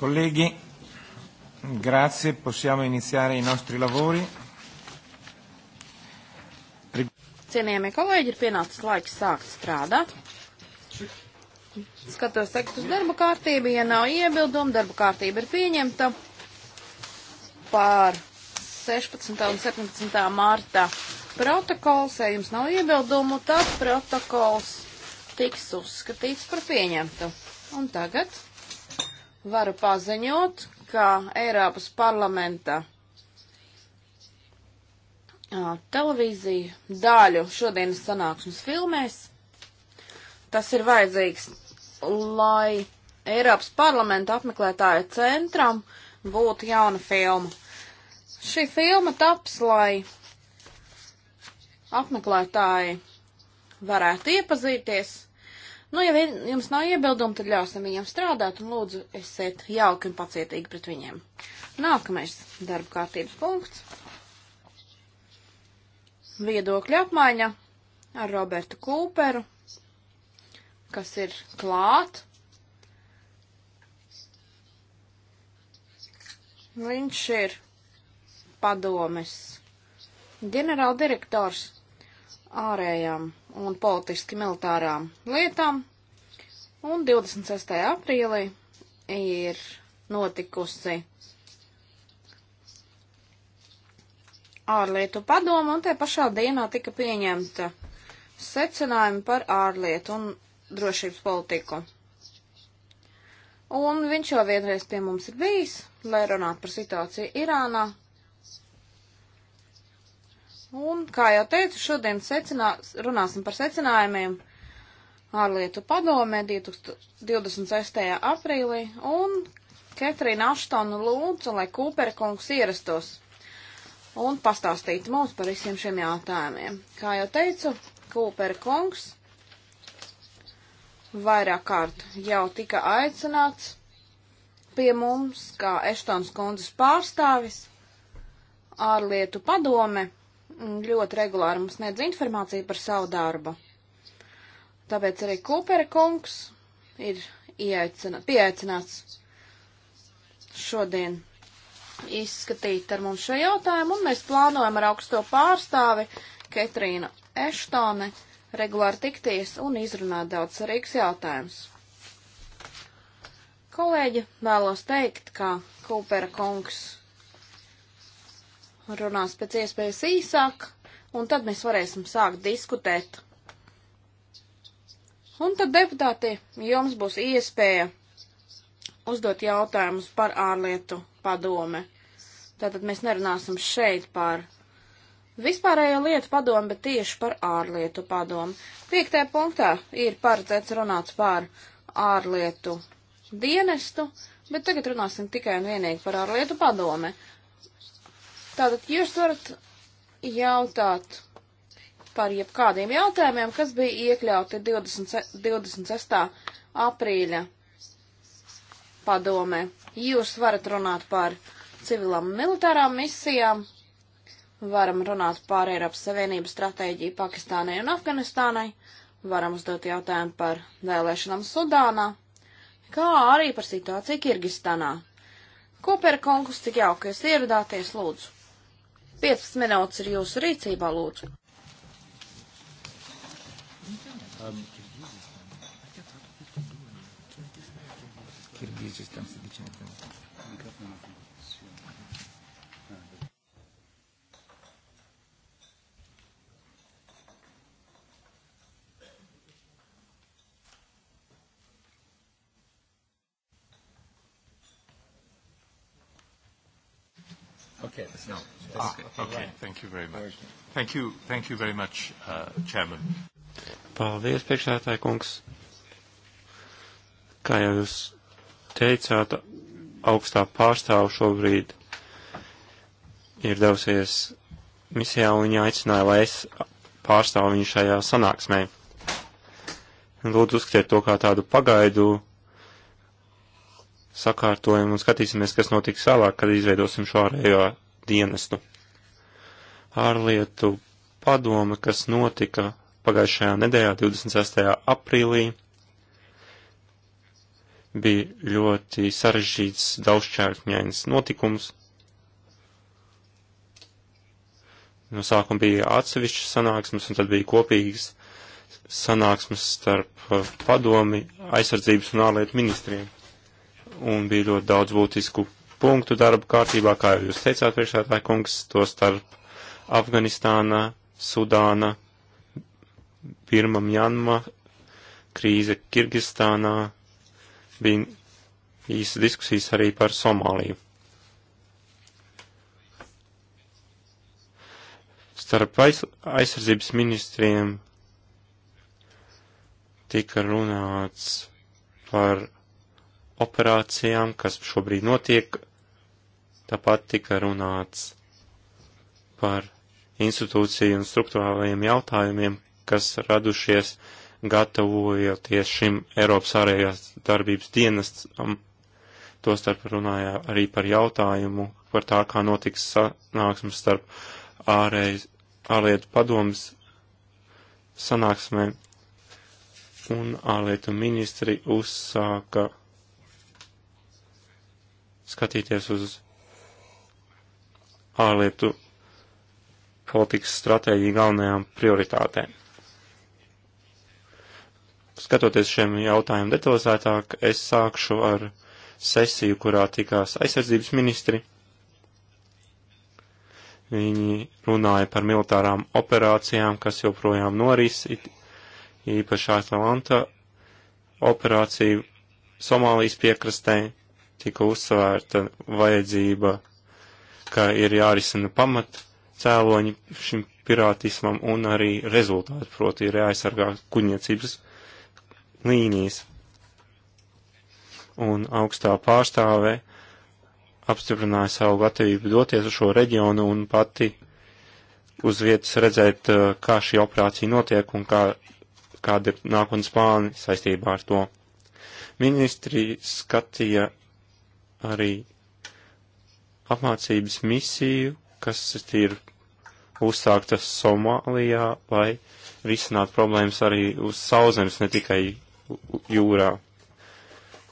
Colleghi, grazie, possiamo iniziare i nostri lavori. Cienījamie kolēģi, ir pienācis laiks sākt strādāt. Skatos tagad uz darba kārtību, ja nav iebildumu, darba kārtība ir pieņemta pār 16. un 17. mārta protokols, ja jums nav iebildumu, tad protokols tiks uzskatīts par pieņemtu. Un tagad varu paziņot, ka Eiropas parlamenta televīziju daļu šodienas sanāksmes filmēs. Tas ir vajadzīgs, lai Eiropas parlamenta apmeklētāju centram būtu jauna filma. Šī filma taps, lai apmeklētāji varētu iepazīties Nu, ja vien, jums nav iebildumi, tad ļausim viņiem strādāt un lūdzu esiet jauki un pacietīgi pret viņiem. Nākamais darba kārtības punkts. Viedokļa apmaiņa ar Robertu Kūperu, kas ir klāt. Viņš ir padomes ģenerāldirektors ārējām un politiski militārām lietām Un 26. aprīlī ir notikusi ārlietu padoma, un te pašā dienā tika pieņemta secinājumi par ārlietu un drošības politiku. Un viņš jau vienreiz pie mums ir bijis, lai runātu par situāciju Irānā. Un, kā jau teicu, šodien secinā, runāsim par secinājumiem ārlietu padomē 26. aprīlī, un Ketrīna Aštona lūdza, lai Kūpera kungs ierastos un pastāstītu mums par visiem šiem jautājumiem. Kā jau teicu, Kūpera kungs vairāk kārt jau tika aicināts pie mums, kā Eštons kundzes pārstāvis, ārlietu padome ļoti regulāri mums sniedz informāciju par savu darbu. Tāpēc arī Kūpera kungs ir ieaicināts, pieaicināts šodien izskatīt ar mums šo jautājumu, un mēs plānojam ar augsto pārstāvi Ketrīnu Eštoni regulāri tikties un izrunāt daudz svarīgs jautājums. Kolēģi, vēlos teikt, ka Kūpera kungs runās pēc iespējas īsāk, un tad mēs varēsim sākt diskutēt Un tad, deputāti, jums būs iespēja uzdot jautājumus par ārlietu padome. Tātad mēs nerunāsim šeit par vispārējo lietu padomu, bet tieši par ārlietu padomu. Piektajā punktā ir paredzēts runāt par ārlietu dienestu, bet tagad runāsim tikai un vienīgi par ārlietu padome. Tātad jūs varat jautāt par jebkādiem jautājumiem, kas bija iekļauti 20, 26. aprīļa padomē. Jūs varat runāt par civilām un militārām misijām, varam runāt par Eiropas Savienības stratēģiju Pakistānai un Afganistānai, varam uzdot jautājumu par vēlēšanām Sudānā, kā arī par situāciju Kirgistānā. Kopēr kungus, cik jauki jūs ieradāties, lūdzu. 15 minūtes ir jūsu rīcībā, lūdzu. Um, Kirghizistan si dice Okay, that's now. Ah, okay, okay right. thank you very much. Thank you, thank you very much, uh, Chairman. Paldies, priekšsētāji kungs. Kā jau jūs teicāt, augstā pārstāvu šobrīd ir devusies misijā un viņa aicināja, lai es pārstāvu viņu šajā sanāksmē. Lūdzu, uzskatiet to kā tādu pagaidu sakārtojumu un skatīsimies, kas notiks vēlāk, kad izveidosim šo ārējo dienestu. Ārlietu padome, kas notika pagājušajā nedēļā, 26. aprīlī, bija ļoti sarežģīts daudzšķērkņains notikums. No sākuma bija atsevišķas sanāksmes, un tad bija kopīgas sanāksmes starp uh, padomi, aizsardzības un ārlietu ministriem. Un bija ļoti daudz būtisku punktu darba kārtībā, kā jau jūs teicāt, priekšētāji kungs, to starp Afganistāna, Sudāna, Birma, Mjanma, krīze Kirgistānā, bija īsa diskusijas arī par Somāliju. Starp aiz, aizsardzības ministriem tika runāts par operācijām, kas šobrīd notiek. Tāpat tika runāts par institūciju un struktūrālajiem jautājumiem, kas radušies gatavojoties šim Eiropas ārējās darbības dienestam. Tostarp runājā arī par jautājumu par tā, kā notiks sanāksmes starp ārējas, ārlietu padomas sanāksmēm. Un ārlietu ministri uzsāka skatīties uz ārlietu politikas stratēģiju galvenajām prioritātēm skatoties šiem jautājumiem detalizētāk, es sākšu ar sesiju, kurā tikās aizsardzības ministri. Viņi runāja par militārām operācijām, kas joprojām noris, īpaši Atlanta operācija Somālijas piekrastē tika uzsvērta vajadzība, ka ir jārisina pamat cēloņi šim pirātismam un arī rezultāti, proti ir jāaizsargā kuģniecības līnijas. Un augstā pārstāve apstiprināja savu gatavību doties uz šo reģionu un pati uz vietas redzēt, eh, kā šī operācija notiek un kā, kāda ir nākotnes plāni saistībā ar to. Ministri skatīja arī apmācības misiju, kas ir uzsāktas Somālijā, lai risinātu problēmas arī uz sauszemes, ne tikai jūrā.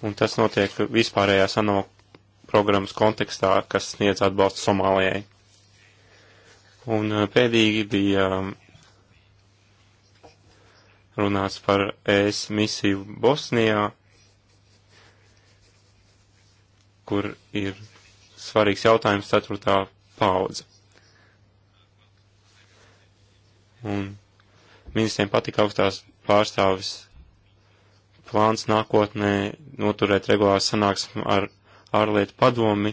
Un tas notiek vispārējā ANO programmas kontekstā, kas sniedz atbalstu Somālijai. Un eh, pēdīgi bija mm, runāts par ES misiju Bosnijā, kur ir svarīgs jautājums ceturtā paudze. Un ministriem patika augstās pārstāvis plāns nākotnē noturēt regulāru sanāksmu ar ārlietu padomi,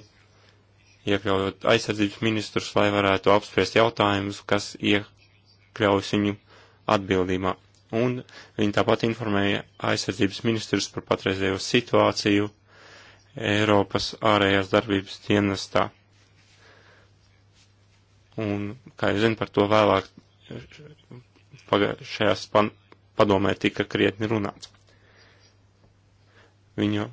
iekļaujot aizsardzības ministrus, lai varētu apspriest jautājumus, kas iekļaujas viņu atbildībā. Un viņi tāpat informēja aizsardzības ministrus par patreizējo situāciju Eiropas ārējās darbības dienestā. Un, kā jūs zināt, par to vēlāk šajās padomē tika krietni runāts. Viņa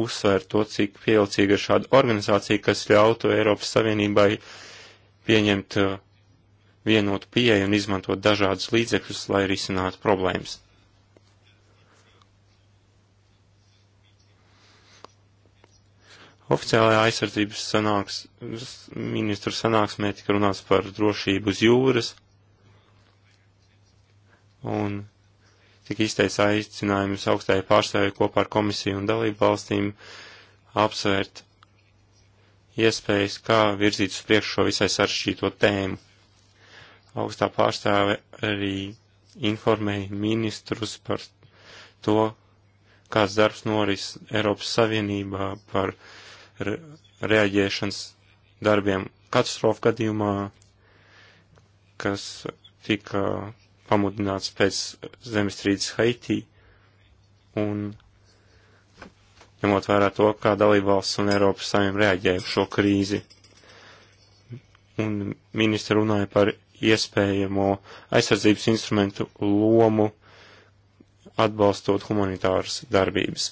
uzsver to, cik pievilcīga ir šāda organizācija, kas ļautu Eiropas Savienībai pieņemt uh, vienotu pieeju un izmantot dažādus līdzekļus, lai risinātu problēmas. Oficiālajā aizsardzības sanāks, ministru sanāksmē tika runāts par drošību uz jūras, un tika izteicis aicinājums augstajai pārstāvju kopā ar komisiju un dalību valstīm apsvērt iespējas, kā virzīt uz priekšu šo visai saršķīto tēmu. Augstā pārstāve arī informēja ministrus par to, kāds darbs noris Eiropas Savienībā par re reaģēšanas darbiem katastrofu gadījumā, kas tika pamudināts pēc zemestrīces Haitī un ņemot vērā to, kā dalībvalsts un Eiropas saimnieki reaģēja uz šo krīzi. Un ministra runāja par iespējamo aizsardzības instrumentu lomu atbalstot humanitāras darbības.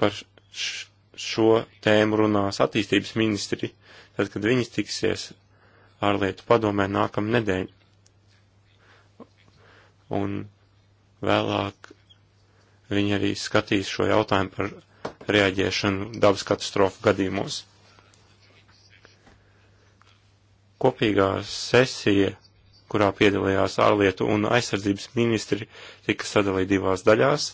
Par šo tēmu runās attīstības ministri tad, kad viņas tiksies ārlietu padomē nākam nedēļ. Un vēlāk viņi arī skatīs šo jautājumu par reaģēšanu dabas katastrofu gadījumos. Kopīgā sesija, kurā piedalījās ārlietu un aizsardzības ministri, tika sadalīta divās daļās.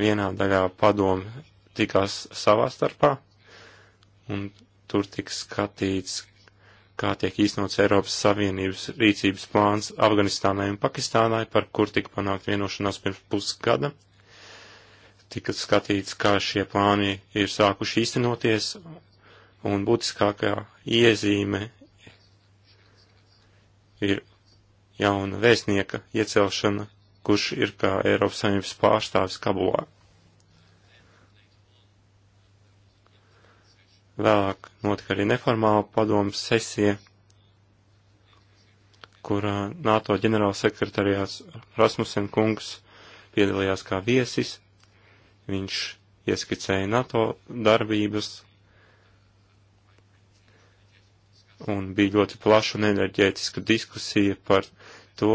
Vienā daļā padomu tikās savā starpā un tur tiks skatīts, kā tiek īstenots Eiropas Savienības rīcības plāns Afganistānai un Pakistānai, par kur tika panākt vienošanās pirms pusgada. Tika skatīts, kā šie plāni ir sākuši īstenoties, un būtiskākā iezīme ir jauna vēstnieka iecelšana, kurš ir kā Eiropas Savienības pārstāvis Kabulā. Vēlāk notika arī neformāla padomu sesija, kurā NATO ģenerālsekretariāts Rasmussen kungs piedalījās kā viesis. Viņš ieskicēja NATO darbības un bija ļoti plaša un enerģētiska diskusija par to,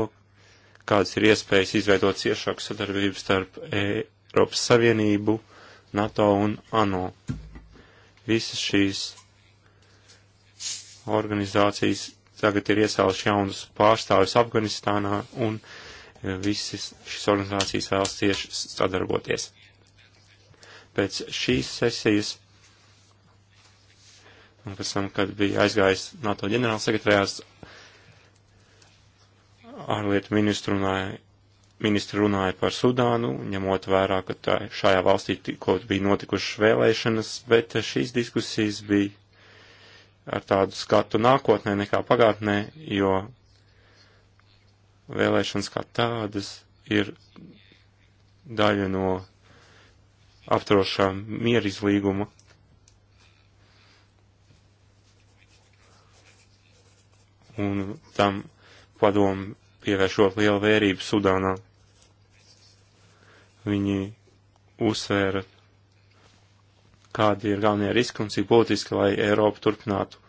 kādas ir iespējas izveidot ciešāku sadarbību starp e- Eiropas Savienību, NATO un ANO. Visas šīs organizācijas tagad ir iesauši jaunus pārstāvis Afganistānā un e, visas šīs organizācijas vēlas tieši sadarboties. Pēc šīs sesijas, un pēc tam, kad bija aizgājis NATO ģenerālsekretārās, ārlietu ministru runāja Ministri runāja par Sudānu, ņemot vērā, ka tā, šajā valstī tikko bija notikušas vēlēšanas, bet šīs diskusijas bija ar tādu skatu nākotnē nekā pagātnē, jo vēlēšanas kā tādas ir daļa no aptrošā mierizlīguma. Un tam padomu pievēršot lielu vērību Sudānā. Viņi uzsvēra, kādi ir galvenie riski un cik būtiski, lai Eiropa turpinātu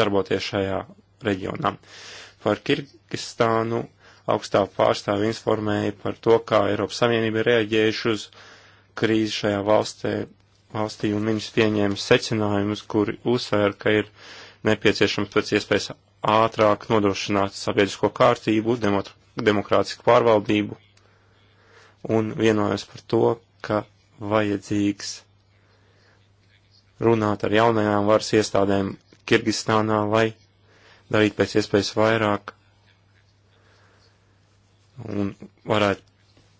darboties šajā reģionā. Par Kirgistānu augstā pārstāve informēja par to, kā Eiropas Savienība ir reaģējuši uz krīzi šajā valstē, valstī, un viņas pieņēma secinājumus, kuri uzsvēra, ka ir nepieciešams pēc iespējas ātrāk nodrošināt sabiedrisko kārtību, demokrātisku pārvaldību un vienojos par to, ka vajadzīgs runāt ar jaunajām varas iestādēm Kirgistānā, lai darītu pēc iespējas vairāk un varētu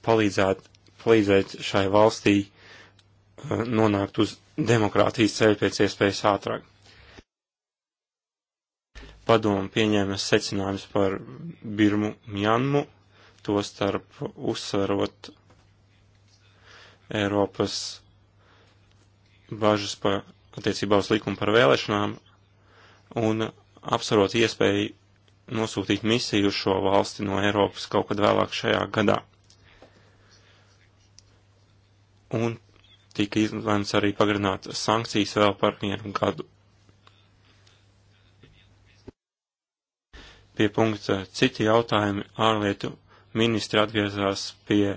palīdzēt, palīdzēt šai valstī eh, nonākt uz demokrātijas ceļu pēc iespējas ātrāk padomu pieņēma secinājumus par Birmu Mjanmu, to starp uzsverot Eiropas bažas par attiecībā uz likumu par vēlēšanām un apsvarot iespēju nosūtīt misiju uz šo valsti no Eiropas kaut kad vēlāk šajā gadā. Un tika izlēmts arī pagarināt sankcijas vēl par vienu gadu. pie punkta citi jautājumi. Ārlietu ministri atgriezās pie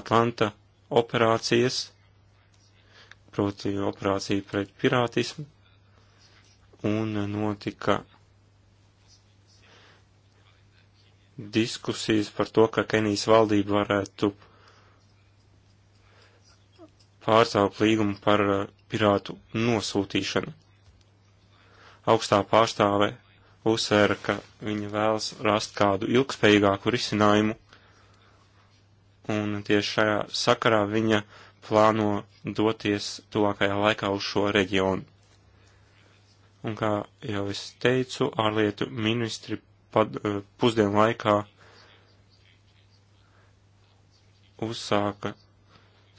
Atlanta operācijas, proti operācija pret pirātismu, un notika diskusijas par to, ka Kenijas valdība varētu pārtraukt līgumu par uh, pirātu nosūtīšanu. Augstā pārstāve uzsvēra, ka viņa vēlas rast kādu ilgspējīgāku risinājumu, un tieši šajā sakarā viņa plāno doties tuvākajā laikā uz šo reģionu. Un kā jau es teicu, ārlietu ministri pad, eh, pusdienu laikā uzsāka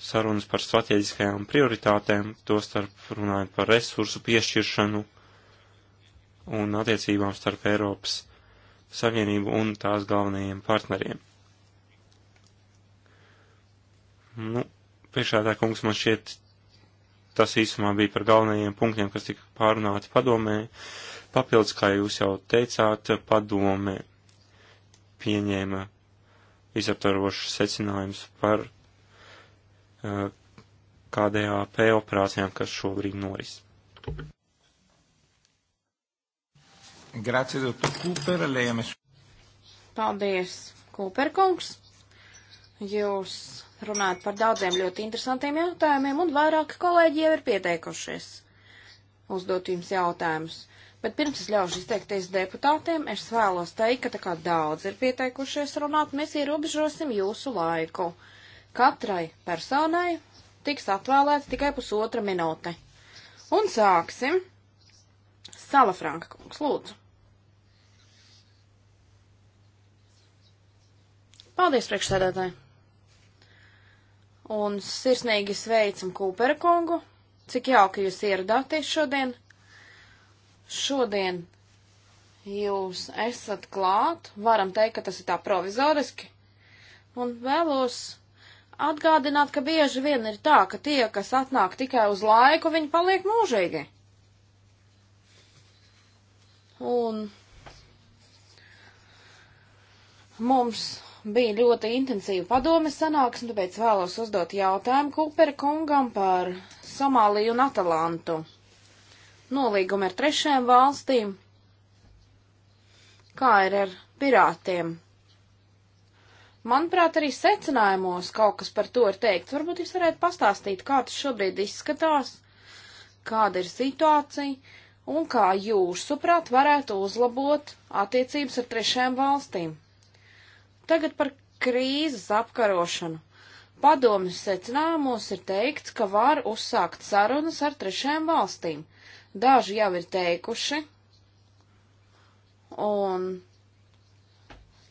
sarunas par strateģiskajām prioritātēm, tostarp runājot par resursu piešķiršanu un attiecībām starp Eiropas Savienību un tās galvenajiem partneriem. Nu, priekšādā kungs man šķiet, tas īsumā bija par galvenajiem punktiem, kas tika pārunāti padomē. Papildus, kā jūs jau teicāt, padome pieņēma izaptarošus secinājumus par uh, eh, KDAP operācijām, kas šobrīd noris. Grazie, doktor Kūper, lēmes. Paldies, Kūper kungs. Jūs runājat par daudziem ļoti interesantiem jautājumiem, un vairāki kolēģi jau ir pieteikušies uzdot jums jautājumus. Bet pirms es ļaušu izteikties deputātiem, es vēlos teikt, ka tā kā daudz ir pieteikušies runāt, mēs ierobežosim jūsu laiku. Katrai personai tiks atvēlēts tikai pusotra minūte. Un sāksim. Salafranka kungs, lūdzu. Paldies, priekšsēdētāji! Un sirsnīgi sveicam Kūpera kungu. Cik jauki jūs ieradāties šodien. Šodien jūs esat klāt. Varam teikt, ka tas ir tā provizoriski. Un vēlos atgādināt, ka bieži vien ir tā, ka tie, kas atnāk tikai uz laiku, viņi paliek mūžīgi. Un mums bija ļoti intensīva padomes sanāksme, tāpēc vēlos uzdot jautājumu Kupera kungam par Somāliju un Atalantu. Nolīgumi ar trešajām valstīm. Kā ir ar pirātiem? Manuprāt, arī secinājumos kaut kas par to ir teikts. Varbūt jūs varētu pastāstīt, kā tas šobrīd izskatās, kāda ir situācija un kā jūs, suprāt, varētu uzlabot attiecības ar trešajām valstīm. Tagad par krīzes apkarošanu. Padomjas secinājumos ir teikts, ka var uzsākt sarunas ar trešajām valstīm. Daži jau ir teikuši, un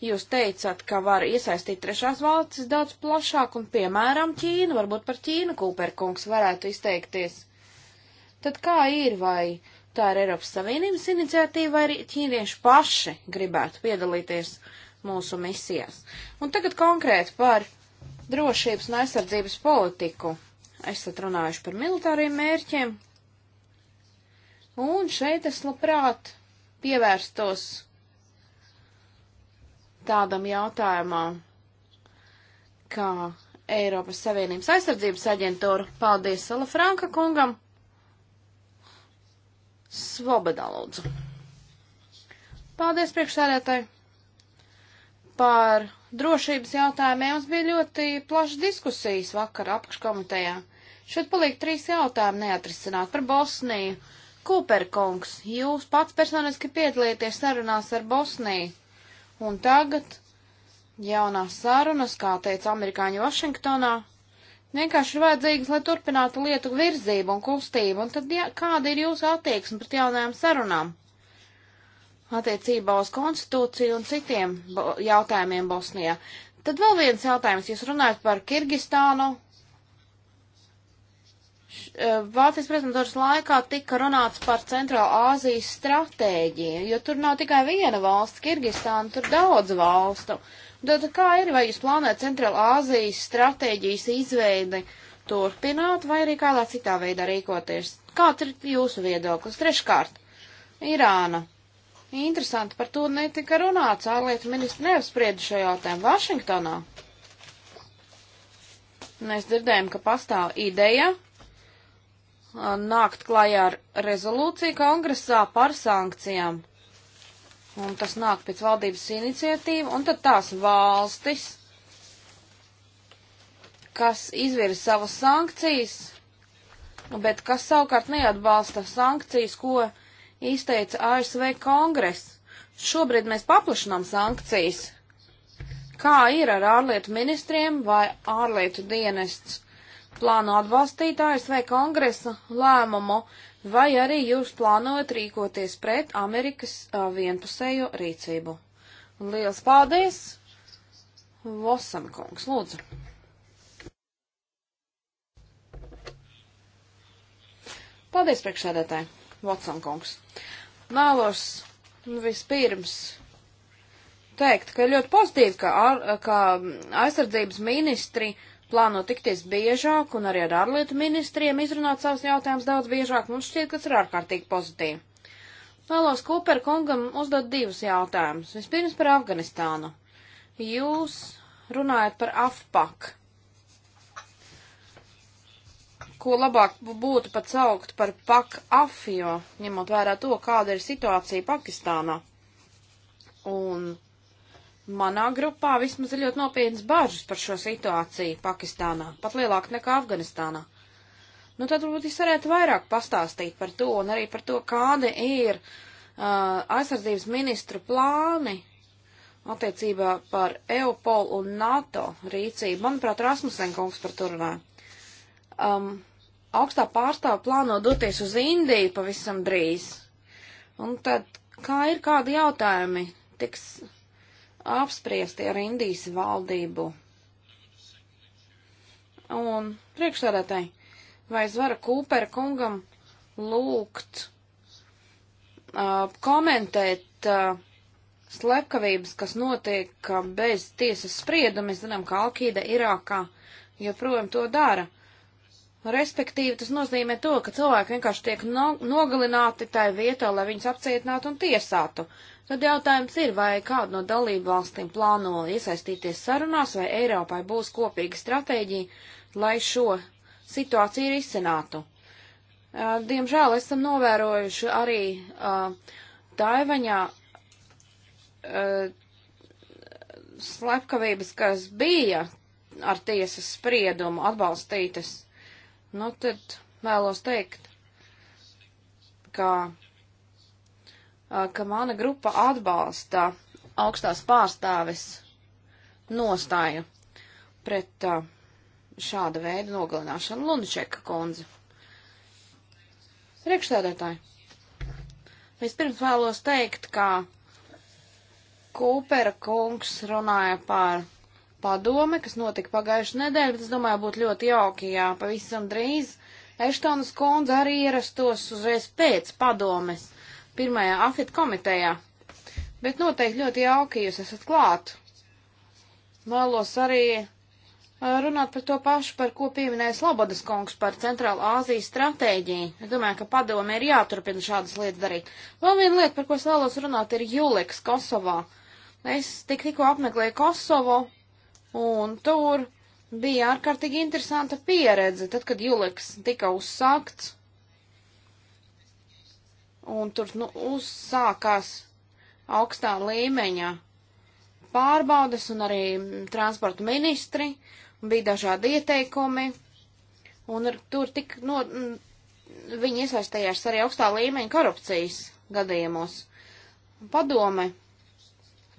jūs teicāt, ka var iesaistīt trešās valstis daudz plašāk, un piemēram Ķīnu, varbūt par Ķīnu Kūperkungs varētu izteikties. Tad kā ir, vai tā ir Eiropas Savienības iniciatīva, vai arī ķīnieši paši gribētu piedalīties? Uh, mūsu misijās. Un tagad konkrēti par drošības un aizsardzības politiku. Esat runājuši par militāriem mērķiem. Un šeit es labprāt pievērstos tādam jautājumam, kā Eiropas Savienības aizsardzības aģentūra. Paldies Sala Franka kungam. Svoboda lūdzu. Paldies priekšsēdētāji par drošības jautājumiem mums bija ļoti plašas diskusijas vakar apakškomitejā. Šeit paliek trīs jautājumi neatrisināt par Bosniju. Kūperkungs, jūs pats personiski piedalīties sarunās ar Bosniju, un tagad jaunās sarunas, kā teica amerikāņi Vašingtonā, vienkārši ir vajadzīgas, lai turpinātu lietu virzību un kustību, un tad jā, kāda ir jūsu attieksme pret jaunajām sarunām? attiecībā uz konstitūciju un citiem jautājumiem Bosnijā. Tad vēl viens jautājums. Jūs runājat par Kirgistānu. E, Vācijas prezidentūras laikā tika runāts par Centrālā Āzijas stratēģiju, jo tur nav tikai viena valsts, Kirgistāna, tur daudz valstu. Tad kā ir, vai jūs plānojat Centrālā Āzijas stratēģijas izveidi turpināt, vai arī kādā citā veidā rīkoties? Kāds ir jūsu viedoklis? Treškārt, Irāna. Interesanti, par to netika runāts. Ārlietu ministri neapsprieda šo jautājumu Vašingtonā. Mēs dzirdējam, ka pastāv ideja nākt klajā ar rezolūciju kongresā par sankcijām. Un tas nāk pēc valdības iniciatīva, un tad tās valstis, kas izvirza savas sankcijas, bet kas savukārt neatbalsta sankcijas, ko izteica ASV kongress. Šobrīd mēs paplašinām sankcijas. Kā ir ar ārlietu ministriem vai ārlietu dienests plāno atbalstīt ASV kongresa lēmumu, vai arī jūs plānojat rīkoties pret Amerikas uh, vienpusējo rīcību? Liels paldies! Vosam kungs, lūdzu! Paldies, priekšsēdētāji! Vatsonkungs. Nālos vispirms teikt, ka ir ļoti pozitīvi, ka, ar, ka aizsardzības ministri plāno tikties biežāk un arī ar ārlietu ministriem izrunāt savus jautājumus daudz biežāk. Mums šķiet, ka tas ir ārkārtīgi pozitīvi. Vēlos Kūper kungam uzdot divus jautājumus. Vispirms par Afganistānu. Jūs runājat par AFPAK ko labāk būtu pat saukt par pak afio, ņemot vērā to, kāda ir situācija Pakistānā. Un manā grupā vismaz ir ļoti nopietnas bažas par šo situāciju Pakistānā, pat lielāk nekā Afganistānā. Nu, tad varbūt jūs varētu vairāk pastāstīt par to un arī par to, kādi ir uh, aizsardzības ministru plāni attiecībā par Eupolu un NATO rīcību. Manuprāt, Rasmusenkungs par to runāja. Um, augstā pārstāva plāno doties uz Indiju pavisam drīz. Un tad, kā ir kādi jautājumi, tiks apspriesti ar Indijas valdību. Un priekšsēdētāji, vai es varu Kūpera kungam lūgt uh, komentēt uh, slepkavības, kas notiek uh, bez tiesas sprieduma? Mēs zinām, ka Alkīda Irākā joprojām to dara. Respektīvi, tas nozīmē to, ka cilvēki vienkārši tiek no, nogalināti tajā vietā, lai viņus apcietinātu un tiesātu. Tad jautājums ir, vai kāda no dalību valstīm plāno iesaistīties sarunās, vai Eiropai būs kopīga stratēģija, lai šo situāciju risinātu. Uh, diemžēl esam novērojuši arī uh, Taivaņā uh, slepkavības, kas bija ar tiesas spriedumu atbalstītas nu tad vēlos teikt, ka, ka mana grupa atbalsta augstās pārstāves nostāju pret šāda veida nogalināšanu Lunčeka kundzi. Priekšstādētāji, vispirms vēlos teikt, ka Kūpera kungs runāja par padome, kas notika pagājušajā nedēļā, bet es domāju, būtu ļoti jauki, ja pavisam drīz Eštonas kundze arī ierastos uzreiz pēc padomes pirmajā afit komitejā. Bet noteikti ļoti jauki jūs esat klāt. Vēlos arī eh, runāt par to pašu, par ko pieminēja Slobodas kungs par Centrālā Āzijas stratēģiju. Es domāju, ka padome ir jāturpina šādas lietas darīt. Vēl viena lieta, par ko es vēlos runāt, ir Juliks Kosovā. Es tik tikko apmeklēju Kosovo, un tur bija ārkārtīgi interesanta pieredze, tad, kad Juleks tika uzsākts, un tur nu, uzsākās augstā līmeņa pārbaudes, un arī transporta ministri, un bija dažādi ieteikumi, un ar, tur tik, no, viņi iesaistījās arī augstā līmeņa korupcijas gadījumos. Padome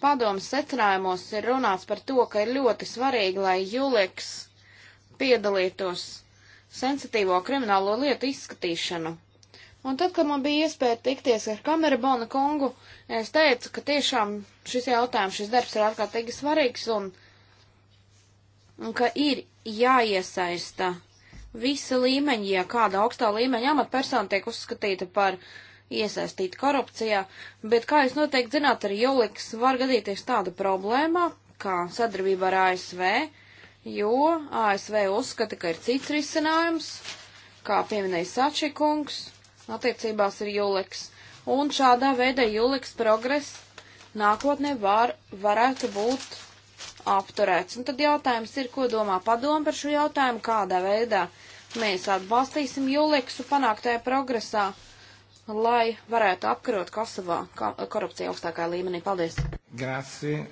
Padomas secinājumos ir runāts par to, ka ir ļoti svarīgi, lai Juliks piedalītos sensitīvo kriminālo lietu izskatīšanu. Un tad, kad man bija iespēja tikties ar Kamerabona kungu, es teicu, ka tiešām šis jautājums, šis darbs ir ārkārtīgi svarīgs un, un ka ir jāiesaista visa līmeņa, ja kāda augstā līmeņa amatpersona tiek uzskatīta par uh, iesaistīti korupcijā, bet, kā jūs noteikti zināt, arī Juliks var gadīties tāda problēma, kā sadarbība ar ASV, jo ASV uzskata, ka ir cits risinājums, kā pieminēja Sačikungs, attiecībās ir Juliks, un šādā veidā Juliks progress nākotnē var, varētu būt apturēts. Un tad jautājums ir, ko domā padomu par šo jautājumu, kādā veidā mēs atbalstīsim Juliksu panāktajā progresā lai varētu apkarot Kosovā korupciju augstākā līmenī. Paldies! Grazie.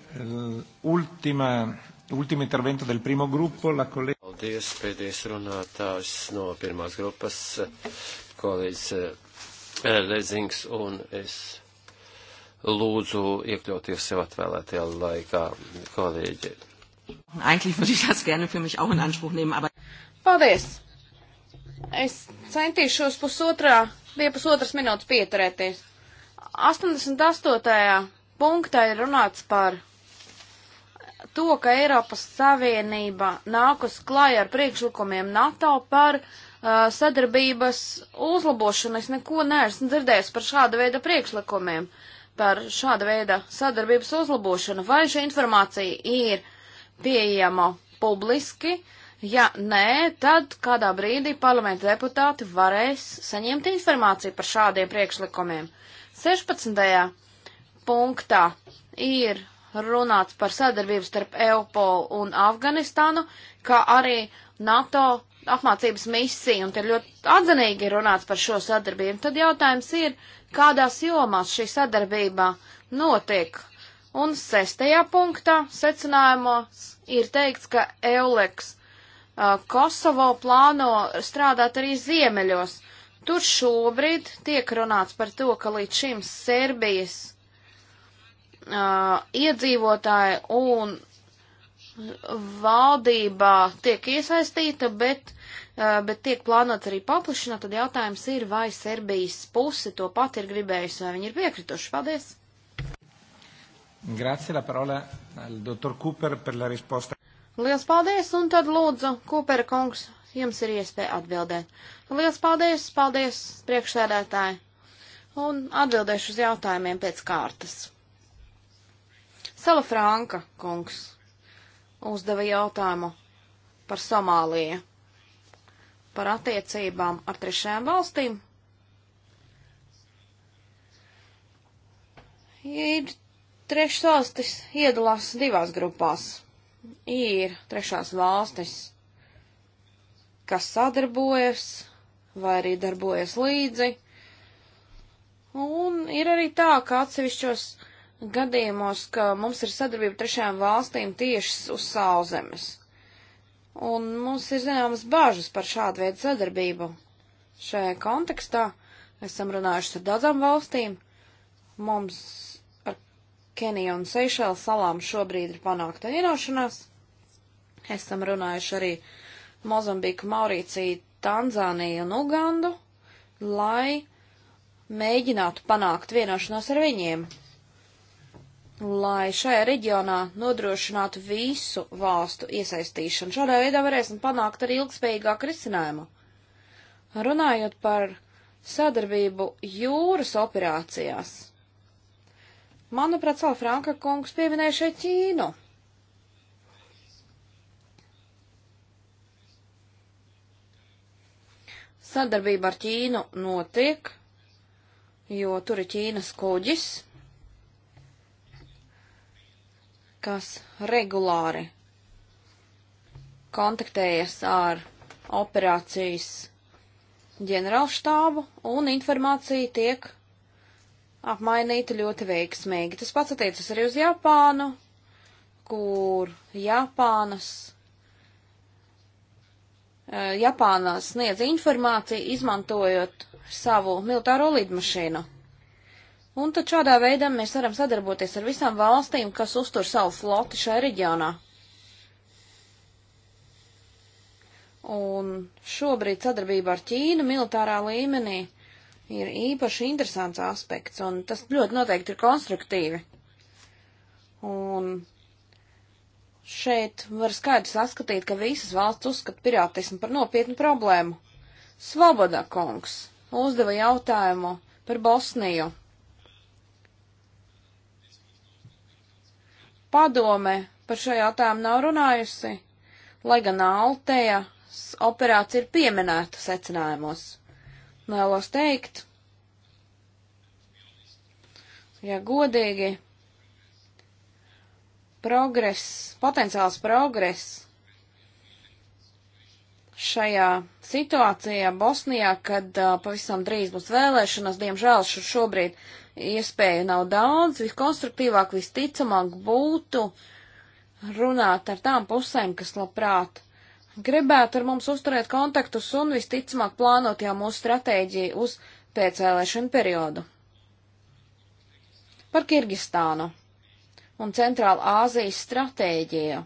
Ultima, ultima intervento del primo gruppo, la kolēģa. Paldies, pēdējais runātājs no pirmās grupas, kolēģis eh, Lezings un es. Lūdzu, iekļauties sev atvēlētajā laikā, kolēģi. Eigentlich würde ich das gerne für mich auch in Anspruch nehmen, aber. Paldies! Es centīšos pusotrā bija pusotras minūtes pieturēties. 88. punktā ir runāts par to, ka Eiropas Savienība nāk uz klāja ar priekšlikumiem NATO par uh, sadarbības uzlabošanu. Es neko neesmu dzirdējis par šāda veida priekšlikumiem, par šāda veida sadarbības uzlabošanu. Vai šī informācija ir pieejama publiski? Uh, Ja nē, tad kādā brīdī parlamenta deputāti varēs saņemt informāciju par šādiem priekšlikumiem. 16. punktā ir runāts par sadarbību starp Eupolu un Afganistānu, kā arī NATO apmācības misiju, un te ļoti atzinīgi ir runāts par šo sadarbību. Tad jautājums ir, kādās jomās šī sadarbība notiek. Un sestajā punktā secinājumos ir teikts, ka Euleks Uh, Kosovo plāno strādāt arī ziemeļos. Tur šobrīd tiek runāts par to, ka līdz šim Serbijas uh, iedzīvotāji un valdībā tiek iesaistīta, bet, uh, bet tiek plānot arī paplašināt, tad jautājums ir, vai Serbijas puse to pat ir gribējusi, vai viņi ir piekrituši. Paldies! Grazie, la parola al dottor Cooper per la risposta. Liels paldies, un tad lūdzu, Kūpera kungs, jums ir iespēja atbildēt. Liels paldies, paldies, priekšsēdētāji, un atbildēšu uz jautājumiem pēc kārtas. Sala Franka kungs uzdeva jautājumu par Somāliju, par attiecībām ar trešajām valstīm. Ir trešās valstis iedalās divās grupās ir trešās valstis, kas sadarbojas vai arī darbojas līdzi. Un ir arī tā, ka atsevišķos gadījumos, ka mums ir sadarbība trešajām valstīm tieši uz sauzemes. Un mums ir zināmas bažas par šādu veidu sadarbību. Šajā kontekstā esam runājuši ar daudzām valstīm. Mums Kenija un Seišela salām šobrīd ir panākta vienošanās. Esam runājuši arī Mozambiku, Maurīciju, Tanzāniju un Ugandu, lai mēģinātu panākt vienošanos ar viņiem, lai šajā reģionā nodrošinātu visu valstu iesaistīšanu. Šādā veidā varēsim panākt arī ilgspējīgāku risinājumu. Runājot par sadarbību jūras operācijās Manuprāt, Salfranka kungs pieminēja šeit Ķīnu. Sadarbība ar Ķīnu notiek, jo tur ir Ķīnas kuģis, kas regulāri kontaktējas ar operācijas ģenerālštābu un informācija tiek apmainīti ļoti veiksmīgi. Tas pats attiecas arī uz Japānu, kur Japānas, e, Japāna sniedz informāciju, izmantojot savu militāro lidmašīnu. Un tad šādā veidā mēs varam sadarboties ar visām valstīm, kas uztur savu floti šajā reģionā. Un šobrīd sadarbība ar Ķīnu militārā līmenī ir īpaši interesants aspekts, un tas ļoti noteikti ir konstruktīvi. Un šeit var skaidri saskatīt, ka visas valsts uzskata pirātismu par nopietnu problēmu. Svoboda kungs uzdeva jautājumu par Bosniju. Padome par šo jautājumu nav runājusi, lai gan Altēja operācija ir pieminēta secinājumos vēlos teikt, ja godīgi, progress, potenciāls progress šajā situācijā Bosnijā, kad uh, pavisam drīz būs vēlēšanas, diemžēl šobrīd iespēju nav daudz, viskonstruktīvāk, visticamāk būtu runāt ar tām pusēm, kas labprāt uh, gribētu ar mums uzturēt kontaktus un visticamāk plānot jau mūsu stratēģiju uz pēcvēlēšanu periodu. Par Kirgistānu un Centrāla Āzijas stratēģiju.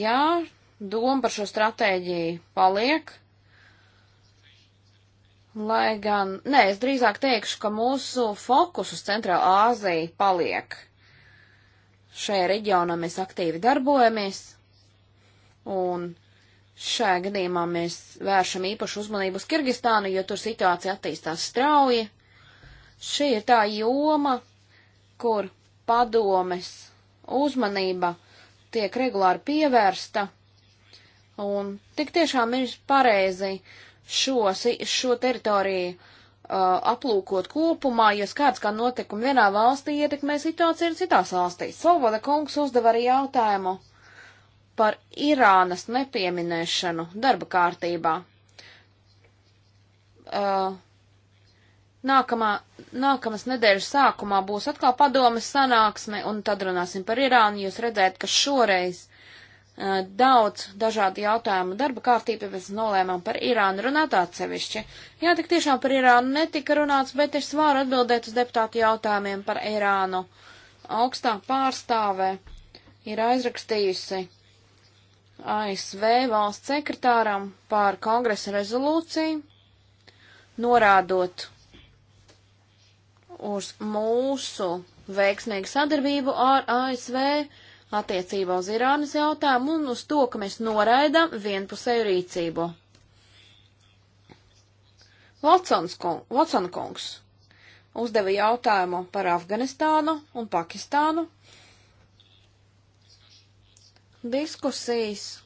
Jā, doma par šo stratēģiju paliek, lai gan, nē, es drīzāk teikšu, ka mūsu fokus uz Centrāla Āziju paliek. Šajā reģionā mēs aktīvi darbojamies, un Šajā gadījumā mēs vēršam īpašu uzmanību uz Kirgistānu, jo tur situācija attīstās strauji. Šī ir tā joma, kur padomes uzmanība tiek regulāri pievērsta, un tik tiešām ir pareizi šo, šo teritoriju uh, aplūkot kopumā, jo skats, kā notikumi vienā valstī ietekmē situāciju arī citās valstīs. Salvoda kungs uzdev arī jautājumu par Irānas nepieminēšanu darba kārtībā. Uh, nākamā, nākamas nedēļas sākumā būs atkal padomas sanāksme, un tad runāsim par Irānu. Jūs redzēt, ka šoreiz uh, daudz dažādu jautājumu darba kārtībā mēs nolēmām par Irānu runāt atsevišķi. Jā, tik tiešām par Irānu netika runāts, bet es varu atbildēt uz deputātu jautājumiem par Irānu. Augstā pārstāvē ir aizrakstījusi ASV valsts sekretāram par kongresa rezolūciju, norādot uz mūsu veiksmīgu sadarbību ar ASV attiecībā uz Irānas jautājumu un uz to, ka mēs noraidām vienpusēju rīcību. Vatsona kungs uzdeva jautājumu par Afganistānu un Pakistānu diskusijas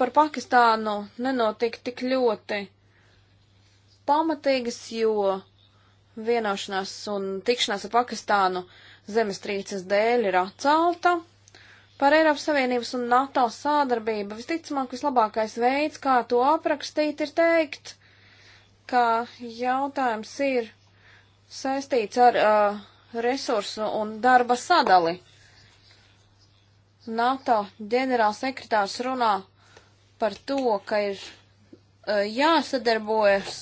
par Pakistānu nenotika tik ļoti pamatīgas, jo vienošanās un tikšanās ar Pakistānu zemestrīces dēļ ir atcelta. Par Eiropas Savienības un NATO sādarbību visticamāk vislabākais veids, kā to aprakstīt, ir teikt, ka jautājums ir saistīts ar uh, resursu un darba sadali. NATO ģenerālsekretārs runā par to, ka ir uh, jāsadarbojas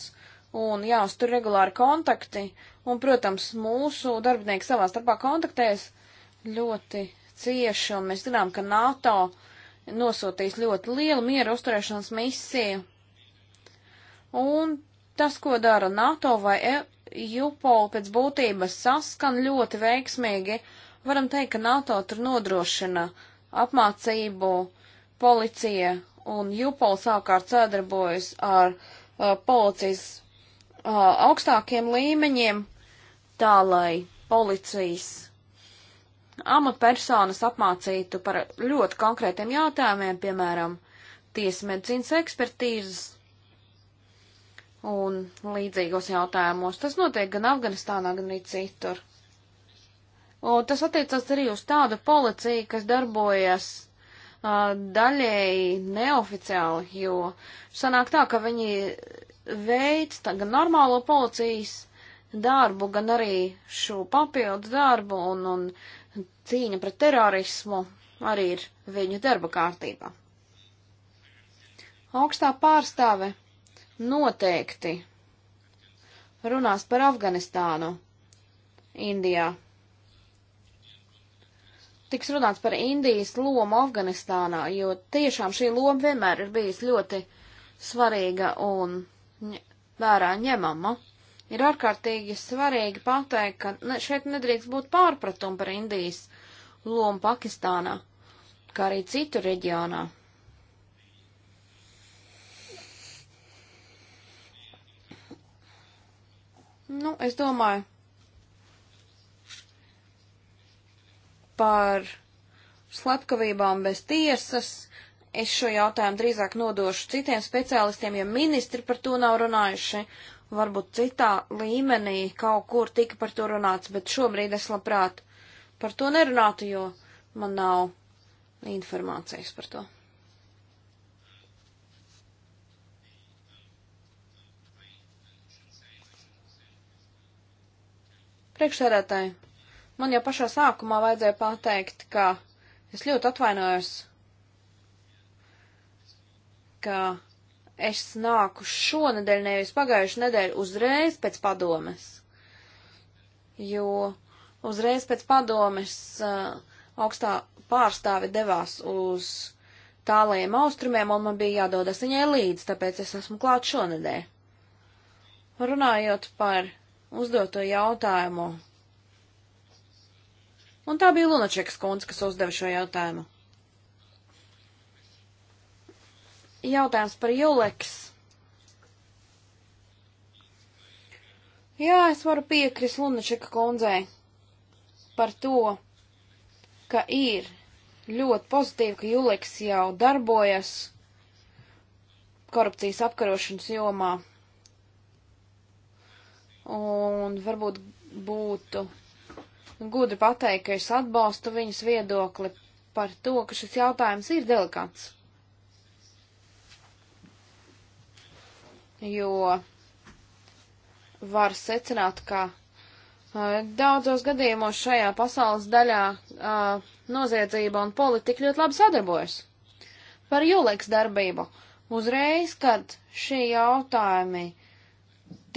un jāuztur regulāri kontakti, un, protams, mūsu darbinieki savā starpā kontaktēs ļoti cieši, un mēs zinām, ka NATO nosūtīs ļoti lielu mieru uzturēšanas misiju. Un tas, ko dara NATO vai EUPOL pēc būtības saskan ļoti veiksmīgi Varam teikt, ka NATO tur nodrošina apmācību, policija un Jupol savukārt sadarbojas ar uh, policijas uh, augstākiem līmeņiem, tā lai policijas amatpersonas apmācītu par ļoti konkrētiem jautājumiem, piemēram, tiesmedicīnas ekspertīzes un līdzīgos jautājumos. Tas notiek gan Afganistānā, gan arī citur. Un tas attiecas arī uz tādu policiju, kas darbojas uh, daļēji neoficiāli, jo sanāk tā, ka viņi veids gan normālo policijas darbu, gan arī šo papildus darbu un, un cīņa pret terorismu arī ir viņu darba kārtībā. Augstā pārstāve noteikti runās par Afganistānu Indijā tiks runāts par Indijas lomu Afganistānā, jo tiešām šī loma vienmēr ir bijusi ļoti svarīga un vērā ņemama. Ir ārkārtīgi svarīgi pateikt, ka ne, šeit nedrīkst būt pārpratumu par Indijas lomu Pakistānā, kā arī citu reģionā. Nu, es domāju, par slepkavībām bez tiesas. Es šo jautājumu drīzāk nodošu citiem speciālistiem, ja ministri par to nav runājuši. Varbūt citā līmenī kaut kur tika par to runāts, bet šobrīd es labprāt par to nerunātu, jo man nav informācijas par to. Priekšsēdētāji, Man jau pašā sākumā vajadzēja pateikt, ka es ļoti atvainojos, ka es nāku šonadēļ, nevis pagājušu nedēļu, uzreiz pēc padomes. Jo uzreiz pēc padomes uh, augstā pārstāve devās uz tālajiem austrumiem, un man bija jādodas viņai līdzi, tāpēc es esmu klāt šonadēļ. Runājot par uzdoto jautājumu Un tā bija Lunačekas kundze, kas uzdeva šo jautājumu. Jautājums par Juleks. Jā, es varu piekrist Lunačeka kundzei par to, ka ir ļoti pozitīvi, ka Juleks jau darbojas korupcijas apkarošanas jomā. Un varbūt būtu gudri pateikt, ka es atbalstu viņas viedokli par to, ka šis jautājums ir delikāts. Jo var secināt, ka Daudzos gadījumos šajā pasaules daļā uh, noziedzība un politika ļoti labi sadarbojas. Par Juleks darbību. Uzreiz, kad šie jautājumi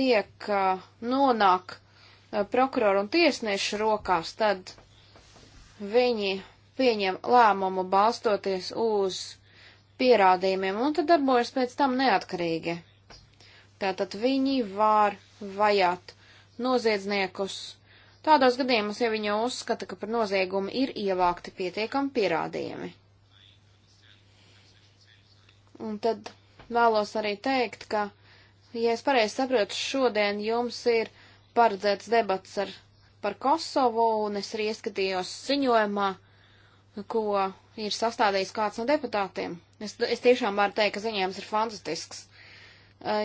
tiek uh, nonāk Eh, prokuroru un tiesnešu rokās, tad viņi pieņem lēmumu balstoties uz pierādījumiem un tad darbojas pēc tam neatkarīgi. Tātad viņi var vajāt noziedzniekus. Tādos gadījumos, ja viņi uzskata, ka par noziegumu ir ievākti pietiekami pierādījumi. Un tad vēlos arī teikt, ka, ja es pareizi saprotu, šodien jums ir paredzēts debats ar, par Kosovu, un es arī ieskatījos ziņojumā, ko ir sastādījis kāds no deputātiem. Es, es tiešām varu teikt, ka ziņojums ir fantastisks.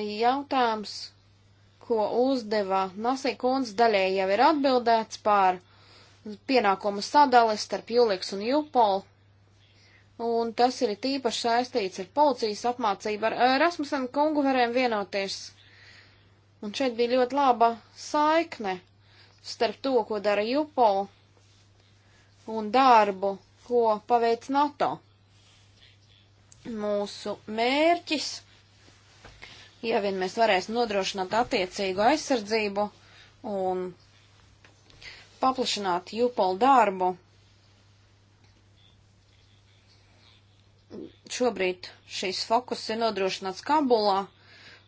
Jautājums, ko uzdeva Nasī kundze, daļai jau ir atbildēts par pienākumu sadali starp Juliks un Jupolu. Un tas ir tīpaši saistīts ar policijas apmācību. Ar Rasmusen kungu varējām vienoties Un šeit bija ļoti laba saikne starp to, ko dara Jupol un darbu, ko paveic NATO. Mūsu mērķis, ja vien mēs varēsim nodrošināt attiecīgu aizsardzību un paplašināt Jupol darbu, šobrīd šīs fokus ir nodrošināts Kabulā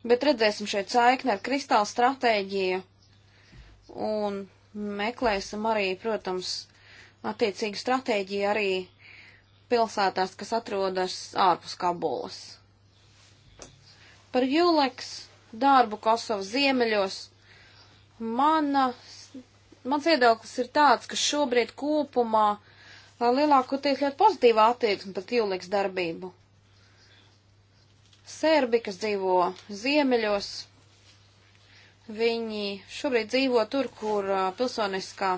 bet redzēsim šeit saikni ar kristāla stratēģiju un meklēsim arī, protams, attiecīgu stratēģiju arī pilsētās, kas atrodas ārpus Kabulas. Par Juleks darbu Kosovas ziemeļos mana, mans viedoklis ir tāds, ka šobrīd kopumā lielākoties ļoti pozitīva attieksme pret Juleks darbību. Sērbi, kas dzīvo ziemeļos, viņi šobrīd dzīvo tur, kur uh, pilsoniskā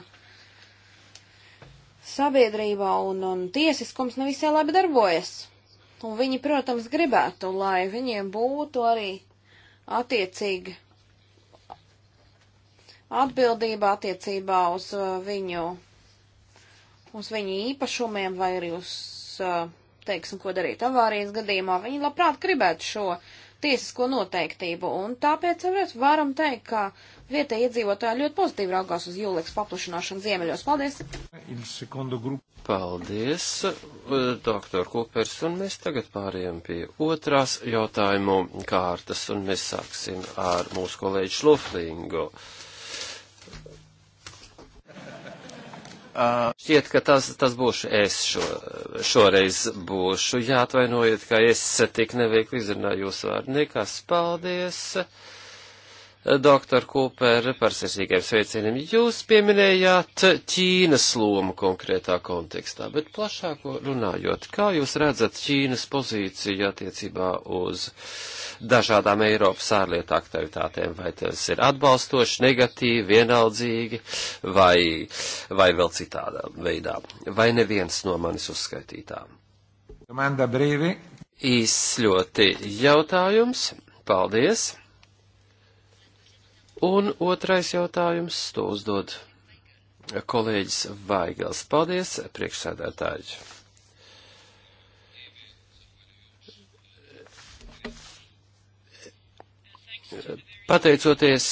sabiedrībā un, un tiesiskums ne visai labi darbojas. Un viņi, protams, gribētu, lai viņiem būtu arī attiecīgi atbildība attiecībā uz uh, viņu, uz viņu īpašumiem vai arī uz uh, teiksim, ko darīt avārijas gadījumā, viņi labprāt gribētu šo tiesisko noteiktību, un tāpēc mēs varam teikt, ka vietējie iedzīvotāji ļoti pozitīvi raugās uz jūliekas paplašināšanu ziemeļos. Paldies! Paldies, doktor Kupers, un mēs tagad pāriem pie otrās jautājumu kārtas, un mēs sāksim ar mūsu kolēģi Šluflingu. Uh, šķiet, ka tas, tas būšu es šo, šoreiz būšu. Jā, atvainojiet, ka es tik neveikli izrunāju jūsu vārdu. Nekas, paldies, doktor Kūper, par sesīgiem sveicieniem. Jūs pieminējāt Ķīnas lomu konkrētā kontekstā, bet plašāko runājot, kā jūs redzat Ķīnas pozīciju attiecībā uz. Uh, dažādām Eiropas ārlietu aktivitātēm, vai tas ir atbalstoši, negatīvi, vienaldzīgi, vai, vai vēl citādā veidā, vai neviens no manis uzskaitītām. Komanda brīvi. Īs ļoti jautājums. Paldies. Un otrais jautājums to uzdod kolēģis Vaigels. Paldies, priekšsēdētāji. pateicoties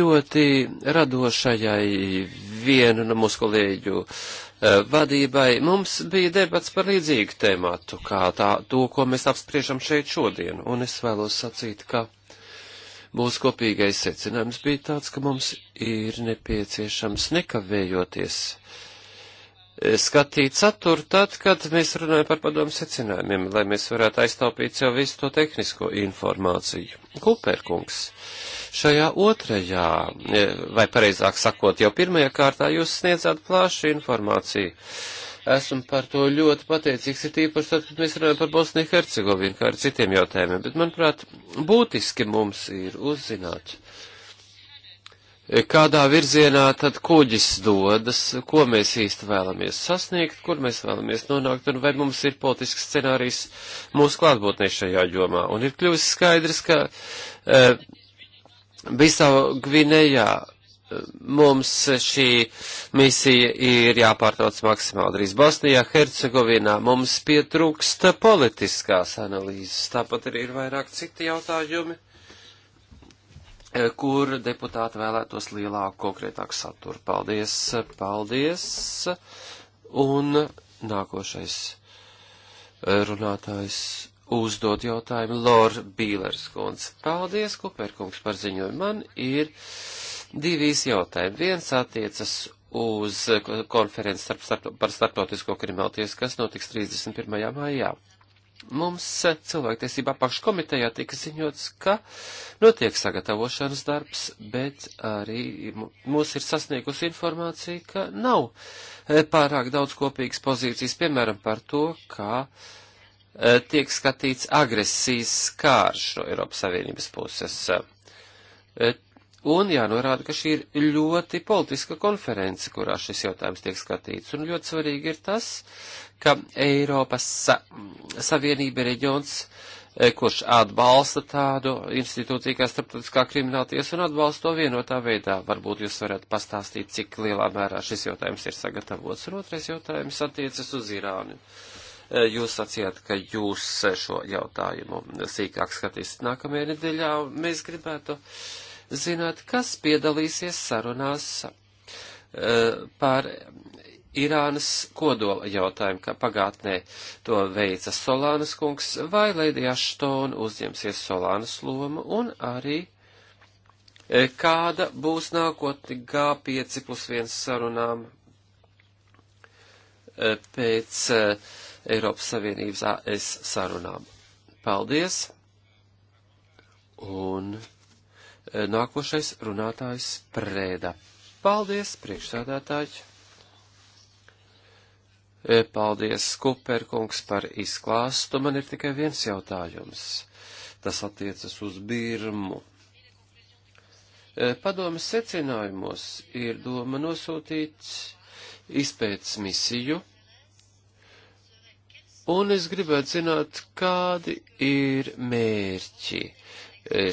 ļoti radošajai vienu no mūsu kolēģu eh, vadībai, mums bija debats par līdzīgu tēmatu, kā tā, to, ko mēs apspriežam šeit šodien. Un es vēlos sacīt, ka mūsu kopīgais secinājums bija tāds, ka mums ir nepieciešams nekavējoties uh, skatīt saturu tad, kad mēs runājam par padomu secinājumiem, lai mēs varētu aiztaupīt jau visu to tehnisko informāciju. Kuperkungs, šajā otrajā, e, vai pareizāk sakot, jau pirmajā kārtā jūs sniedzāt plašu informāciju. Esmu par to ļoti pateicīgs, ir tīpaši tad, kad mēs runājam par Bosniju Hercegovinu, kā ar citiem jautājumiem, bet, manuprāt, būtiski mums ir uzzināt. Uh, kādā virzienā tad kuģis dodas, ko mēs īsti vēlamies sasniegt, kur mēs vēlamies nonākt, un vai mums ir politisks scenārijs mūsu klātbūtnē šajā jomā. Un ir kļuvis skaidrs, ka e, Bisau Gvinējā eh, mums šī misija ir jāpārtauc maksimāli drīz Bosnijā, Hercegovinā. Mums pietrūksta politiskās analīzes, tāpat arī ir vairāk citi jautājumi kur deputāti vēlētos lielāku, konkrētāku saturu. Paldies, paldies. Un nākošais eh, runātājs uzdod jautājumu Lor Bīlers kundz. Paldies, Kuperkungs, par ziņojumu. Man ir divīs jautājumi. Viens attiecas uz konferenci starp, starp, par starptautisko krimināltiesu, kas notiks 31. maijā. Mums cilvēktiesība apakškomitejā tika ziņots, ka notiek sagatavošanas darbs, bet arī mūs ir sasniegusi informācija, ka nav e, pārāk daudz kopīgas pozīcijas, piemēram, par to, kā e, tiek skatīts agresijas skārš no Eiropas Savienības puses. E, Un jānorāda, ka šī ir ļoti politiska konference, kurā šis jautājums tiek skatīts. Un ļoti svarīgi ir tas, ka Eiropas sa Savienība reģions, e, kurš atbalsta tādu institūciju kā starptautiskā krimināla tiesa un atbalsta to vienotā veidā. Varbūt jūs varētu pastāstīt, cik lielā mērā šis jautājums ir sagatavots. Un otrais jautājums attiecas uz Irānu. E, jūs sacījāt, ka jūs šo jautājumu sīkāk skatīsiet nākamajā nedēļā. Mēs gribētu. Uh, zināt, kas piedalīsies sarunās eh, par Irānas kodola jautājumu, kā pagātnē to veica Solānas kungs, vai Leidija Štona uzņemsies Solānas lomu, un arī eh, kāda būs nākotni G5 plus 1 sarunām eh, pēc Eiropas Savienības AS sarunām. Paldies! Un Nākošais runātājs Prēda. Paldies, priekšsēdētāji! E, paldies, Kuperkungs, par izklāstu. Man ir tikai viens jautājums. Tas attiecas uz Birmu. E, padomas secinājumos ir doma nosūtīt izpētes misiju, un es gribētu zināt, kādi ir mērķi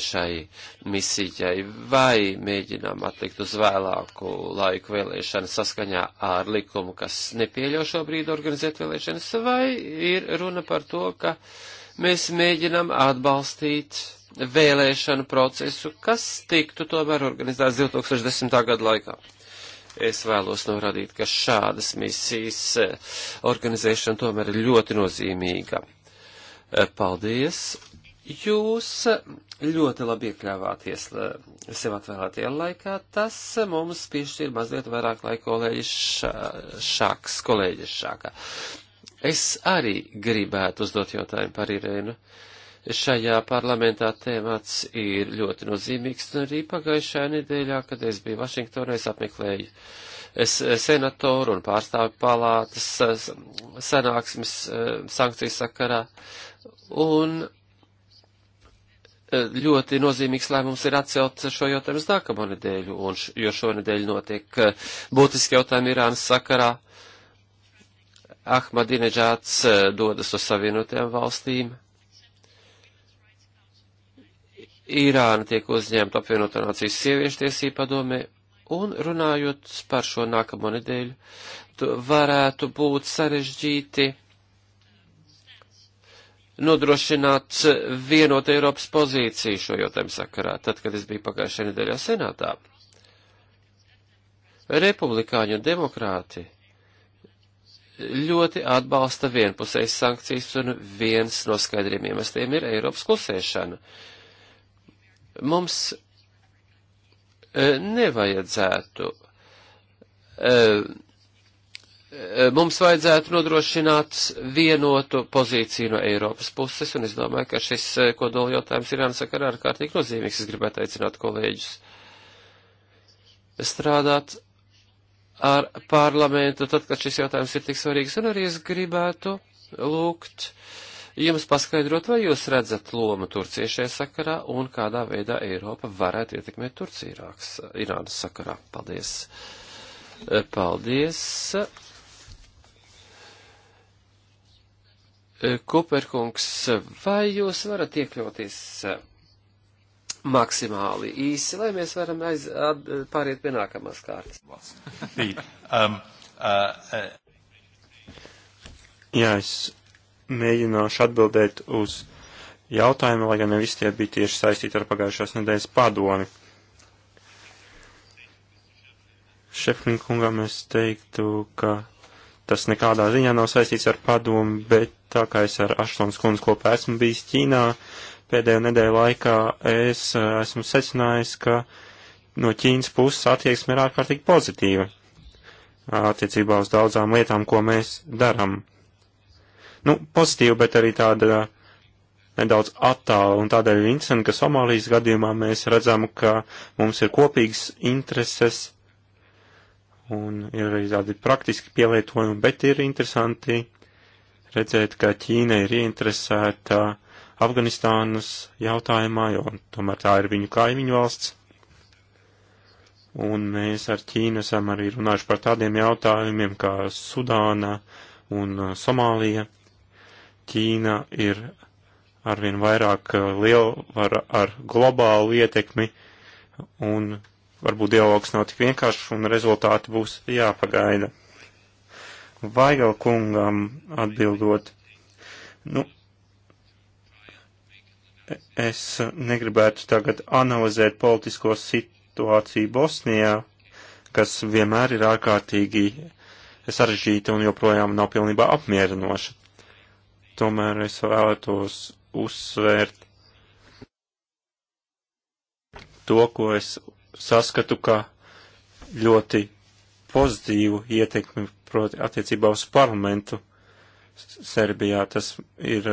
šai misijai, vai mēģinām atlikt uz vēlāku laiku vēlēšanu saskaņā ar likumu, kas nepieļauj šobrīd organizēt vēlēšanas, vai ir runa par to, ka mēs mēģinām atbalstīt vēlēšanu procesu, kas tiktu tomēr organizēts 2010. gada laikā. Es vēlos norādīt, ka šādas misijas eh, organizēšana tomēr ir ļoti nozīmīga. Eh, paldies! Jūs ļoti labi iekļāvāties eh, sev atvēlētajā laikā. Tas mums piešķir mazliet vairāk laika kolēģis Šāks, kolēģis Šākā. Es arī gribētu uzdot jautājumu par Irēnu. Šajā parlamentā tēmats ir ļoti nozīmīgs, un arī pagājušajā nedēļā, kad es biju Vašingtonā, es apmeklēju es senatoru un pārstāvu palātas sanāksmes eh, sankciju sakarā. Un ļoti nozīmīgs lēmums ir atcelt šo jautājumu uz nākamo nedēļu, un, š, jo šonedēļ notiek eh, būtiski jautājumi Irānas sakarā. Ahmadineģāts eh, dodas uz Savienotajām valstīm. Irāna tiek uzņemta apvienotā nācijas sieviešu tiesību padomē, un runājot par šo nākamo nedēļu, varētu būt sarežģīti nodrošināt vienotu Eiropas pozīciju šo jautājumu sakarā, tad, kad es biju pagājušajā nedēļā senātā. Republikāņi un demokrāti ļoti atbalsta vienpusējas sankcijas, un viens no skaidriem iemesliem ir Eiropas klusēšana. Mums eh, nevajadzētu eh, Eh, mums vajadzētu nodrošināt vienotu pozīciju no Eiropas puses, un es domāju, ka šis eh, kodola jautājums ir jāsaka ārkārtīgi nozīmīgs. Es gribētu aicināt kolēģus strādāt ar parlamentu, tad, kad šis jautājums ir tik svarīgs, un arī es gribētu lūgt jums paskaidrot, vai jūs redzat lomu Turcijai šajā sakarā, un kādā veidā Eiropa varētu ietekmēt Turciju Irānas sakarā. Paldies! Eh, paldies! Kuperkungs, vai jūs varat iekļauties eh, maksimāli īsi, lai mēs varam aiz, at, pāriet pie nākamās kārtas? um, uh, uh. Jā, es mēģināšu atbildēt uz jautājumu, lai gan ne visi tie bija tieši saistīti ar pagājušās nedēļas padomi. Šefrinkungam es teiktu, ka tas nekādā ziņā nav saistīts ar padomu, bet tā kā es ar Ašlons kundzi kopā esmu bijis Ķīnā, pēdējo nedēļu laikā es eh, esmu secinājis, ka no Ķīnas puses attieksme ir ārkārtīgi pozitīva attiecībā uz daudzām lietām, ko mēs darām. Nu, pozitīva, bet arī tāda nedaudz attāla, un tādēļ, Vincent, ka Somālijas gadījumā mēs redzam, ka mums ir kopīgas intereses un ir arī tādi praktiski pielietojumi, bet ir interesanti redzēt, ka Ķīna ir ieinteresēta Afganistānas jautājumā, jo tomēr tā ir viņu kaimiņu valsts. Un mēs ar Ķīnu esam arī runājuši par tādiem jautājumiem kā Sudāna un uh, Somālija. Ķīna ir arvien vairāk uh, lielvara ar globālu ietekmi, un varbūt dialogs nav tik vienkāršs un rezultāti būs jāpagaida. Vaigal kungam atbildot, nu, es negribētu tagad analizēt politisko situāciju Bosnijā, kas vienmēr ir ārkārtīgi sarežģīta un joprojām nav pilnībā apmierinoša. Tomēr es vēlētos uzsvērt to, ko es saskatu, ka ļoti pozitīvu ietekmi, proti, attiecībā uz parlamentu Serbijā. Tas ir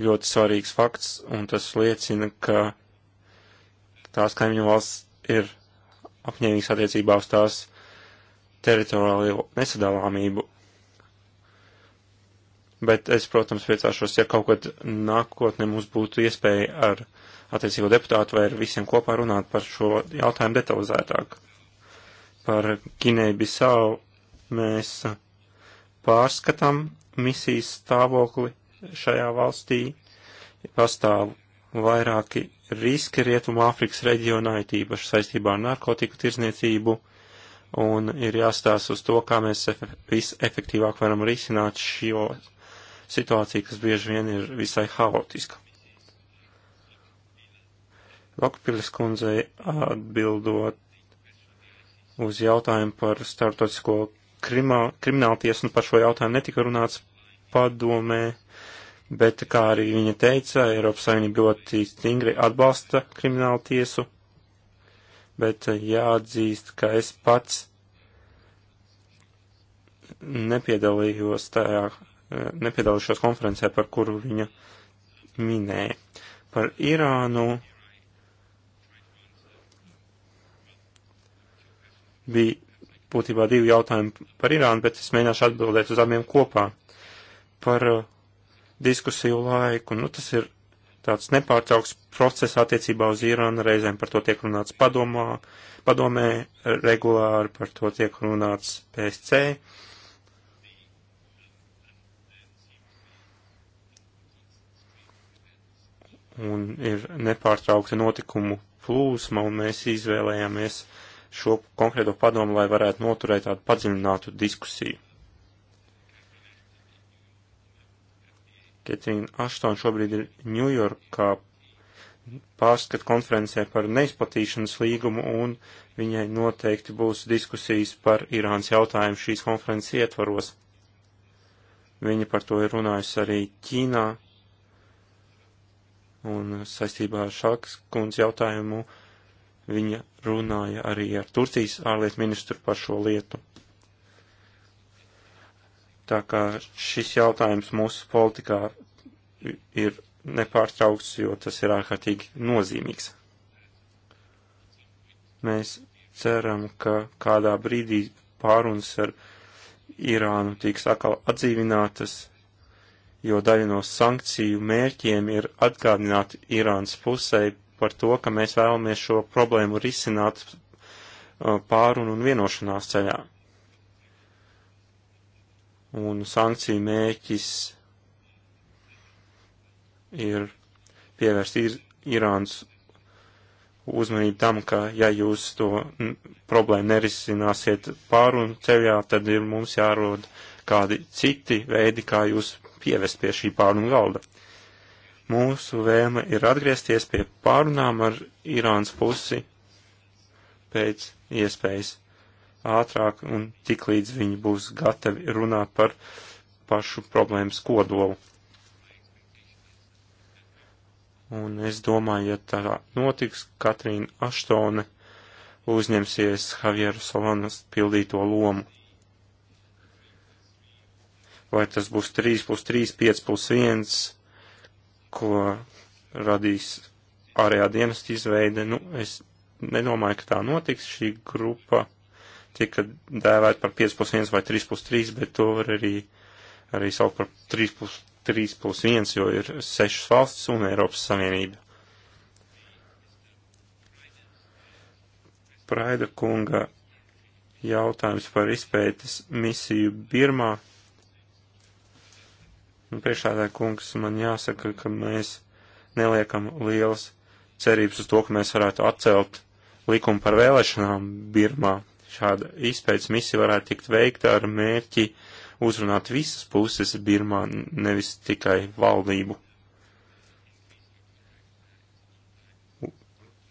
ļoti svarīgs fakts, un tas liecina, ka tās kaimiņu valsts ir apņēmīgas attiecībā uz tās teritoriālo nesadalāmību. Bet es, protams, priecāšos, ja kaut kad nākotnē mums būtu iespēja ar attiecīgo deputātu vai ar visiem kopā runāt par šo jautājumu detalizētāk. Par Ginēju Bisau mēs pārskatām misijas stāvokli šajā valstī. Pastāv vairāki riski Rietumā Afrikas reģionā, it īpaši saistībā ar narkotiku tirzniecību, un ir jāstās uz to, kā mēs visefektīvāk varam risināt šo situāciju, kas bieži vien ir visai haotiska. Lokpilis kundzei atbildot uz jautājumu par startautisko kriminālu tiesu, un par šo jautājumu netika runāts padomē, bet, kā arī viņa teica, Eiropas Savienība ļoti stingri atbalsta kriminālu tiesu, bet jāatzīst, ka es pats nepiedalījos tajā, nepiedalīšos konferencē, par kuru viņa minēja. Par Irānu bija būtībā divi jautājumi par Irānu, bet es mēģināšu atbildēt uz abiem kopā par uh, diskusiju laiku. Nu, tas ir tāds nepārtrauks process attiecībā uz Irānu, reizēm par to tiek runāts padomā, padomē, regulāri par to tiek runāts PSC. Un ir nepārtraukta notikumu plūsma, un mēs izvēlējāmies uh, šo konkrēto padomu, lai varētu noturēt tādu padziļinātu diskusiju. Ketrīna Aštona šobrīd ir Ņujorkā pārskat konferencē par neizplatīšanas līgumu, un viņai noteikti būs diskusijas par Irānas jautājumu šīs konferences ietvaros. Viņa par to ir runājusi arī Ķīnā, un saistībā ar Šalkas kundz jautājumu uh, Viņa runāja arī ar Turcijas ārlietu ministru par šo lietu. Tā kā šis jautājums mūsu politikā ir nepārtraukts, jo tas ir ārkārtīgi nozīmīgs. Mēs ceram, ka kādā brīdī pārunas ar Irānu tiks atkal atdzīvinātas, jo daļa no sankciju mērķiem ir atgādināt Irānas pusē par to, ka mēs vēlamies šo problēmu risināt uh, pārunu un vienošanās ceļā. Un sankciju mēķis ir pievērst ir, Irānas uzmanību tam, ka ja jūs to problēmu nerisināsiet pārunu ceļā, tad ir mums jārod kādi citi veidi, kā jūs pievest pie šī pārunu galda. Mūsu vēlme ir atgriezties pie pārunām ar Irānas pusi pēc iespējas ātrāk un tik līdz viņi būs gatavi runāt par pašu problēmas kodolu. Un es domāju, ja tā notiks, Katrīna Aštone uzņemsies Javieru Solanas pildīto lomu. Vai tas būs 3 plus 3, 5 plus 1, ko radīs ārējā dienesta izveide. Nu, es nedomāju, ka tā notiks. Šī grupa tika dēvēta par 5 plus 1 vai 3 plus 3, bet to var arī, arī saukt par 3 plus 3 plus 1, jo ir sešas valstis un Eiropas Savienība. Praida kunga jautājums par izpētes misiju Birmā Priekšādā kungs man jāsaka, ka mēs neliekam liels cerības uz to, ka mēs varētu atcelt likumu par vēlēšanām Birmā. Šāda izpētes misija varētu tikt veikta ar mērķi uzrunāt visas puses Birmā, nevis tikai valdību.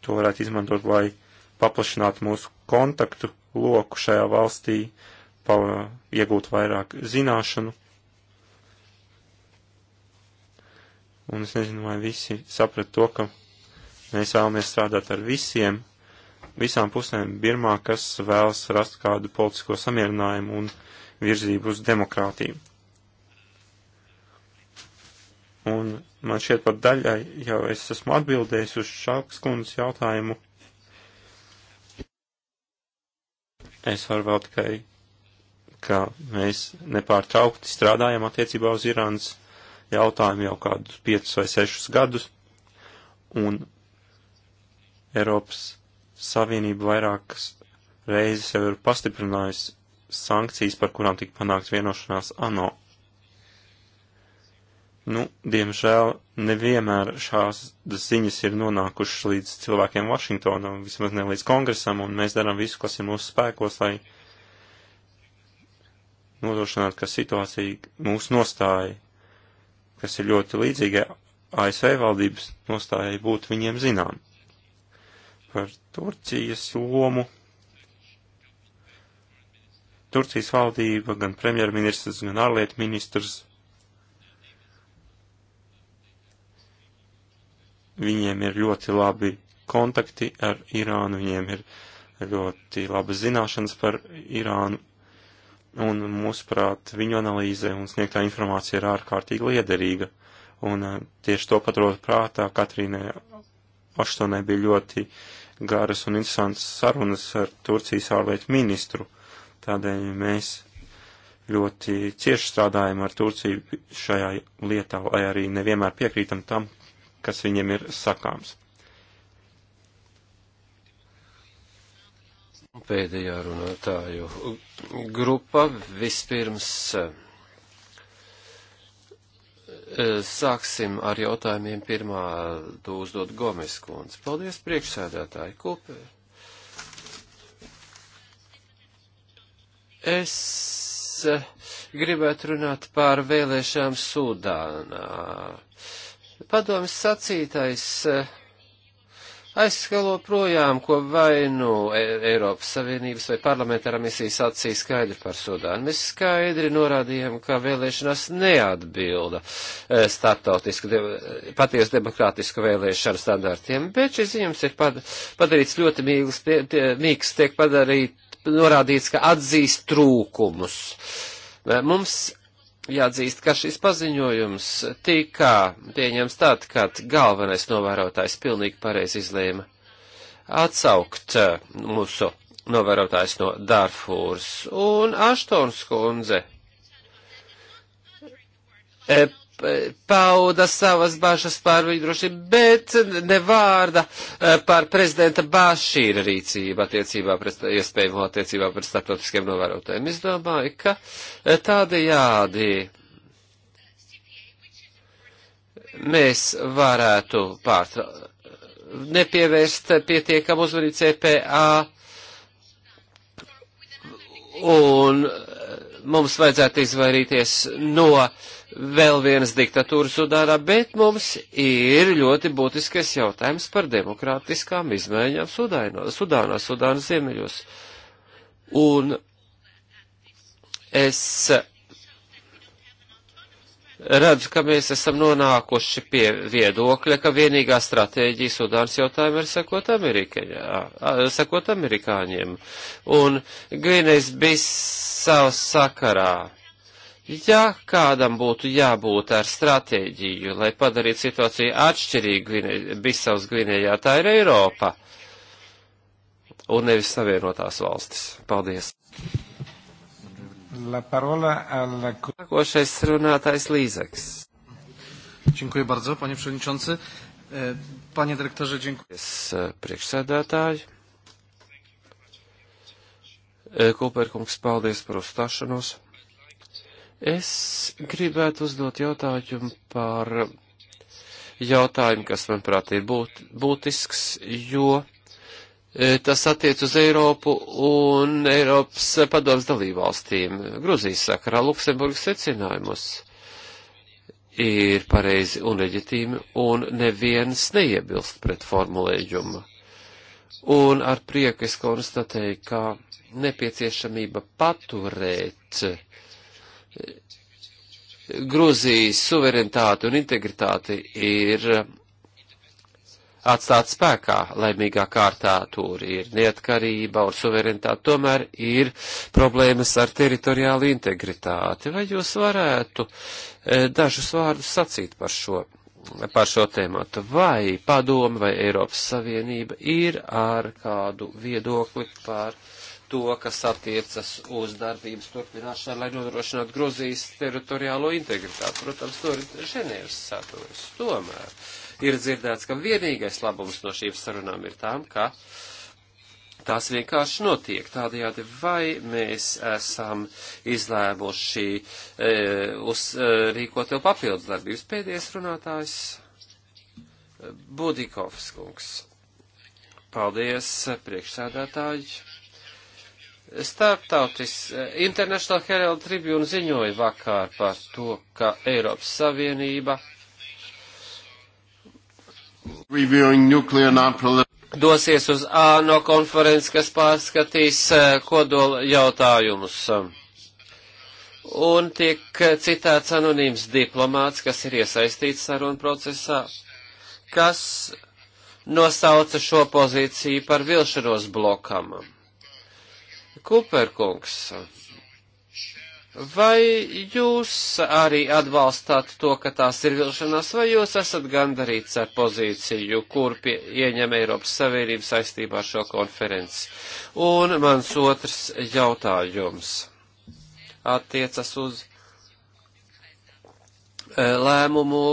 To varētu izmantot, lai paplašinātu mūsu kontaktu loku šajā valstī, iegūt vairāk zināšanu Un es nezinu, vai visi saprat to, ka mēs vēlamies strādāt ar visiem, visām pusēm Birmā, kas vēlas rast kādu politisko samierinājumu un virzību uz demokrātiju. Un man šķiet pat daļai jau es esmu atbildējis uz šāks kundas jautājumu. Es varu vēl tikai, ka mēs nepārtraukti strādājam attiecībā uz Irānas jautājumu jau kādus piecus vai sešus gadus, un Eiropas Savienība vairākas reizes jau ir pastiprinājusi sankcijas, par kurām tika panākts vienošanās ANO. Nu, diemžēl nevienmēr šās ziņas ir nonākušas līdz cilvēkiem Vašingtonā, vismaz ne līdz kongresam, un mēs darām visu, kas ir mūsu spēkos, lai nodrošinātu, ka situācija mūsu nostāja kas ir ļoti līdzīga ASV valdības nostājai, būtu viņiem zinām. Par Turcijas lomu. Turcijas valdība, gan premjerministrs, gan ārlietu ministrs. Viņiem ir ļoti labi kontakti ar Irānu, viņiem ir ļoti labas zināšanas par Irānu, un mūsuprāt viņu analīze un sniegtā informācija ir ārkārtīgi liederīga. Un tieši to paturot prātā, Katrīnai Aštonai bija ļoti garas un interesantas sarunas ar Turcijas ārlietu ministru. Tādēļ mēs ļoti cieši strādājam ar Turciju šajā lietā, lai arī nevienmēr piekrītam tam, kas viņiem ir sakāms. Pēdējā runātāju grupa vispirms eh, sāksim ar jautājumiem pirmā to uzdot Gomes kundze. Paldies priekšsēdētāji kopē. Es eh, gribētu runāt par vēlēšanām Sudānā. Padomis sacītais eh, aizskalo projām, ko vainu e- Eiropas Savienības vai parlamentāra misijas acīja skaidri par Sudānu. Mēs skaidri norādījām, ka vēlēšanās neatbilda e, startautisku, de, patiesu demokrātisku vēlēšanu standartiem, bet šis ziņums ir pad, padarīts ļoti mīgs, tie, tie, mīgs tiek padarīt, norādīts, ka atzīst trūkumus. E, mums Jāatzīst, ka šis paziņojums tika pieņems tad, kad galvenais novērotājs pilnīgi pareizi izlēma atsaukt eh, mūsu novērotājs no Darfūras un Aštons kundze eh, pauda savas bažas par viņu drošību, bet ne vārda eh, par prezidenta Bāšīra rīcību attiecībā pret, iespējamo attiecībā pret starptautiskiem novērotājiem. Es domāju, ka eh, tādējādi mēs varētu pārtra... nepievērst pietiekamu uzmanību CPA un eh, mums vajadzētu izvairīties no uh, vēl vienas diktatūras Sudānā, bet mums ir ļoti būtiskais jautājums par demokrātiskām izmaiņām Sudānā, Sudānā, Sudānas ziemeļos. Un es redzu, ka mēs esam nonākuši pie viedokļa, ka vienīgā stratēģija Sudānas jautājuma ir sekot, Amerikai, sekot amerikāņiem. Un Gvinējs bija savs sakarā Ja kādam būtu jābūt ar stratēģiju, lai padarītu situāciju atšķirīgu Gvine, Bisavas Gvinējā, tā ir Eiropa un nevis Savienotās valstis. Paldies! Nākošais runātājs Līzeks. Dziękuję bardzo, panie przewodniczący. E, panie dyrektorze, dziękuję. E, priekšsēdētāji. E, Kuperkungs, paldies par uzstāšanos. Es gribētu uzdot jautājumu par jautājumu, kas, manuprāt, ir būt, būtisks, jo e, tas attiec uz Eiropu un Eiropas padomas dalībvalstīm. Gruzijas sakarā Luksemburgas secinājumus ir pareizi un leģitīmi, un neviens neiebilst pret formulējumu. Un ar prieku es konstatēju, ka nepieciešamība paturēt uh, Grūzijas suverenitāte un integritāte ir atstāt spēkā laimīgā kārtā, tur ir neatkarība un suverenitāte, tomēr ir problēmas ar teritoriālu integritāti. Vai jūs varētu e, dažus vārdus sacīt par šo, par šo tēmatu? Vai padomi vai Eiropas Savienība ir ar kādu viedokli par to, kas attiecas uz darbības turpināšanu, lai nodrošinātu Gruzijas teritoriālo integritāti. Protams, to ir Ženēvas saturs. Tomēr ir dzirdēts, ka vienīgais labums no šīm sarunām ir tām, ka tās vienkārši notiek. Tādējādi vai mēs esam izlēmuši e, uz e, rīkot vēl papildus darbības pēdējais runātājs e, Budikovs kungs. Paldies, priekšsēdētāji. Startautis eh, International Herald Tribune ziņoja vakar par to, ka Eiropas Savienība dosies uz ANO konferenci, kas pārskatīs eh, kodola jautājumus. Un tiek citāts anonīms diplomāts, kas ir iesaistīts sarunu procesā, kas nosauca šo pozīciju par vilšanos blokam. Kuperkungs, vai jūs arī atbalstāt to, ka tās ir vilšanās, vai jūs esat gandarīts ar pozīciju, kur pie, ieņem Eiropas Savienība saistībā ar šo konferenci? Un mans otrs jautājums attiecas uz eh, lēmumu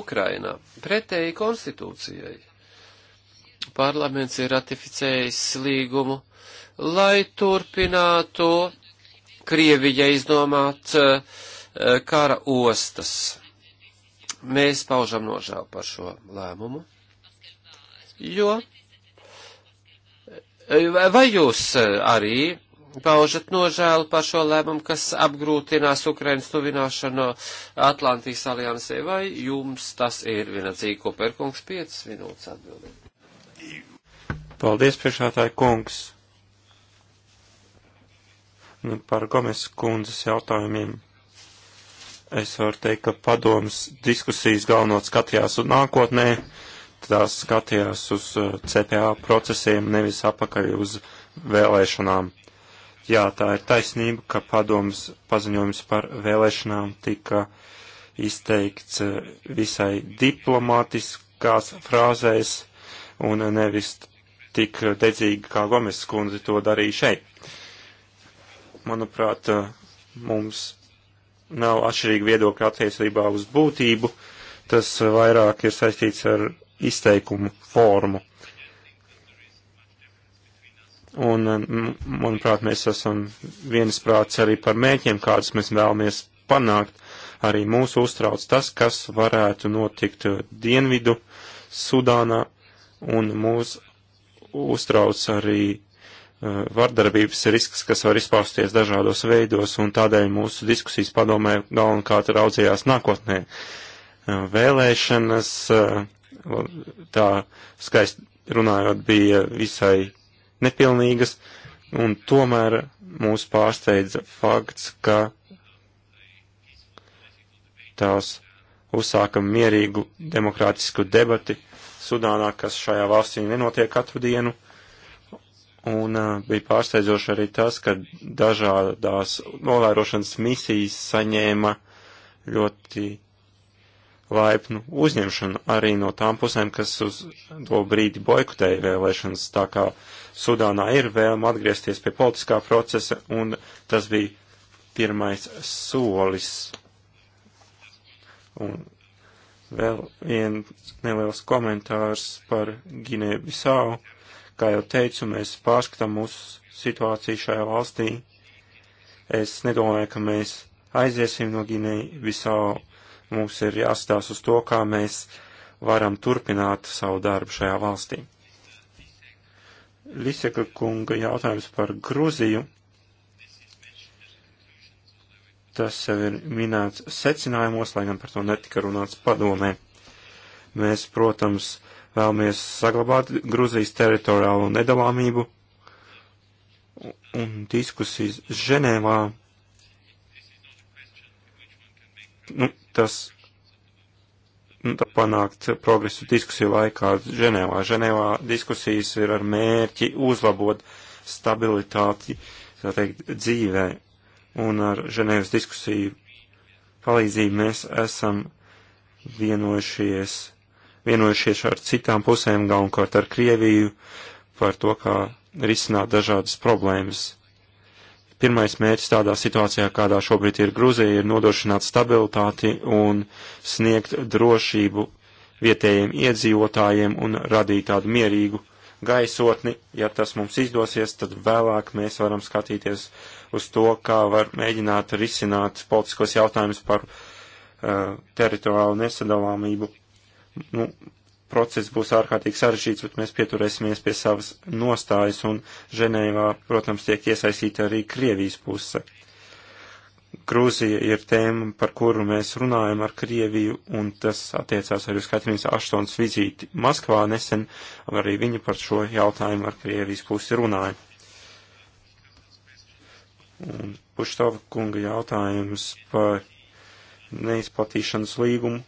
Ukrainā pretēji konstitūcijai. Parlaments ir ratificējis līgumu lai turpinātu Krievija izdomāt eh, kara ostas. Mēs paužam nožēlu par šo lēmumu, jo eh, vai jūs eh, arī paužat nožēlu par šo lēmumu, kas apgrūtinās Ukrainas tuvināšanu Atlantijas aliansē, vai jums tas ir vienadzīgi koperkungs 5 minūtes atbildēt? Paldies, priekšētāji kungs! Nu, par Gomes kundzes jautājumiem es varu teikt, ka padomas diskusijas galvenot skatījās uz nākotnē, tās skatījās uz uh, CPA procesiem, nevis apakaļ uz vēlēšanām. Jā, tā ir taisnība, ka padomas paziņojums par vēlēšanām tika izteikts uh, visai diplomātiskās frāzēs un nevis tik dedzīgi, kā Gomes kundze to darīja šeit manuprāt, eh, mums nav atšķirīgi viedokļi attiecībā uz būtību, tas eh, vairāk ir saistīts ar izteikumu formu. Un, eh, manuprāt, mēs esam viensprāts arī par mēķiem, kādas mēs vēlamies panākt. Arī mūsu uztrauc tas, kas varētu notikt dienvidu Sudānā, un mūs uztrauc arī Eh, vardarbības risks, kas var izpausties dažādos veidos, un tādēļ mūsu diskusijas padomē galvenokārt raudzījās nākotnē. Eh, vēlēšanas, eh, tā skaisti runājot, bija visai nepilnīgas, un tomēr mūs pārsteidza fakts, ka tās uzsāka mierīgu demokrātisku debati Sudānā, kas šajā valstī nenotiek katru dienu. Uh, Un uh, bija pārsteidzoši arī tas, ka dažādās novērošanas misijas saņēma ļoti laipnu uzņemšanu arī no tām pusēm, kas uz to brīdi boikotēja vēlēšanas. Tā kā Sudānā ir vēlme atgriezties pie politiskā procesa, un tas bija pirmais solis. Un vēl viens neliels komentārs par Ginēju Bisau. Kā jau teicu, mēs pārskatām mūsu situāciju šajā valstī. Es nedomāju, ka mēs aiziesim no Gineja visā. Mums ir jāstās uz to, kā mēs varam turpināt savu darbu šajā valstī. Liseka kunga jautājums par Gruziju. Tas jau ir minēts secinājumos, lai gan par to netika runāts padomē. Mēs, protams, vēlamies saglabāt Gruzijas teritoriālo nedalāmību un diskusijas Ženēvā. Nu, tas nu, panākt progresu diskusiju laikā Ženēvā. Ženēvā diskusijas ir ar mērķi uzlabot stabilitāti, tā teikt, dzīvē. Un ar Ženēvas diskusiju palīdzību mēs esam vienojušies vienojušies ar citām pusēm, galvenokārt ar Krieviju, par to, kā risināt dažādas problēmas. Pirmais mērķis tādā situācijā, kādā šobrīd ir Gruzija, ir nodrošināt stabilitāti un sniegt drošību vietējiem iedzīvotājiem un radīt tādu mierīgu gaisotni. Ja tas mums izdosies, tad vēlāk mēs varam skatīties uz to, kā var mēģināt risināt politiskos jautājumus par uh, teritoriālu nesadalāmību Nu, process būs ārkārtīgi sarežģīts, bet mēs pieturēsimies pie savas nostājas, un Ženēvā, protams, tiek iesaistīta arī Krievijas puse. Grūzija ir tēma, par kuru mēs runājam ar Krieviju, un tas attiecās arī uz Katrīnas Aštons vizīti Maskvā nesen, arī viņa par šo jautājumu ar Krievijas pusi runāja. Un Puštova kunga jautājums par neizplatīšanas līgumu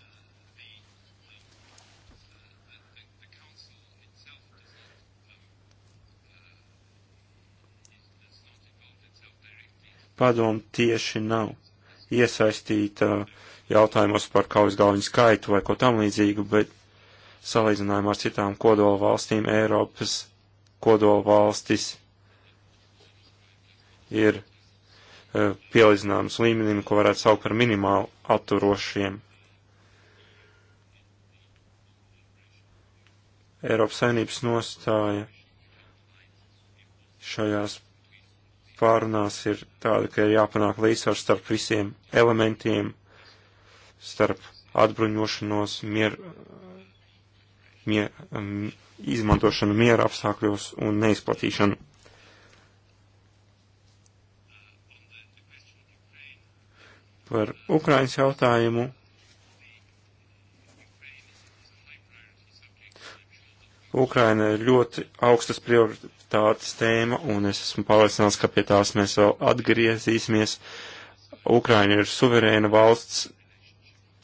Padomu tieši nav iesaistīta jautājumos par kaujas galviņu skaitu vai ko tam līdzīgu, bet salīdzinājumā ar citām kodola valstīm Eiropas kodola valstis ir e, pielīdzināms līmenim, ko varētu saukt par minimāli atturošiem. Eiropas saimnības nostāja šajās pārunās ir tāda, ka ir jāpanāk līdzsvars starp visiem elementiem, starp atbruņošanos, mieru, mier, izmantošanu miera apstākļos un neizplatīšanu. Par Ukrainas jautājumu. Ukraina ir ļoti augstas prioritātes stabilitātes tēma, un es esmu pārliecināts, ka pie tās mēs vēl atgriezīsimies. Ukraina ir suverēna valsts,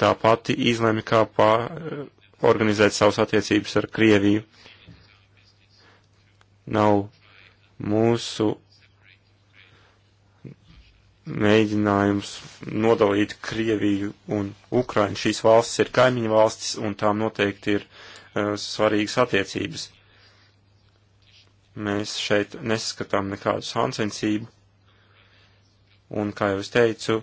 tā pati izlēma, kā pā, organizēt savas attiecības ar Krieviju. Nav mūsu mēģinājums nodalīt Krieviju un Ukrainu. Šīs valstis ir kaimiņu valstis, un tām noteikti ir uh, svarīgas attiecības. Mēs šeit neskatām nekādu sāncensību, un, kā jau es teicu,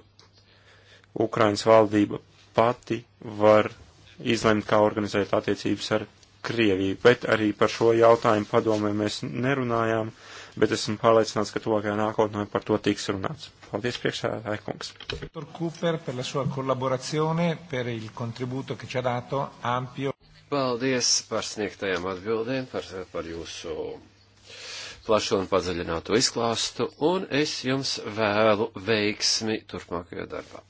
Ukrainas valdība pati var izlemt, kā organizēt attiecības ar Krieviju, bet arī par šo jautājumu padomē mēs nerunājām, bet esmu pārliecināts, ka tuvākajā nākotnē par to tiks runāts. Paldies, priekšsēdētāji kungs. Dr. Cooper, par la sua collaborazione, per il contributo che ci ha dato ampio. Paldies par sniegtajām atbildēm, par, par jūsu plašu un padziļinātu izklāstu, un es jums vēlu veiksmi turpmākajā darbā.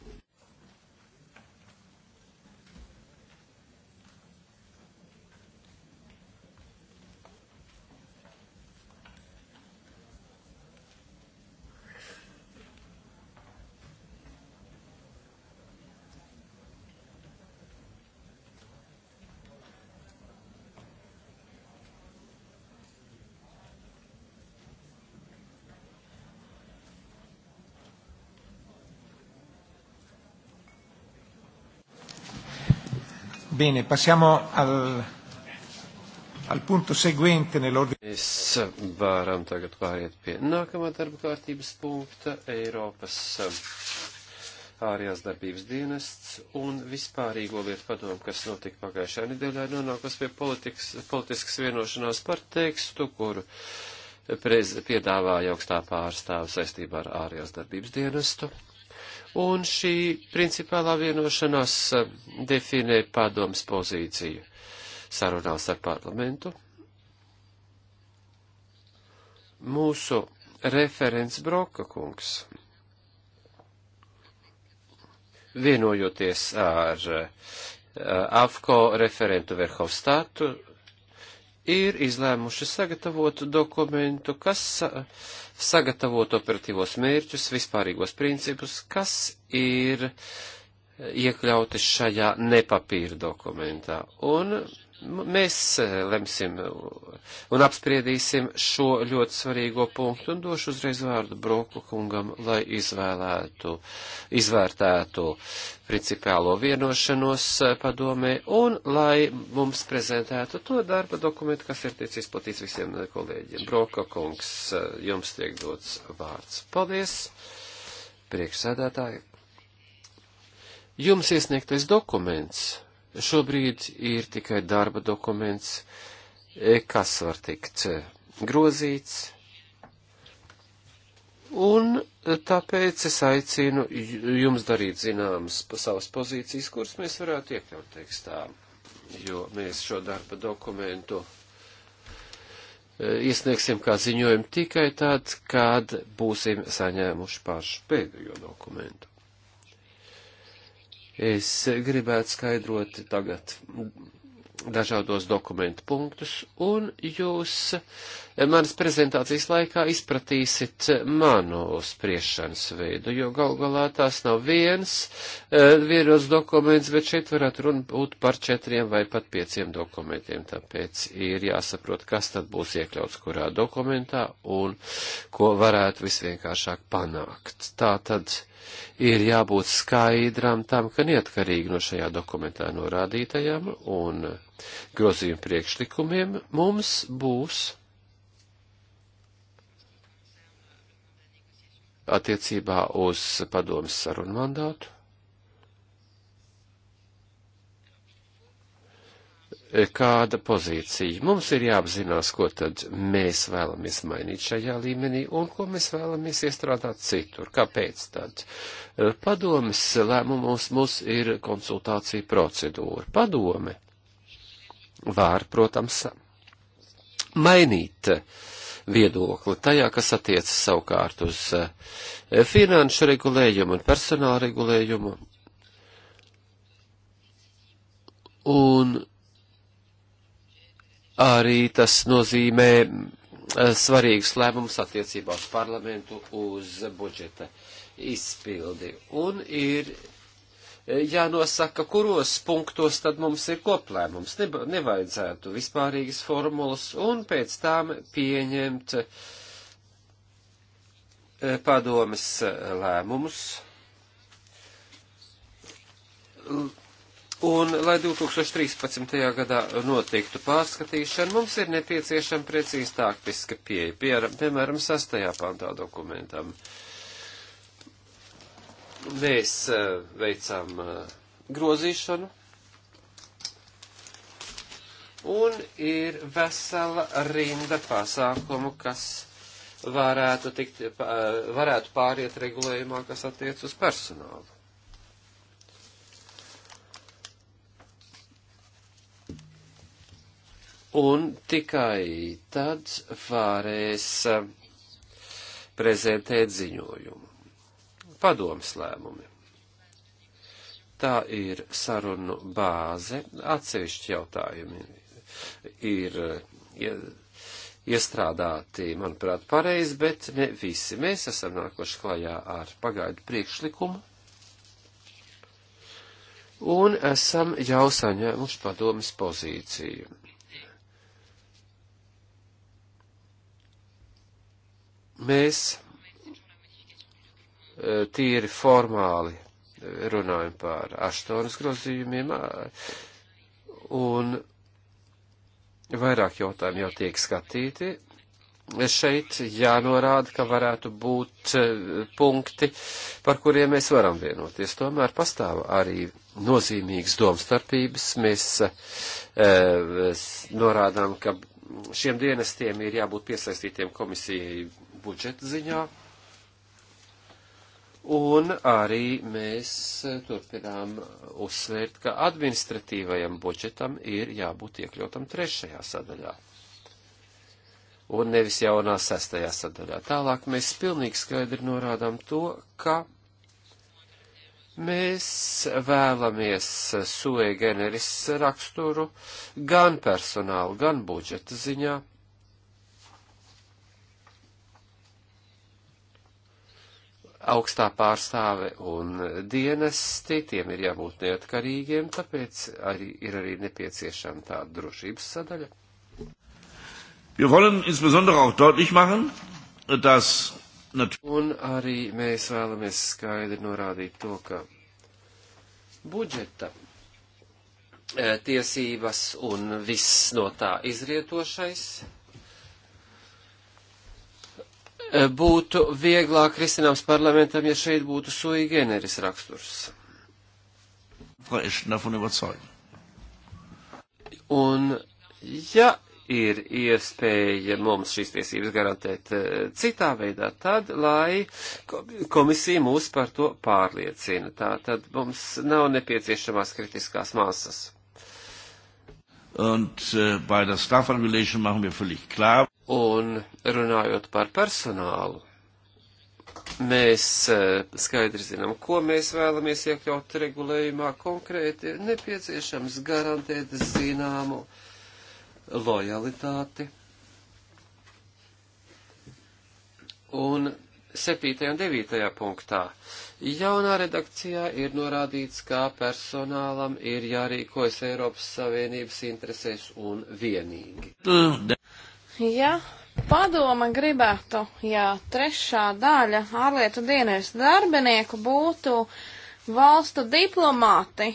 Bene, passiamo al, al punto seguente nell'ordine. Mēs varam tagad pāriet pie nākamā darba kārtības punkta - Eiropas um, ārējās darbības dienests un vispārīgo lietu padomu, kas notika pagājušā nedēļā, nonākos pie politikas, politiskas vienošanās par tekstu, kuru prez, piedāvāja augstā pārstāva saistībā ar ārējās darbības dienestu Un šī principālā vienošanās eh, definē padomas pozīciju sarunās ar parlamentu. Mūsu referents Broka kungs, vienojoties ar eh, AFCO referentu Verhofstātu, ir izlēmuši sagatavot dokumentu, kas sagatavot operatīvos mērķus, vispārīgos principus, kas ir iekļauti šajā nepapīra dokumentā. Un Mēs eh, lemsim un apspriedīsim šo ļoti svarīgo punktu un došu uzreiz vārdu Broku kungam, lai izvēlētu, izvērtētu principiālo vienošanos eh, padomē un lai mums prezentētu to darba dokumentu, kas ir ticis izplatīts visiem kolēģiem. Broka kungs, eh, jums tiek dots vārds. Paldies, priekšsēdētāji. Jums iesniegtais dokuments šobrīd ir tikai darba dokuments, e, kas var tikt e, grozīts. Un tāpēc es aicinu jums darīt zināmas savas pozīcijas, kuras mēs varētu iekļaut tekstā, jo mēs šo darba dokumentu e, iesniegsim kā ziņojumu tikai tad, kad būsim saņēmuši pašu pēdējo dokumentu. Es gribētu skaidrot tagad dažādos dokumentu punktus, un jūs eh, manas prezentācijas laikā izpratīsit manu spriešanas veidu, jo gal galā tās nav viens, eh, vienos dokuments, bet šeit varētu runa būt par četriem vai pat pieciem dokumentiem, tāpēc ir jāsaprot, kas tad būs iekļauts kurā dokumentā un ko varētu visvienkāršāk panākt. Tā tad ir jābūt skaidram tam, ka neatkarīgi no šajā dokumentā norādītajām un grozījumu priekšlikumiem mums būs attiecībā uz padomas sarunu mandātu kāda pozīcija. Mums ir jāapzinās, ko tad mēs vēlamies mainīt šajā līmenī un ko mēs vēlamies iestrādāt citur. Kāpēc tad? Eh, padomes lēmumos mums ir konsultācija procedūra. Padome var, protams, mainīt viedokli tajā, kas attiecas savukārt uz eh, finanšu regulējumu un personāla regulējumu. Un arī tas nozīmē eh, svarīgs lēmums attiecībā uz parlamentu, uz budžeta izpildi. Un ir eh, jānosaka, kuros punktos tad mums ir koplēmums. Ne, nevajadzētu vispārīgas formulas un pēc tām pieņemt eh, padomes lēmumus Un, lai 2013. gadā notiktu pārskatīšana, mums ir nepieciešama precīzi taktiska pieeja, piemēram, sastajā pantā dokumentam. Mēs eh, veicām eh, grozīšanu, un ir vesela rinda pasākumu, kas varētu, tikt, eh, varētu pāriet regulējumā, kas attiec uz personālu. un tikai tad varēs eh, prezentēt ziņojumu. Padomas lēmumi. Tā ir sarunu bāze. Atsevišķi jautājumi ir ja, eh, iestrādāti, manuprāt, pareizi, bet ne visi. Mēs esam nākoši klajā ar pagaidu priekšlikumu un esam jau saņēmuši padomas pozīciju. Mēs e, tīri formāli runājam par aštonas grozījumiem, un vairāk jautājumu jau tiek skatīti. Šeit jānorāda, ka varētu būt e, punkti, par kuriem mēs varam vienoties. Tomēr pastāv arī nozīmīgas domstarpības. Mēs e, norādām, ka šiem dienestiem ir jābūt piesaistītiem komisijai budžeta ziņā. Un arī mēs turpinām uzsvērt, ka administratīvajam budžetam ir jābūt iekļautam trešajā sadaļā. Un nevis jaunā sestajā sadaļā. Tālāk mēs pilnīgi skaidri norādām to, ka mēs vēlamies sue generis raksturu gan personālu, gan budžeta ziņā augstā pārstāve un dienesti, tiem ir jābūt neatkarīgiem, tāpēc arī ir arī nepieciešama tāda drošības sadaļa. Wir wollen insbesondere auch deutlich machen, dass Un arī mēs vēlamies skaidri norādīt to, ka budžeta eh, tiesības un viss no tā izrietošais būtu vieglāk risināms parlamentam, ja šeit būtu sui generis raksturs. Un, ja ir iespēja mums šīs tiesības garantēt eh, citā veidā, tad, lai komisija mūs par to pārliecina. Tā tad mums nav nepieciešamās kritiskās māsas. Und äh, bei der Staff Regulation machen wir völlig klar. Un runājot par personālu, mēs e, skaidri zinām, ko mēs vēlamies iekļaut regulējumā. Konkrēti nepieciešams garantēt zināmu lojalitāti. Un 7. un 9. punktā jaunā redakcijā ir norādīts, kā personālam ir jārīkojas Eiropas Savienības interesēs un vienīgi. Uh, Ja padoma gribētu, ja trešā daļa ārlietu dienas darbinieku būtu valstu diplomāti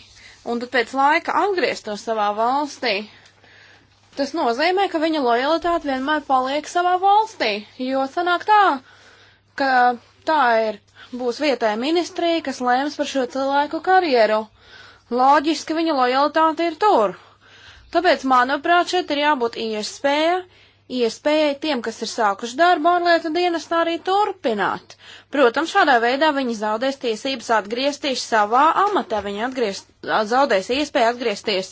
un tad pēc laika atgrieztos savā valstī, tas nozīmē, ka viņa lojalitāte vienmēr paliek savā valstī, jo sanāk tā, ka tā ir, būs vietēja ministrija, kas lēms par šo cilvēku karjeru. Loģiski viņa lojalitāte ir tur. Tāpēc, manuprāt, šeit ir jābūt iespēja iespēja tiem, kas ir sākuši darbu ārlietu dienestā, arī turpināt. Protams, šādā veidā viņi zaudēs tiesības atgriezties savā amatā, viņi atgriez, zaudēs iespēju atgriezties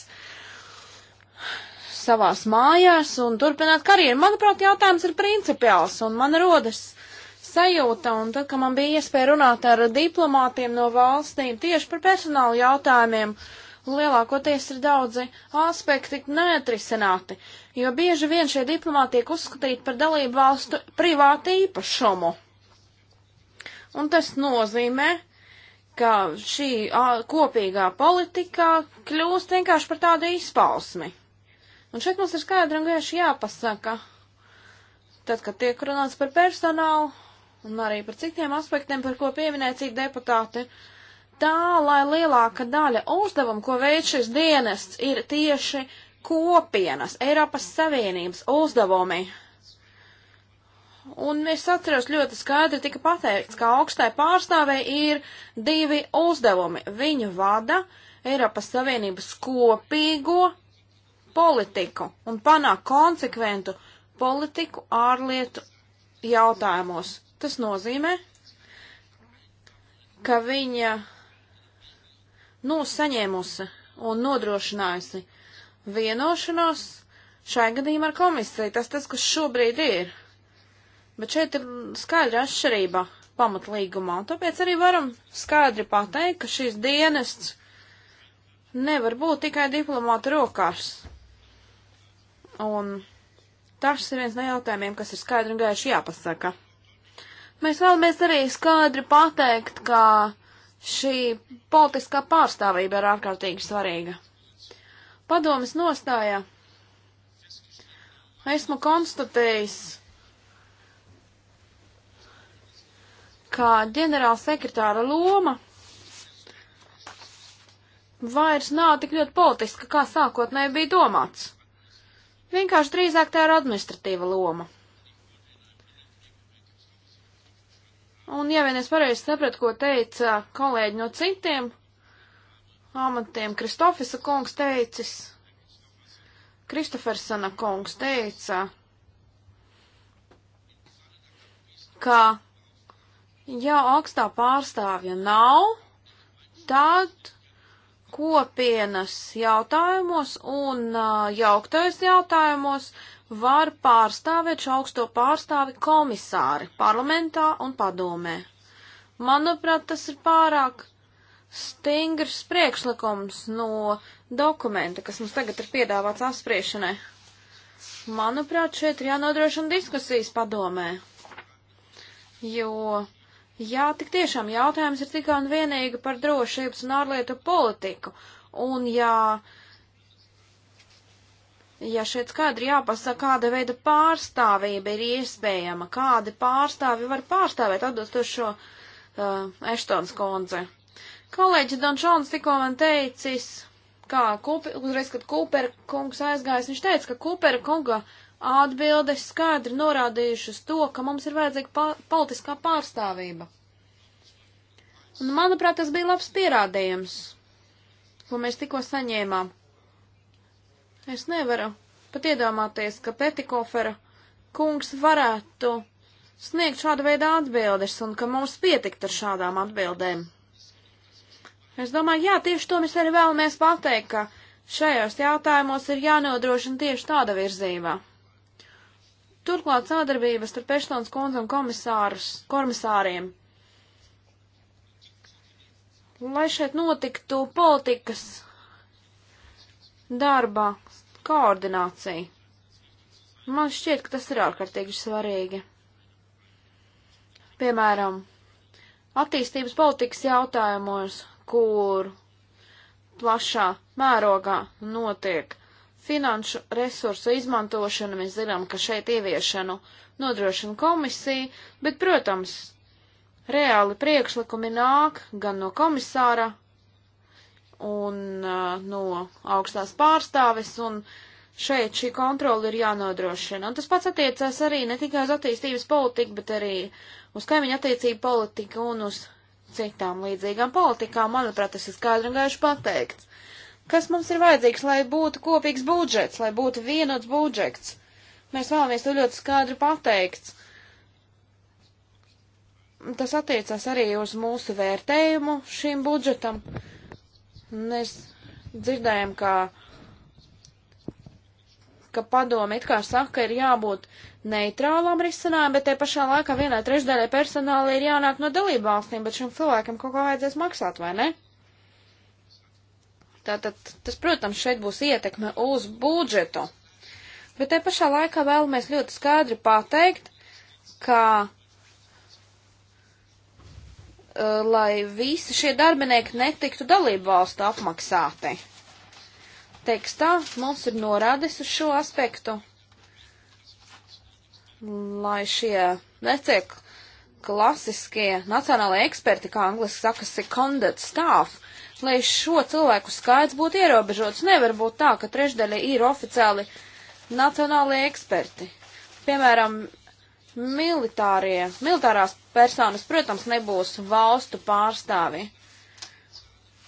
savās mājās un turpināt karjeru. Manuprāt, jautājums ir principiāls un man rodas sajūta, un tad, kad man bija iespēja runāt ar diplomātiem no valstīm tieši par personāla jautājumiem, uh, lielākoties ir daudzi aspekti neatrisināti, jo bieži vien šie diplomāti tiek uzskatīti par dalību valstu privātu īpašumu. Un tas nozīmē, ka šī kopīgā politika kļūst vienkārši par tādu izpausmi. Un šeit mums ir skaidri un gaiši jāpasaka, tad, kad tiek runāts par personālu un arī par citiem aspektiem, par ko pieminēja citi deputāti, uh, tā, lai lielāka daļa uzdevumu, ko veic šis dienests, ir tieši kopienas, Eiropas Savienības uzdevumi. Un es atceros ļoti skaidri tika pateikts, ka augstai pārstāvei ir divi uzdevumi. Viņu vada Eiropas Savienības kopīgo politiku un panāk konsekventu politiku ārlietu jautājumos. Tas nozīmē, ka viņa nu saņēmusi un nodrošinājusi vienošanos šai gadījumā ar komisiju. Tas tas, kas šobrīd ir. Bet šeit ir skaidra atšķirība pamatlīgumā, un tāpēc arī varam skaidri pateikt, ka šīs dienests nevar būt tikai diplomāta rokās. Un tas ir viens no jautājumiem, kas ir skaidri un gaiši jāpasaka. Mēs vēlamies arī skaidri pateikt, ka šī politiskā pārstāvība ir ārkārtīgi svarīga. Padomis nostājā esmu konstatējis, ka ģenerāla sekretāra loma vairs nav tik ļoti politiska, kā sākotnēji bija domāts. Vienkārši drīzāk tā ir administratīva loma. Un, ja vien es pareizi sapratu, ko teica kolēģi no citiem amatiem, Kristofisa kungs teicis, Kristofersana kungs teica, ka, ja augstā pārstāvja nav, tad kopienas jautājumos un uh, jauktais jautājumos var pārstāvēt šo augsto pārstāvi komisāri parlamentā un padomē. Manuprāt, tas ir pārāk stingrs priekšlikums no dokumenta, kas mums tagad ir piedāvāts apspriešanai. Manuprāt, šeit ir jānodrošina diskusijas padomē, jo Jā, tik tiešām jautājums ir tikai un vienīgi par drošības un ārlietu politiku. Un ja ja šeit skaidri jāpasaka, kāda veida pārstāvība ir iespējama, kādi pārstāvi var pārstāvēt atbilstošo uh, Eštons kundze. Kolēģi Dončons tikko man teicis, kā Kupi, uzreiz, kad Kupera kungs aizgājis, viņš teica, ka Kupera kunga atbildes skaidri norādījušas to, ka mums ir vajadzīga pa politiskā pārstāvība. Un, manuprāt, tas bija labs pierādījums, ko mēs tikko saņēmām. Es nevaru pat iedomāties, ka Petikofera kungs varētu sniegt šādu veidu atbildes un ka mums pietikt ar šādām atbildēm. Es domāju, jā, tieši to mēs arī vēlamies pateikt, ka šajos jautājumos ir jānodrošina tieši tāda virzībā. Turklāt sadarbības starp Peštons kundzi un komisāriem. Lai šeit notiktu politikas darba koordināciju. Man šķiet, ka tas ir ārkārtīgi svarīgi. Piemēram, attīstības politikas jautājumos, kur plašā mērogā notiek finanšu resursu izmantošana, mēs zinām, ka šeit ieviešanu nodrošina komisija, bet, protams, reāli priekšlikumi nāk gan no komisāra, un uh, no augstās pārstāves, un šeit šī kontrola ir jānodrošina. Un tas pats attiecās arī ne tikai uz attīstības politiku, bet arī uz kaimiņu attiecību politiku un uz citām līdzīgām politikām. Manuprāt, tas ir skaidri un gaiši pateikts. Kas mums ir vajadzīgs, lai būtu kopīgs budžets, lai būtu vienots budžets? Mēs vēlamies to ļoti skaidri pateikt. Tas attiecās arī uz mūsu vērtējumu šim budžetam. Uh, Mēs dzirdējam, ka, ka padomi it kā saka, ir jābūt neitrālam risinājumam, bet te pašā laikā vienai trešdaļai personāla ir jānāk no dalību valstīm, bet šim cilvēkam kaut ko vajadzēs maksāt, vai ne? Tātad, tas, protams, šeit būs ietekme uz budžetu. Bet te pašā laikā vēlamies ļoti skaidri pateikt, ka Uh, lai visi šie darbinieki netiktu dalību valstu apmaksāti. Tekstā mums ir norādes uz šo aspektu, lai šie netiek klasiskie nacionālai eksperti, kā angliski saka, seconded staff, lai šo cilvēku skaits būtu ierobežots. Nevar būt tā, ka trešdaļa ir oficiāli nacionālai eksperti. Piemēram, militārie, militārās personas, protams, nebūs valstu pārstāvi.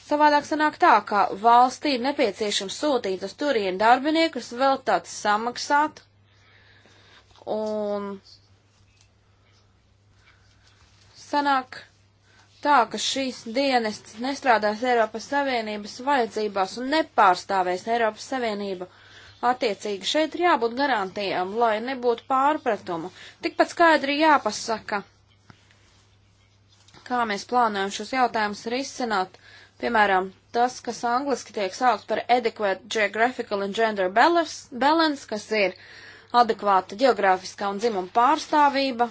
Savādāk sanāk tā, ka valstī ir nepieciešams sūtīt uz turienu darbiniekus, vēl tāds samaksāt. Un sanāk tā, ka šīs dienas nestrādās Eiropas Savienības vajadzībās un nepārstāvēs Eiropas Savienību. Attiecīgi šeit ir jābūt garantijām, lai nebūtu pārpratumu. Tikpat skaidri jāpasaka, kā mēs plānojam šos jautājumus risināt. Piemēram, tas, kas angliski tiek saukts par adequate geographical and gender balance, balance kas ir adekvāta geogrāfiskā un dzimuma pārstāvība,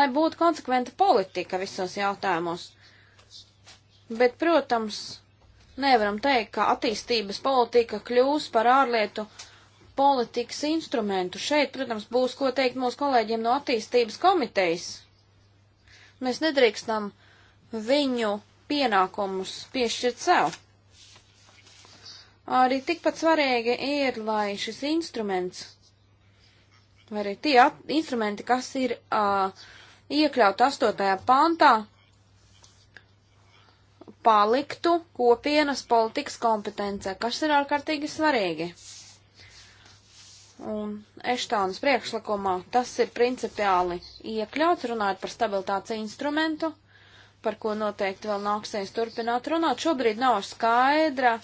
lai būtu konsekventa politika visos jautājumos. Bet, protams, nevaram teikt, ka attīstības politika kļūs par ārlietu politikas instrumentu. Šeit, protams, būs ko teikt mūsu kolēģiem no attīstības komitejas. Mēs nedrīkstam viņu pienākumus piešķirt sev. Arī tikpat svarīgi ir, lai šis instruments, vai arī tie instrumenti, kas ir uh, iekļauti astotajā pantā, paliktu kopienas politikas kompetencē, kas ir ārkārtīgi svarīgi. Un Eštānas priekšlikumā tas ir principiāli iekļauts, runājot par stabilitātes instrumentu, par ko noteikti vēl nāksies turpināt runāt. Šobrīd nav skaidra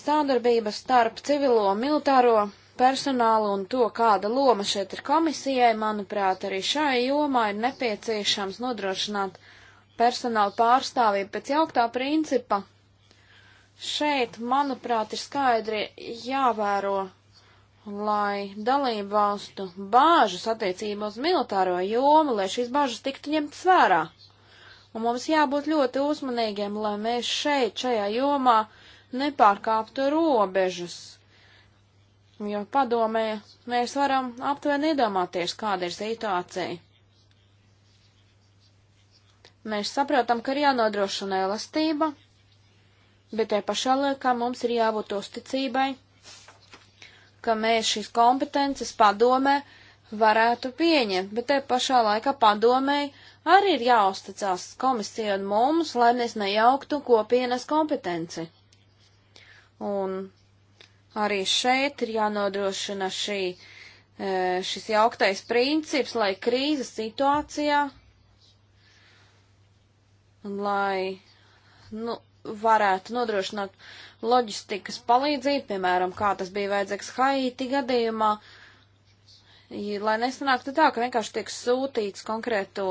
stādarbība starp civilo un militāro personālu un to, kāda loma šeit ir komisijai. Manuprāt, arī šai jomā ir nepieciešams nodrošināt personāla pārstāvību pēc jauktā principa. Šeit, manuprāt, ir skaidri jāvēro, lai dalību valstu bāžas attiecībā uz militāro jomu, lai šīs bāžas tiktu ņemtas vērā. Un mums jābūt ļoti uzmanīgiem, lai mēs šeit, šajā jomā, nepārkāptu robežas. Jo padomē, mēs varam aptuveni iedomāties, kāda ir situācija. Mēs saprotam, ka ir jānodrošina elastība, bet te pašā laikā mums ir jābūt uzticībai, ka mēs šīs kompetences padomē varētu pieņemt, bet te pašā laikā padomēji arī ir jāuzticās komisija un mums, lai mēs nejauktu kopienas kompetenci. Un arī šeit ir jānodrošina šī, eh, šis jauktais princips, lai krīzes situācijā lai nu, varētu nodrošināt loģistikas palīdzību, piemēram, kā tas bija vajadzīgs Haiti gadījumā, lai nesanāktu tā, ka vienkārši tiek sūtīts konkrēto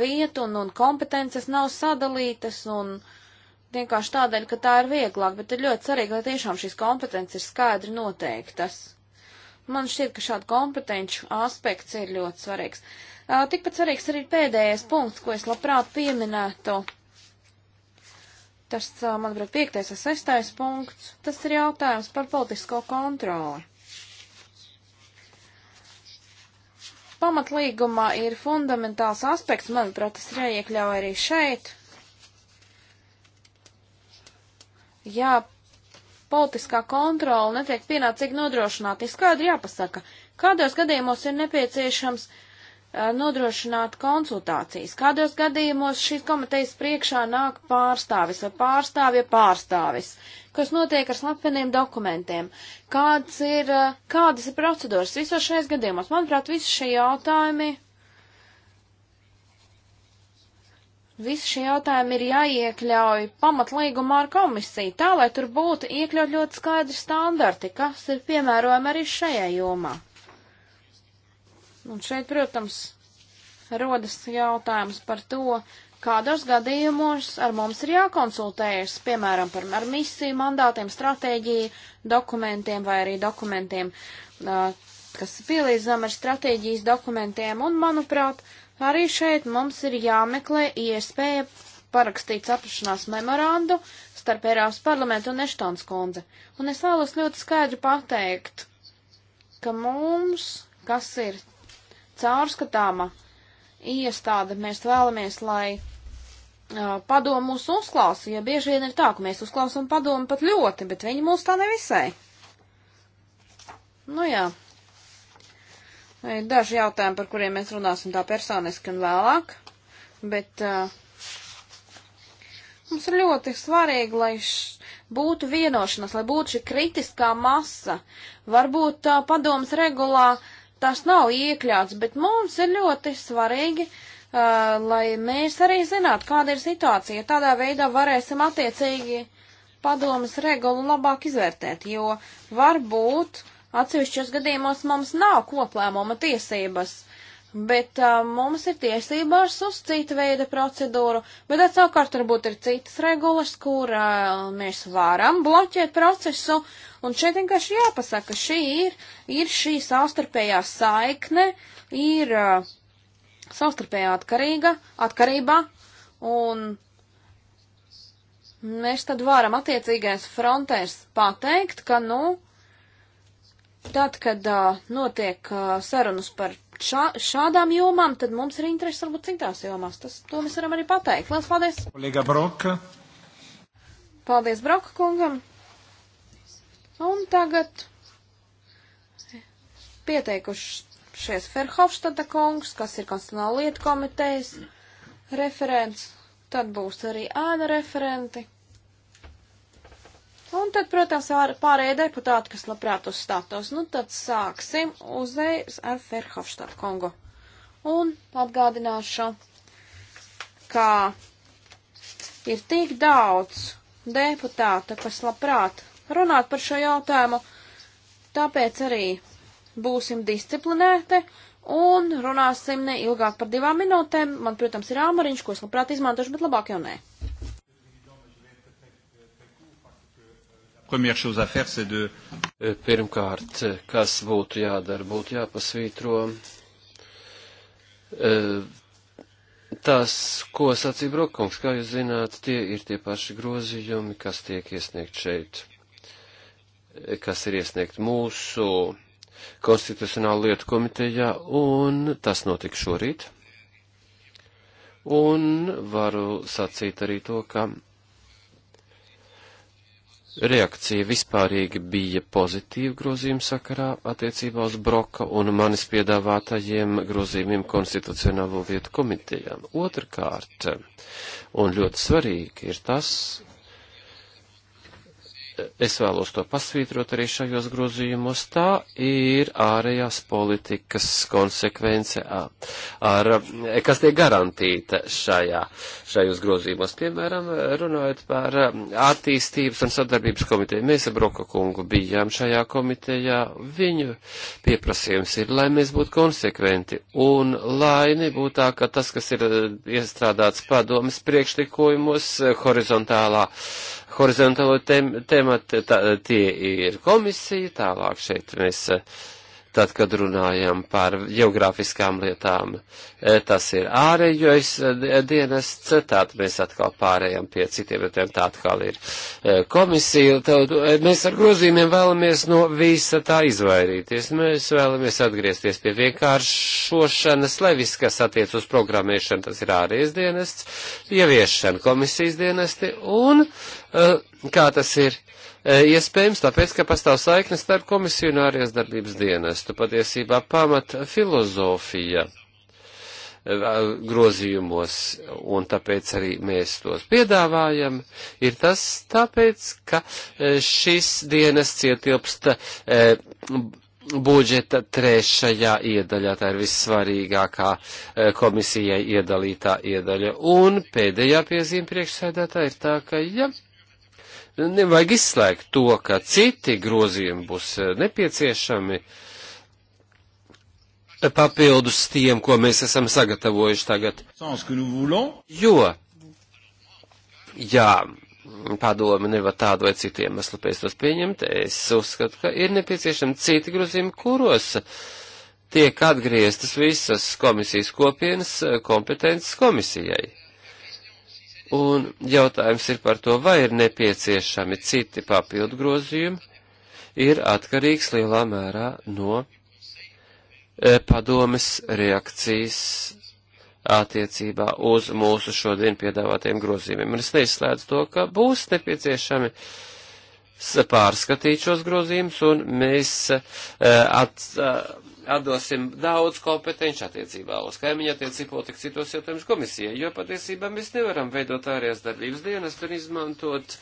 vietu un, un kompetences nav sadalītas un vienkārši tādēļ, ka tā ir vieglāk, bet ir ļoti svarīgi, lai tiešām šīs kompetences ir skaidri noteiktas. Man šķiet, ka šāda kompetenču aspekts ir ļoti svarīgs. Tikpat svarīgs arī pēdējais punkts, ko es labprāt pieminētu. Tas, manuprāt, piektais un sestais punkts. Tas ir jautājums par politisko kontroli. Pamatlīgumā ir fundamentāls aspekts, manuprāt, tas ir jāiekļauj arī šeit. Jā, politiskā kontrola netiek pienācīgi nodrošināta. Ir skaidri jāpasaka, kādos gadījumos ir nepieciešams uh, nodrošināt konsultācijas, kādos gadījumos šīs komitejas priekšā nāk pārstāvis vai pārstāvja pārstāvis, kas notiek ar slepeniem dokumentiem, kāds ir, uh, kādas ir procedūras visos šajos gadījumos. Manuprāt, visi šie jautājumi Visi šie jautājumi ir jāiekļauj pamatlīgumā ar komisiju, tā lai tur būtu iekļaut ļoti skaidri standarti, kas ir piemērojami arī šajā jomā. Un šeit, protams, rodas jautājums par to, kādos gadījumos ar mums ir jākonsultējas, piemēram, par ar misiju, mandātiem, stratēģiju, dokumentiem vai arī dokumentiem, kas pielīdzam ar stratēģijas dokumentiem. Un, manuprāt, uh, Arī šeit mums ir jāmeklē iespēja parakstīt saprašanās memorandu starp Eiropas parlamentu un Eštons kundze. Un es vēlos ļoti skaidri pateikt, ka mums, kas ir caurskatāma iestāde, mēs vēlamies, lai uh, padomu mūs uzklausa, jo bieži vien ir tā, ka mēs uzklausam padomu pat ļoti, bet viņi mūs tā nevisai. Nu jā. Ir daži jautājumi, par kuriem mēs runāsim tā personiski un vēlāk, bet uh, mums ir ļoti svarīgi, lai š, būtu vienošanās, lai būtu šī kritiskā masa. Varbūt uh, padomas regulā tas nav iekļauts, bet mums ir ļoti svarīgi, uh, lai mēs arī zinātu, kāda ir situācija. Tādā veidā varēsim attiecīgi padomas regulu labāk izvērtēt, jo varbūt uh, Atsevišķos gadījumos mums nav koplēmuma tiesības, bet uh, mums ir tiesības uz citu veidu procedūru, bet tad savukārt varbūt ir citas regulas, kur uh, mēs varam bloķēt procesu, un šeit vienkārši jāpasaka, šī ir, ir šī savstarpējā saikne, ir uh, savstarpējā atkarīga, atkarībā, un mēs tad varam attiecīgais frontēs pateikt, ka, nu, Tad, kad uh, notiek uh, sarunas par šā, šādām jomām, tad mums ir interesi varbūt citās jomās. Tas, to mēs varam arī pateikt. Lielas paldies! Kolēga Broka. Paldies Broka kungam. Un tagad pieteikušies Ferhofstada kungs, kas ir konstitucionāla lieta komitejas referents. Tad būs arī ēna referenti. Un tad, protams, ir pārējie deputāti, kas labprāt uzstātos. Nu, tad sāksim uzreiz ar Ferhofstadt Kongo. Un atgādināšu, ka ir tik daudz deputāta, kas labprāt runāt par šo jautājumu, tāpēc arī būsim disciplinēti un runāsim ne ilgāk par divām minūtēm. Man, protams, ir āmariņš, ko es labprāt izmantošu, bet labāk jau nē. Eh, pirmkārt, eh, kas būtu jādara, būtu jāpasvītro eh, tas, ko sacīja Brokungs. Kā jūs zināt, tie ir tie paši grozījumi, kas tiek iesniegt šeit, kas ir iesniegt mūsu konstitucionālu lietu komitejā, un tas notika šorīt. Un varu sacīt arī to, ka reakcija vispārīgi bija pozitīva grozījuma sakarā attiecībā uz Broka un manis piedāvātajiem grozījumiem konstitucionālo vietu komitejām. Otrkārt, un ļoti svarīgi, ir tas, es vēlos to pasvītrot arī šajos grozījumos, tā ir ārējās politikas konsekvence, ar, kas tiek garantīta šajā, šajos grozījumos. Piemēram, runājot par attīstības un sadarbības komiteju, mēs ar Broka kungu bijām šajā komitejā, viņu pieprasījums ir, lai mēs būtu konsekventi un lai nebūtu tā, ka tas, kas ir e, iestrādāts padomas priekšlikumos, e, horizontālā horizontālo tem, temati, tā, tie ir komisija, tālāk šeit mēs. Uh, Tad, kad runājam par geogrāfiskām lietām, e, tas ir ārējais e, dienests, tad mēs atkal pārējām pie citiem, bet tā atkal ir e, komisija. Tad mēs ar grozījumiem vēlamies no visa tā izvairīties. Mēs vēlamies atgriezties pie vienkāršošanas, lai viss, kas attiec uz programmēšanu, tas ir ārējais dienests, ieviešana komisijas dienesti un kā tas ir E, iespējams, tāpēc, ka pastāv saiknes starp komisiju un ārējās darbības dienestu. Patiesībā pamat filozofija e, grozījumos, un tāpēc arī mēs tos piedāvājam, ir tas tāpēc, ka e, šis dienests ietilpst budžeta trešajā iedaļā, tā ir vissvarīgākā komisijai iedalītā iedaļa. Un pēdējā piezīme priekšsēdētā ir tā, ka, ja nevajag izslēgt to, ka citi grozījumi būs eh, nepieciešami papildus tiem, ko mēs esam sagatavojuši tagad. Jo, jā, padomi nevar tādu vai citu iemeslu pēc tos pieņemt, es uzskatu, ka ir nepieciešami citi grozījumi, kuros tiek atgrieztas visas komisijas kopienas eh, kompetences komisijai. Un jautājums ir par to, vai ir nepieciešami citi papildu grozījumi, ir atkarīgs lielā mērā no e, padomes reakcijas attiecībā uz mūsu šodien piedāvātiem grozījumiem. Un es neizslēdzu to, ka būs nepieciešami pārskatīt šos grozījumus, un mēs e, at, atdosim daudz kompetenci attiecībā uz kaimiņu attiecību politiku citos jautājumus komisijai, jo patiesībā mēs nevaram veidot ārējās darbības dienestu un izmantot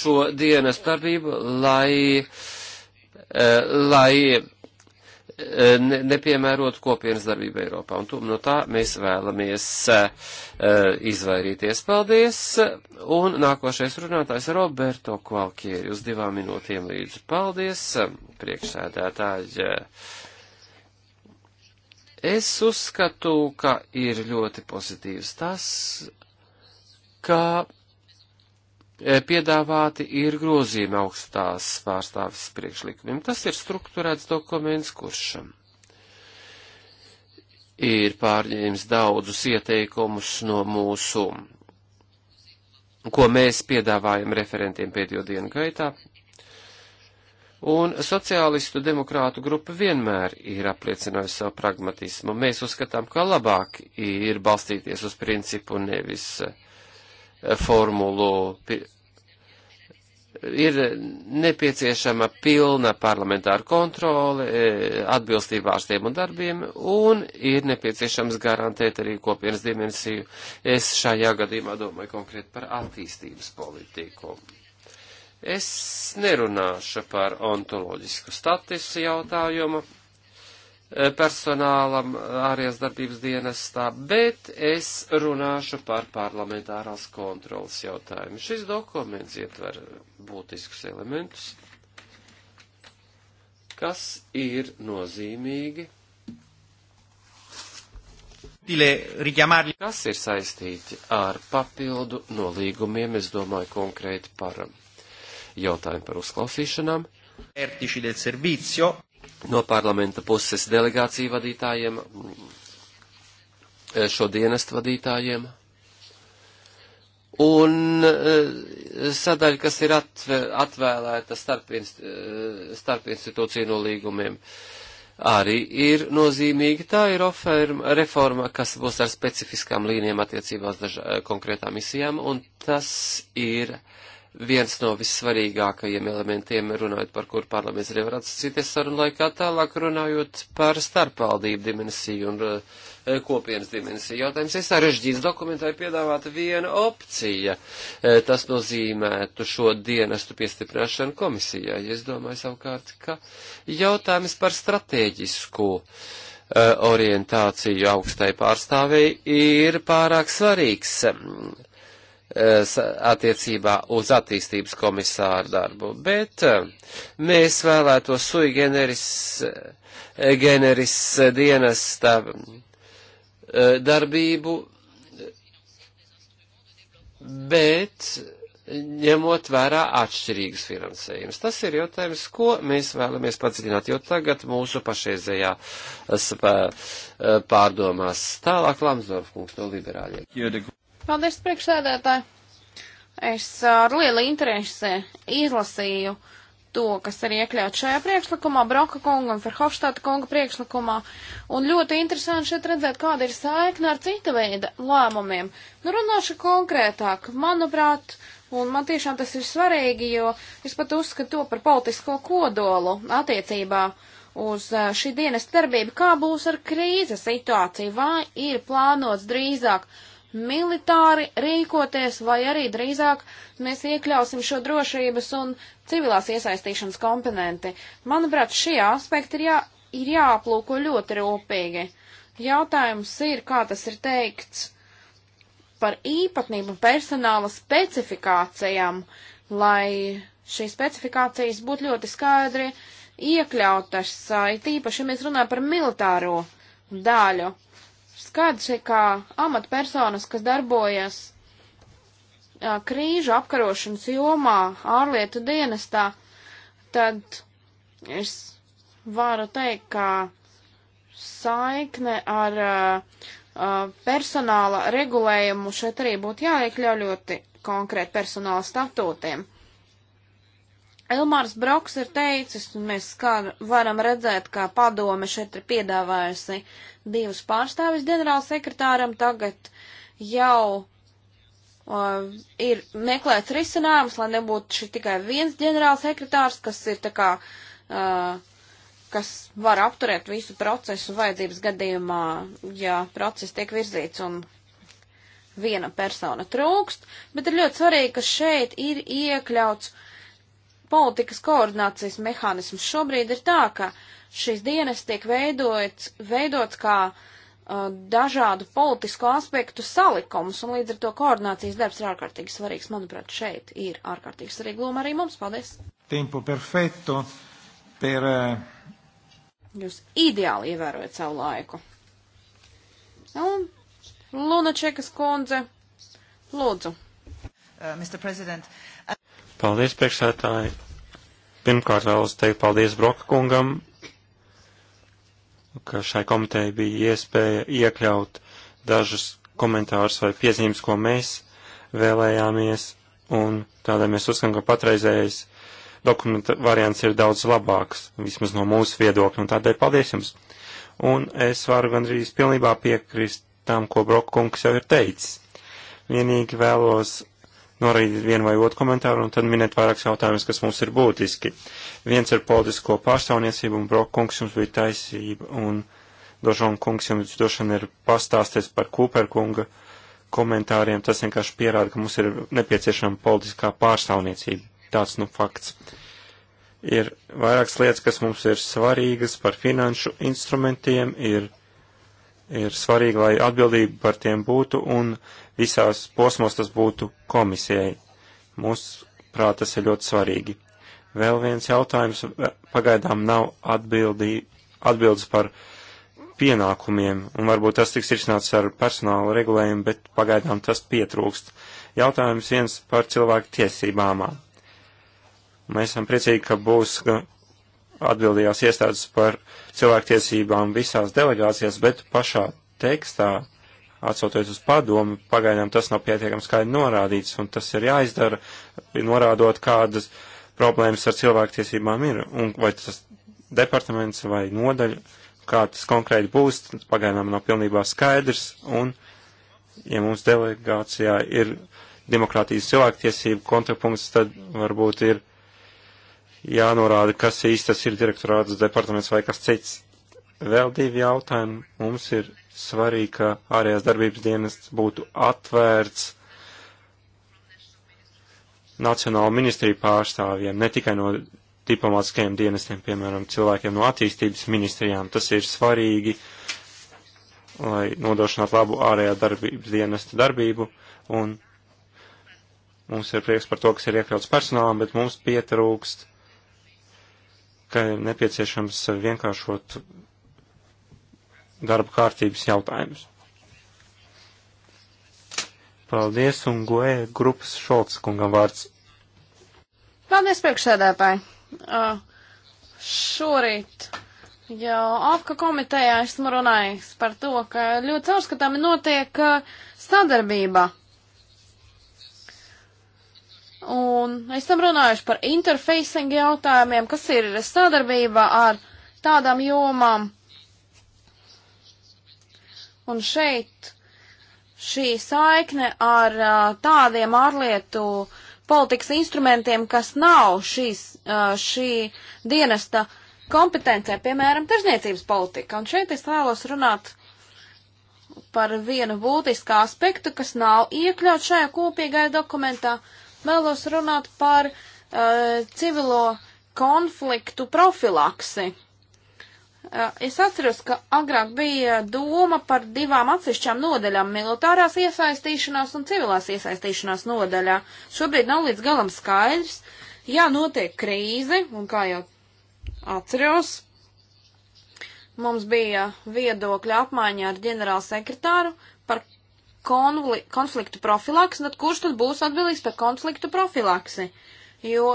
šo dienas darbību, lai, eh, lai eh, ne, nepiemērot kopienas darbību Eiropā. Un no tā mēs vēlamies eh, izvairīties. Paldies! Un nākošais runātājs Roberto Kvalkieri uz divām minūtēm līdz. Paldies, priekšsēdētāji! Es uzskatu, ka ir ļoti pozitīvs tas, ka e, piedāvāti ir grozījumi augstās pārstāvis priekšlikumiem. Tas ir struktūrēts dokuments, kurš ir pārņēmis daudzus ieteikumus no mūsu, ko mēs piedāvājam referentiem pēdējo dienu gaitā, Un sociālistu demokrātu grupa vienmēr ir apliecinājusi savu pragmatismu. Mēs uzskatām, ka labāk ir balstīties uz principu nevis eh, formulu. Ir nepieciešama pilna parlamentāra kontrole eh, atbilstībā ar tiem un darbiem, un ir nepieciešams garantēt arī kopienas dimensiju. Es šajā gadījumā domāju konkrēti par attīstības politiku. Es nerunāšu par ontoloģisku statusu jautājumu e, personālam ārējās darbības dienestā, bet es runāšu par parlamentārās kontrolas jautājumu. Šis dokuments ietver būtiskus elementus, kas ir nozīmīgi, kas ir saistīti ar papildu nolīgumiem, es domāju konkrēti par jautājumu par uzklausīšanām. No parlamenta puses delegāciju vadītājiem, eh, šo dienestu vadītājiem. Un eh, sadaļa, kas ir atvēlēta starp, inst, eh, starp institūciju nolīgumiem, arī ir nozīmīga. Tā ir oferma, reforma, kas būs ar specifiskām līnijām attiecībās dažā, konkrētām misijām, un tas ir viens no vissvarīgākajiem elementiem, runājot par kur parlaments arī var atsacīties sarunu laikā, tālāk runājot par starpvaldību dimensiju un uh, kopienas dimensiju. Jautājums ir sarežģīts. Dokumentā ir piedāvāta viena opcija. Eh, tas nozīmētu šo dienestu piestiprināšanu komisijai. Es domāju savukārt, ka jautājums par stratēģisku eh, orientāciju augstai pārstāvēji ir pārāk svarīgs attiecībā uz attīstības komisāru darbu, bet eh, mēs vēlētos sui generis, eh, generis dienesta eh, darbību, bet ņemot vērā atšķirīgas finansējumas. Tas ir jautājums, ko mēs vēlamies padziļināt, jo tagad mūsu pašreizējā pārdomās tālāk Lamsdorf kungs no liberāļiem. Paldies, priekšsēdētāji! Es ar lielu interesi izlasīju to, kas ir iekļauts šajā priekšlikumā, Broka kunga un Ferhofštāta kunga priekšlikumā. Un ļoti interesanti šeit redzēt, kāda ir saikne ar cita veida lēmumiem. Nu, runāšu konkrētāk, manuprāt, un man tiešām tas ir svarīgi, jo es pat uzskatu to par politisko kodolu attiecībā uz šī dienas darbību, kā būs ar krīzes situāciju, vai ir plānots drīzāk militāri rīkoties, vai arī drīzāk mēs iekļausim šo drošības un civilās iesaistīšanas komponenti. Manuprāt, šie aspekti ir, jā, ir jāaplūko ļoti rūpīgi. Jautājums ir, kā tas ir teikts, par īpatnību personāla specifikācijām, lai šīs specifikācijas būtu ļoti skaidri iekļautas, it īpaši, ja mēs runājam par militāro daļu skaidrs, ka amatpersonas, kas darbojas krīžu apkarošanas jomā, ārlietu dienestā, tad es varu teikt, ka saikne ar personāla regulējumu šeit arī būtu jāiekļauj ļoti konkrēti personāla statūtiem. Elmārs Broks ir teicis, un mēs kā varam redzēt, kā padome šeit ir piedāvājusi divas pārstāvis ģenerālsekretāram, tagad jau uh, ir meklēts risinājums, lai nebūtu šī tikai viens ģenerālsekretārs, kas ir tā kā, uh, kas var apturēt visu procesu vajadzības gadījumā, ja process tiek virzīts un viena persona trūkst, bet ir ļoti svarīgi, ka šeit ir iekļauts uh, politikas koordinācijas mehānisms. Šobrīd ir tā, ka šīs dienas tiek veidots, veidots kā uh, dažādu politisko aspektu salikums, un līdz ar to koordinācijas darbs ir ārkārtīgi svarīgs. Manuprāt, šeit ir ārkārtīgi svarīga loma arī mums. Paldies! Tempo perfekto per... Eh, Jūs ideāli ievērojat savu laiku. Un Lunačekas kundze, lūdzu. Uh, Mr. President, uh, Paldies, priekšsētāji. Pirmkārt vēlos teikt paldies Broka kungam, ka šai komitei bija iespēja iekļaut dažus komentārus vai piezīmes, ko mēs vēlējāmies, un tādēļ mēs uzskatām, ka patreizējais dokumenta variants ir daudz labāks, vismaz no mūsu viedokļa, un tādēļ paldies jums. Un es varu gandrīz pilnībā piekrist tam, ko Brokkungs jau ir teicis. Vienīgi vēlos norādīt nu, vienu vai otru komentāru un tad minēt vairākus jautājumus, kas mums ir būtiski. Viens ir politisko pārstāvniecību, un Brok kungs jums bija taisība, un Dožon kungs jums došana ir pastāsties par Kūperkunga komentāriem. Tas vienkārši pierāda, ka mums ir nepieciešama politiskā pārstāvniecība. Tāds nu fakts. Ir vairākas lietas, kas mums ir svarīgas par finanšu instrumentiem, ir ir svarīgi, lai atbildība par tiem būtu, un visās posmos tas būtu komisijai. Mums prāt tas ir ļoti svarīgi. Vēl viens jautājums eh, pagaidām nav atbildī, atbildes par pienākumiem, un varbūt tas tiks risināts ar personāla regulējumu, bet pagaidām tas pietrūkst. Jautājums viens par cilvēku tiesībām. Mēs esam priecīgi, ka būs atbildīgās iestādes par cilvēktiesībām visās delegācijās, bet pašā tekstā atsauties uz padomu, pagaidām tas nav pietiekami skaidri norādīts, un tas ir jāizdara, norādot, kādas problēmas ar cilvēktiesībām ir, un vai tas departaments vai nodaļa, kā tas konkrēti būs, pagaidām nav pilnībā skaidrs, un ja mums delegācijā ir demokrātijas cilvēktiesību kontaktpunkts, tad varbūt ir jānorāda, kas īstas ir direktorātas departaments vai kas cits. Vēl divi jautājumi. Mums ir svarīgi, ka ārējās darbības dienests būtu atvērts Nacionālo ministriju pārstāvjiem, ne tikai no diplomātiskajiem dienestiem, piemēram, cilvēkiem no attīstības ministrijām. Tas ir svarīgi, lai nodrošinātu labu ārējā darbības dienesta darbību, un mums ir prieks par to, kas ir iekļauts personālam, bet mums pietrūkst, ka ir nepieciešams vienkāršot darba kārtības jautājumus. Paldies, un goē grupas Šolts kungam vārds. Paldies, priekšsēdētāji. Uh, šorīt jau apka komitejā esmu runājis par to, ka ļoti caurskatāmi notiek uh, sadarbība. Un esam runājuši par interfacing jautājumiem, kas ir sadarbība ar tādām jomām, Un šeit šī saikne ar tādiem ārlietu politikas instrumentiem, kas nav šīs, šī dienesta kompetencē, piemēram, tirzniecības politika. Un šeit es vēlos runāt par vienu būtisku aspektu, kas nav iekļauts šajā kopīgajā dokumentā. Vēlos runāt par uh, civilo konfliktu profilaksi. Eh, es atceros, ka agrāk bija doma par divām atsevišķām nodaļām - militārās iesaistīšanās un civilās iesaistīšanās nodaļā. Šobrīd nav līdz galam skaidrs. Jā, notiek krīze, un kā jau atceros, mums bija viedokļa apmaiņa ar ģenerālu sekretāru par konfliktu profilaksi, tad kurš tad būs atbildīgs par konfliktu profilaksi? Jo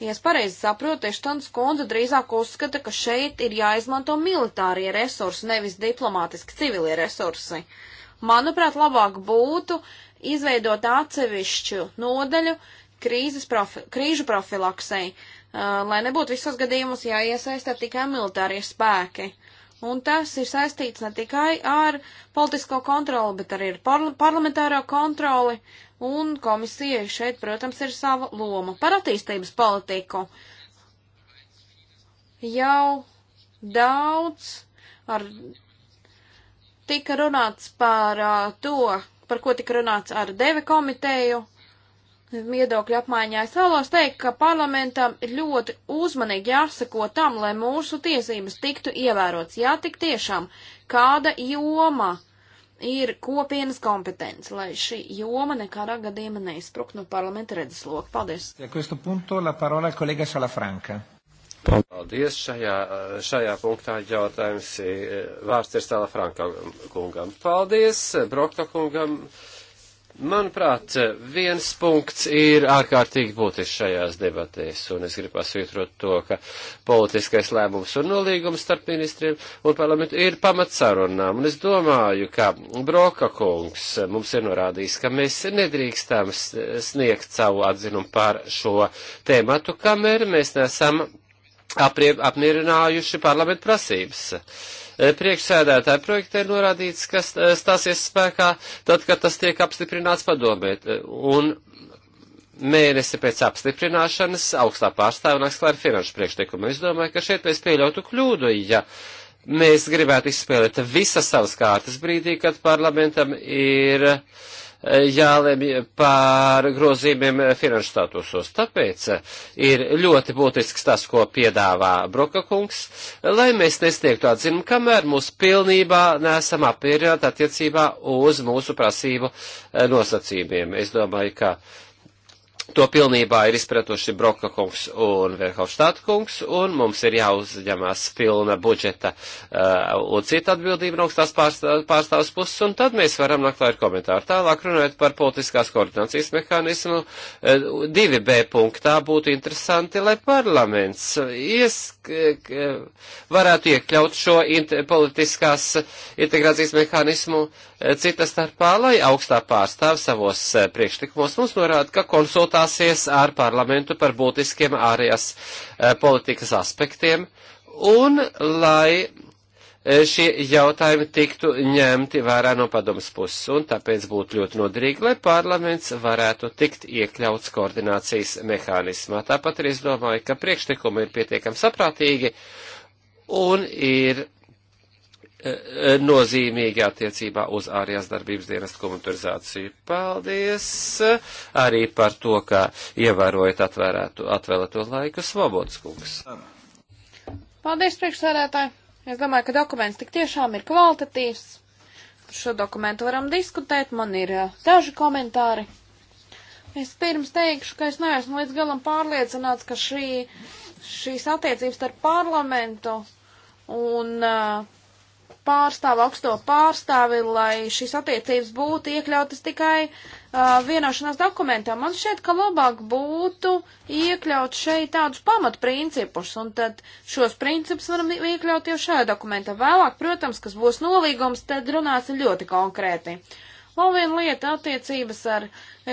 Ja es pareizi saprotu, Eštons kundze drīzāk uzskata, ka šeit ir jāizmanto militārie resursi, nevis diplomātiski civilie resursi. Manuprāt, labāk būtu izveidot atsevišķu nodaļu krīzes profi, krīžu profilaksei, uh, lai nebūtu visos gadījumos jāiesaistā tikai militārie spēki. Un tas ir saistīts ne tikai ar politisko kontroli, bet arī ar parla parlamentāro kontroli, un komisijai šeit, protams, ir sava loma par attīstības politiku. Jau daudz ar, tika runāts par uh, to, par ko tika runāts ar Deve komiteju, viedokļu apmaiņā. Es vēlos teikt, ka parlamentam ir ļoti uzmanīgi jāsako tam, lai mūsu tiesības tiktu ievērots. Jā, tik tiešām, kāda joma ir kopienas kompetence, lai šī joma nekādā gadījumā neizsprūk no parlamenta redzesloka. Paldies! E Paldies! Šajā, šajā punktā jautājums e, vārds ir Sala Franka kungam. Paldies Brokta kungam Manuprāt, viens punkts ir ārkārtīgi būtisks šajās debatēs, un es gribu pasvītrot to, ka politiskais lēmums un nolīgums starp ministriem un parlamentu ir pamats sarunām, un es domāju, ka Broka kungs mums ir norādījis, ka mēs nedrīkstam sniegt savu atzinumu par šo tēmatu, kamēr mēs nesam apmierinājuši parlamentu prasības. Uh, Eh, priekšsēdētāja projektē norādīts, ka eh, stāsies spēkā tad, kad tas tiek apstiprināts padomē. Eh, un mēnesi pēc apstiprināšanas augstā pārstāvja nāks klāt ar finanšu priekšteikumu. Es domāju, ka šeit mēs pieļautu kļūdu, ja mēs gribētu izspēlēt visas savas kārtas brīdī, kad parlamentam ir uh, jālemj par grozījumiem finanšu statusos. Tāpēc eh, ir ļoti būtisks tas, ko piedāvā Broka kungs, lai mēs nesniegtu atzinumu, kamēr mūs pilnībā nesam apmierināti attiecībā uz mūsu prasību eh, nosacījumiem. Es domāju, ka To pilnībā ir izpratuši Broka kungs un Verhofstāta kungs, un mums ir jāuzņemās pilna budžeta uh, un cita atbildība no augstās pārstāvs puses, un tad mēs varam nākt ar komentāru. Tālāk runājot par politiskās koordinācijas mehānismu, uh, 2b punktā būtu interesanti, lai parlaments ies, uh, varētu iekļaut šo int politiskās integrācijas mehānismu uh, Eh, cita starpā, lai augstā pārstāv savos eh, priekšlikumos mums norāda, ka konsultāsies ar parlamentu par būtiskiem ārējās eh, politikas aspektiem un lai šie jautājumi tiktu ņemti vērā no padomas puses, un tāpēc būtu ļoti noderīgi, lai parlaments varētu tikt iekļauts koordinācijas mehānismā. Tāpat arī es domāju, ka priekšlikumi ir pietiekami saprātīgi un ir nozīmīgi attiecībā uz ārējās darbības dienas komunitarizāciju. Paldies arī par to, ka ievērojat atvērētu, atvēlēto laiku Svobodas kungs. Paldies, priekšsēdētāji! Es domāju, ka dokuments tik tiešām ir kvalitatīvs. Par šo dokumentu varam diskutēt, man ir daži komentāri. Es pirms teikšu, ka es neesmu līdz galam pārliecināts, ka šī, šīs attiecības starp parlamentu un uh, pārstāvu, augsto pārstāvi, lai šīs attiecības būtu iekļautas tikai uh, vienošanās dokumentā. Man šķiet, ka labāk būtu iekļaut šeit tādus pamatprincipus, un tad šos principus varam iekļaut jau šajā dokumentā. Vēlāk, protams, kas būs nolīgums, tad runāsim ļoti konkrēti. Vēl viena lieta attiecības ar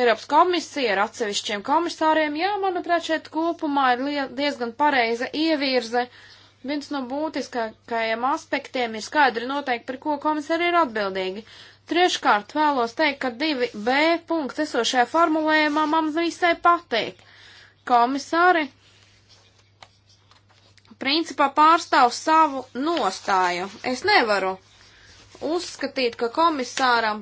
Eiropas komisiju, ar atsevišķiem komisāriem. Jā, manuprāt, šeit kopumā ir diezgan pareiza ievirze. Uh, Viens no būtiskākajiem aspektiem ir skaidri noteikti, par ko komisari ir atbildīgi. Treškārt vēlos teikt, ka 2b punkts esošajā formulējumā man visai patīk. Komisāri principā pārstāv savu nostāju. Es nevaru uzskatīt, ka komisāram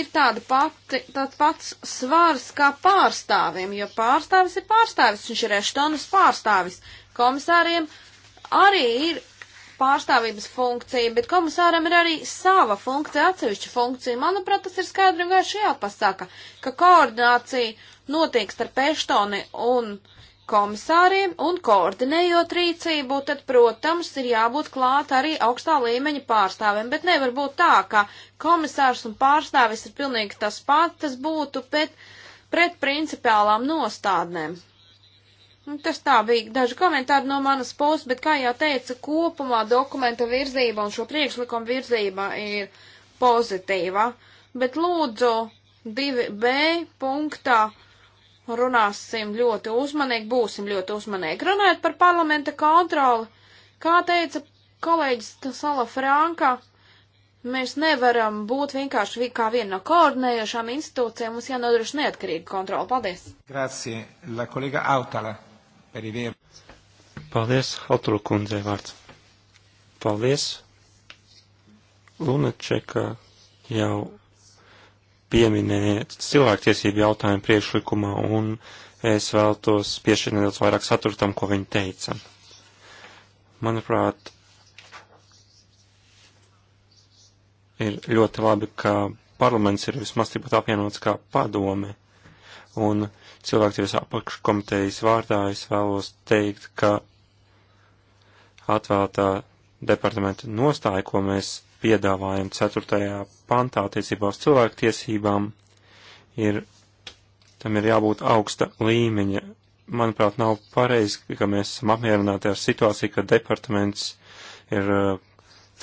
ir tāda pati, tāds pats svars kā pārstāvim, jo pārstāvis ir pārstāvis, viņš ir Eštonas pārstāvis. Komisāriem uh, arī ir pārstāvības funkcija, bet komisāram ir arī sava funkcija, atsevišķa funkcija. Manuprāt, tas ir skaidri un vienkārši jāpasaka, ka koordinācija notiek starp Eštoni un komisāriem un koordinējot rīcību, tad, protams, ir jābūt klāt arī augstā līmeņa pārstāvim, bet nevar būt tā, ka komisārs un pārstāvis ir pilnīgi tas pats, tas būtu pret, pret principiālām nostādnēm. Nu, tas tā bija daži komentāri no manas puses, bet, kā jau teicu, kopumā dokumenta virzība un šo priekšlikumu virzība ir pozitīva. Bet lūdzu, 2b punktā runāsim ļoti uzmanīgi, būsim ļoti uzmanīgi. Runājot par parlamenta kontroli, kā teica kolēģis Sala Franka, mēs nevaram būt vienkārši kā viena no koordinējošām institūcijām, mums jānodrošina neatkarīga kontrola. Paldies! Grazie, la kolēga Autala. Paldies, Hautula kundzei vārds. Paldies. Lunačeka jau pieminēja cilvēktiesību jautājumu priekšlikumā, un es vēltos piešķirt nedaudz vairāk satura tam, ko viņa teica. Manuprāt, ir ļoti labi, ka parlaments ir vismaz tikpat apvienots kā padome un cilvēktiesību apakškomitejas vārdā es vēlos teikt, ka atvēlētā departamenta nostāja, ko mēs piedāvājam 4. pantā attiecībā uz cilvēktiesībām, ir, tam ir jābūt augsta līmeņa. Manuprāt, nav pareizi, ka mēs esam apmierināti ar situāciju, ka departaments ir uh,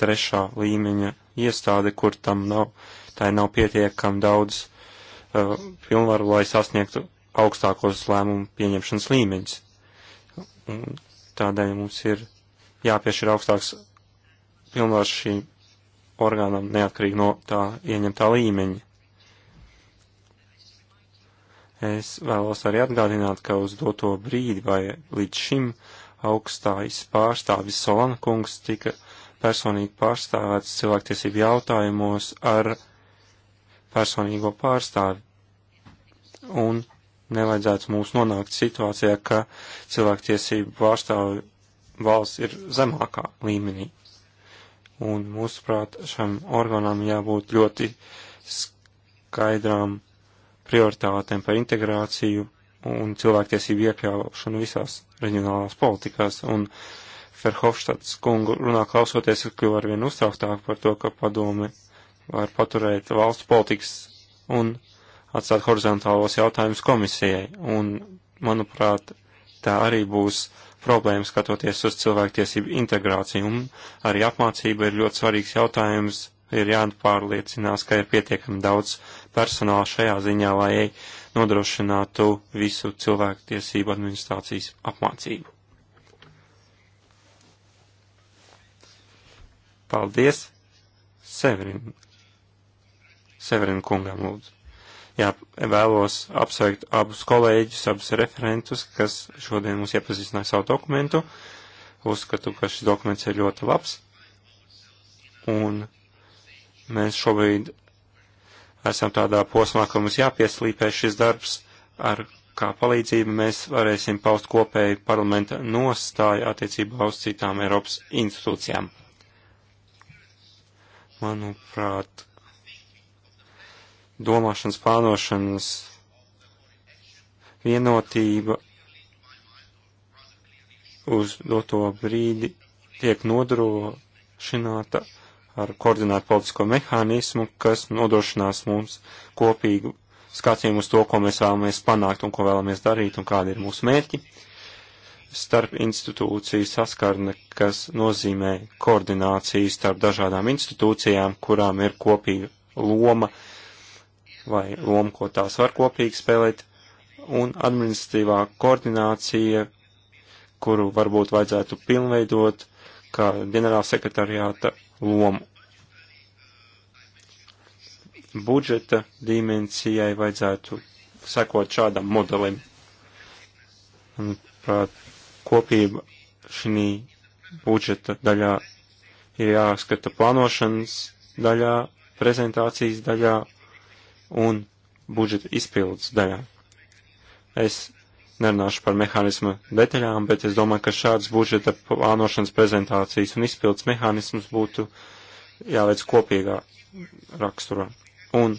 trešā līmeņa iestāde, kur tam nav, tā nav pietiekam daudz Uh, pilnvaru, lai sasniegtu augstākos lēmumu pieņemšanas līmeņus. Un tādēļ mums ir jāpiešķir augstāks pilnvars šīm orgānam neatkarīgi no tā ieņemtā līmeņa. Es vēlos arī atgādināt, ka uz doto brīdi vai līdz šim augstājas pārstāvis Solana kungs tika personīgi pārstāvēts cilvēktiesību jautājumos ar personīgo pārstāvi. Un nevajadzētu mums nonākt situācijā, ka cilvēktiesību pārstāvi valsts ir zemākā līmenī. Un mūsuprāt, šam organam jābūt ļoti skaidrām prioritātēm par integrāciju un cilvēktiesību iekļaušanu visās reģionālās politikās. Un Ferhofštats kungu runā klausoties, ir kļuva arvien uztrauktāk par to, ka padome var paturēt valstu politikas un atstāt horizontālos jautājumus komisijai. Un, manuprāt, tā arī būs problēma skatoties uz cilvēktiesību integrāciju. Un arī apmācība ir ļoti svarīgs jautājums. Ir jāpārliecinās, ka ir pietiekami daudz personāla šajā ziņā, lai nodrošinātu visu cilvēktiesību administrācijas apmācību. Paldies, Severin Severina kungam lūdzu. Jā, vēlos apsveikt abus kolēģus, abus referentus, kas šodien mums iepazīstināja savu dokumentu. Uzskatu, ka šis dokuments ir ļoti labs. Un mēs šobrīd esam tādā posmā, ka mums jāpieslīpē šis darbs, ar kā palīdzību mēs varēsim paust kopēju parlamenta nostāju attiecībā uz citām Eiropas institūcijām. Manuprāt, domāšanas, plānošanas vienotība uz doto brīdi tiek nodrošināta ar koordinētu politisko mehānismu, kas nodrošinās mums kopīgu skatījumu uz to, ko mēs vēlamies panākt un ko vēlamies darīt un kādi ir mūsu mērķi. Starp institūciju saskarne, kas nozīmē koordināciju starp dažādām institūcijām, kurām ir kopīga loma uh, vai lomu, ko tās var kopīgi spēlēt, un administratīvā koordinācija, kuru varbūt vajadzētu pilnveidot kā ģenerāla sekretariāta lomu. Budžeta dimensijai vajadzētu sekot šādam modelim. Manuprāt, kopība šī budžeta daļā ir jāskata plānošanas daļā, prezentācijas daļā un budžeta izpildes daļām. Es nerunāšu par mehānisma detaļām, bet es domāju, ka šāds budžeta plānošanas prezentācijas un izpildes mehānisms būtu jāveic kopīgā raksturā. Un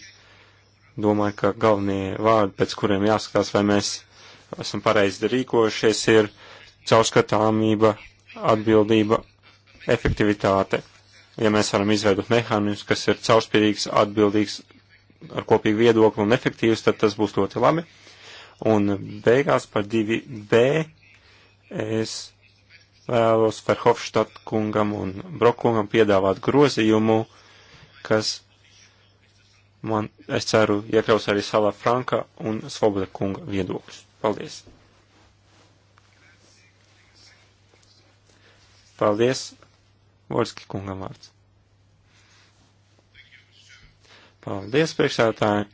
domāju, ka galvenie vārdi, pēc kuriem jāskatās, vai mēs esam pareizi rīkojušies, ir caurskatāmība, atbildība, efektivitāte. Ja mēs varam izveidot mehānismus, kas ir caurspīdīgs, atbildīgs ar kopīgu viedokli un efektīvs, tad tas būs ļoti labi. Un beigās par 2B es vēlos Ferhofštat kungam un Brokungam piedāvāt grozījumu, kas man, es ceru, iekļaus arī Salā Franka un Svoboda kunga viedokļus. Paldies! Paldies! Vorski kungam vārds. Paldies, priekšsētāji.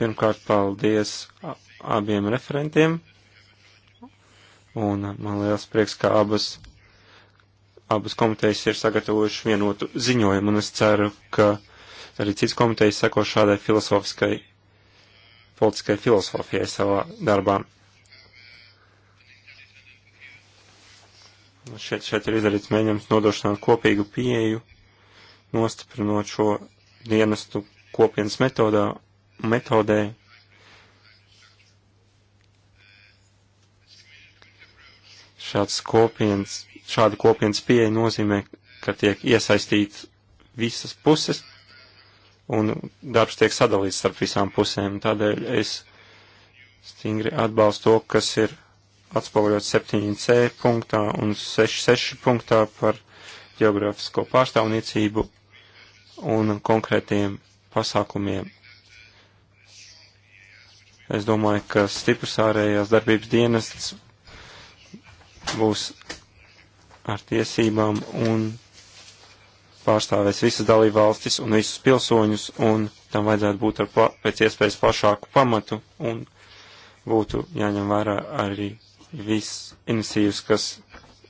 Pirmkārt, paldies abiem referentiem. Un man liels prieks, ka abas, abas komitejas ir sagatavojuši vienotu ziņojumu, un es ceru, ka arī cits komitejas seko šādai filosofiskai, politiskai filosofijai savā darbā. Šeit, šeit ir izdarīts mēģinājums nodrošināt kopīgu pieeju, nostiprinot šo dienestu kopienas metodā, metodē. Šāds kopienas, šāda kopienas pieeja nozīmē, ka tiek iesaistīts visas puses un darbs tiek sadalīts starp visām pusēm. Tādēļ es stingri atbalstu to, kas ir atspoguļots 7C punktā un 6.6 punktā par geogrāfisko pārstāvniecību un konkrētiem pasākumiem. Es domāju, ka stiprs ārējās darbības dienests būs ar tiesībām un pārstāvēs visas dalībvalstis un visus pilsoņus, un tam vajadzētu būt ar pla pēc iespējas plašāku pamatu, un būtu jāņem vērā arī viss iniciatīvas, kas,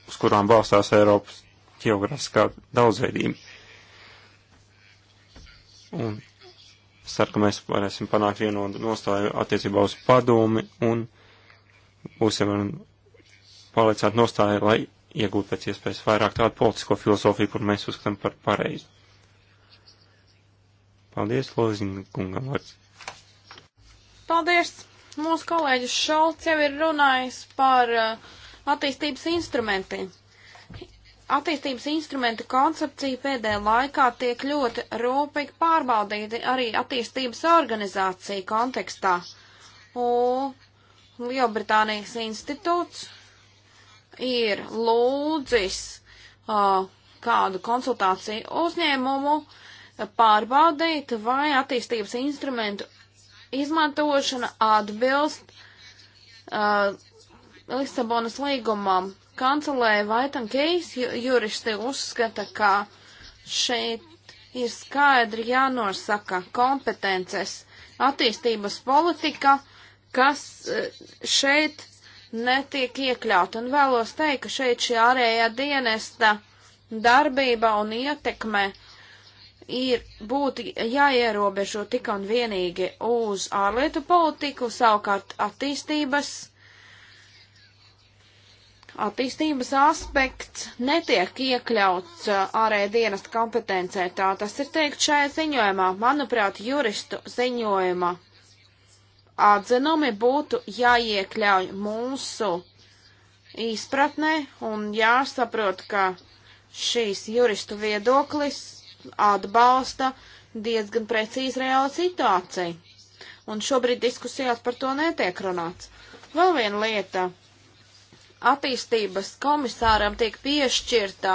uz kurām balstās Eiropas ģeogrāfiskā daudzveidība. Un ceru, ka mēs varēsim panākt vienotu nostāju attiecībā uz padomi un būsim pārliecināti nostāju, lai iegūtu pēc iespējas vairāk tādu politisko filozofiju, kur mēs uzskatām par pareizu. Paldies, Loziņa kungam vārds. Paldies! Mūsu kolēģis Šalts jau ir runājis par uh, attīstības instrumentiem attīstības instrumenta koncepcija pēdējā laikā tiek ļoti rūpīgi pārbaudīta arī attīstības organizācija kontekstā. Un Lielbritānijas institūts ir lūdzis uh, kādu konsultāciju uzņēmumu pārbaudīt, vai attīstības instrumentu izmantošana atbilst uh, Lisabonas līgumam kancelēja Vaitam Keijas juristi uzskata, ka šeit ir skaidri jānosaka kompetences attīstības politika, kas eh, šeit netiek iekļaut. Un vēlos teikt, ka šeit šī ārējā dienesta darbība un ietekme ir būtu jāierobežo tik un vienīgi uz ārlietu politiku, savukārt attīstības attīstības aspekts netiek iekļauts uh, ārēja dienesta kompetencē. Tā tas ir teikt šajā ziņojumā. Manuprāt, juristu ziņojuma atzinumi būtu jāiekļauj mūsu izpratnē un jāsaprot, ka šīs juristu viedoklis atbalsta diezgan precīzi reāla situācija. Un šobrīd diskusijās par to netiek runāts. Vēl viena lieta attīstības komisāram tiek piešķirta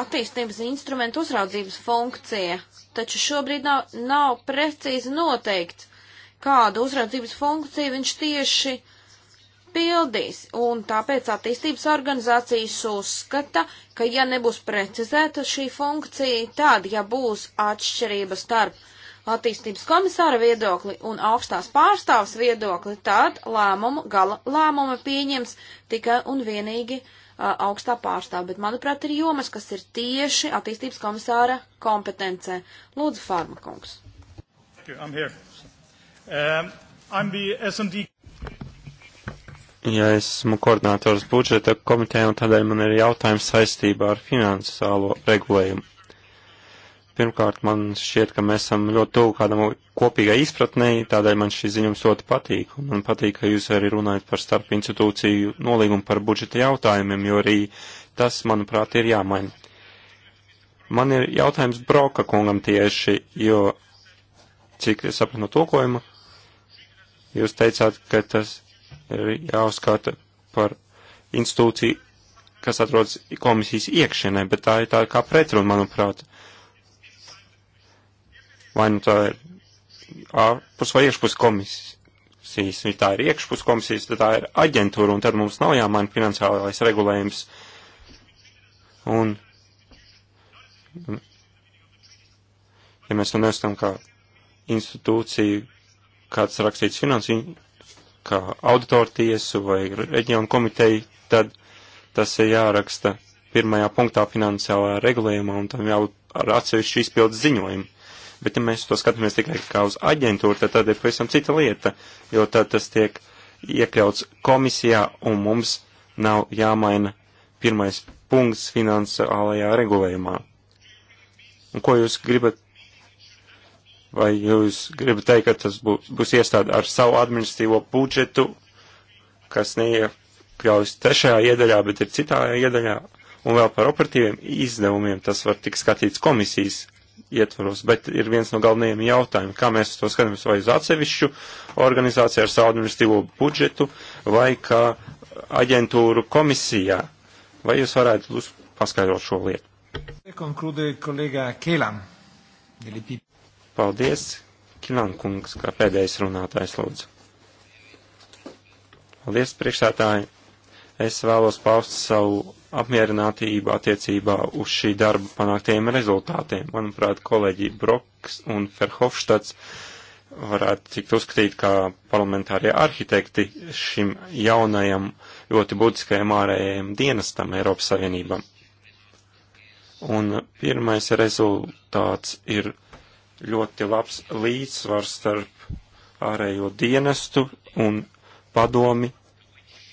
attīstības instrumentu uzraudzības funkcija, taču šobrīd nav, nav precīzi noteikts, kādu uzraudzības funkciju viņš tieši pildīs, un tāpēc attīstības organizācijas uzskata, ka ja nebūs precizēta šī funkcija, tad, ja būs atšķirība starp attīstības komisāra viedokli un augstās pārstāvs viedokli, tad lēmumu, gala lēmumu pieņems tikai un vienīgi uh, augstā pārstāva. Bet, manuprāt, ir jomas, kas ir tieši attīstības komisāra kompetencē. Lūdzu, Fārmakungs. Um, SMD... Ja esmu koordinators budžeta komiteja, un tādēļ man ir jautājums saistībā ar finansiālo regulējumu Pirmkārt, man šķiet, ka mēs esam ļoti tuvu kādam kopīgai izpratnei, tādēļ man šis ziņums ļoti patīk. Un man patīk, ka jūs arī runājat par starp institūciju nolīgumu par budžeta jautājumiem, jo arī tas, manuprāt, ir jāmaina. Man ir jautājums Broka kungam tieši, jo, cik es sapratu no tulkojuma, jūs teicāt, ka tas ir jāuzskata par institūciju, kas atrodas komisijas iekšienē, bet tā ir tā kā pretruna, manuprāt. Vai nu tā ir ārpus vai iekšpus komisijas, ja tā ir iekšpus komisijas, tad tā ir aģentūra, un tad mums nav jāmaina finansiālais regulējums. Un, ja mēs to nesam kā institūciju, kāds rakstīts finansi, kā auditoru tiesu vai reģionu komiteju, tad tas ir jāraksta pirmajā punktā finansiālā regulējumā, un tam jābūt ar atsevišķu izpildu ziņojumu. Bet ja mēs to skatāmies tikai kā uz aģentūru, tad tad ir pavisam cita lieta, jo tad tas tiek iekļauts komisijā un mums nav jāmaina pirmais punkts finansuālajā regulējumā. Un ko jūs gribat? Vai jūs gribat teikt, ka tas būs, būs iestāde ar savu administratīvo budžetu, kas neiekļaujas trešajā iedaļā, bet ir citā iedaļā? Un vēl par operatīviem izdevumiem tas var tik skatīts komisijas ietvaros, bet ir viens no galvenajiem jautājumiem, kā mēs to skatāmies, vai uz atsevišķu organizāciju ar savu administratīvo budžetu, vai kā aģentūru komisijā. Vai jūs varētu lūdzu paskaidrot šo lietu? E Paldies, Kilan kungs, kā pēdējais runātājs lūdzu. Paldies, priekšsētāji. Es vēlos paust savu apmierinātība attiecībā uz šī darba panāktiem rezultātiem. Manuprāt, kolēģi Broks un Ferhofštats varētu tikt uzskatīt kā parlamentārie arhitekti šim jaunajam ļoti būtiskajam ārējiem dienestam Eiropas Savienībam. Un pirmais rezultāts ir ļoti labs līdzsvars starp ārējo dienestu un padomi,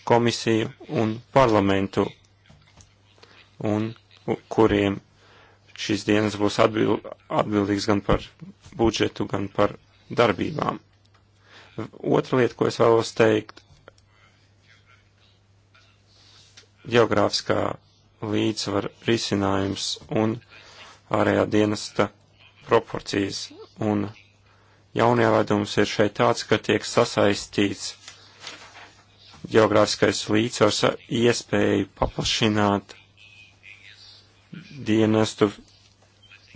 komisiju un parlamentu un kuriem šīs dienas būs atbild, atbildīgs gan par budžetu, gan par darbībām. Otra lieta, ko es vēlos teikt, geogrāfiskā līdzsvara risinājums un ārējā dienesta proporcijas. Un jaunievedums ir šeit tāds, ka tiek sasaistīts geogrāfiskais līdzsvars ar iespēju paplašināt dienestu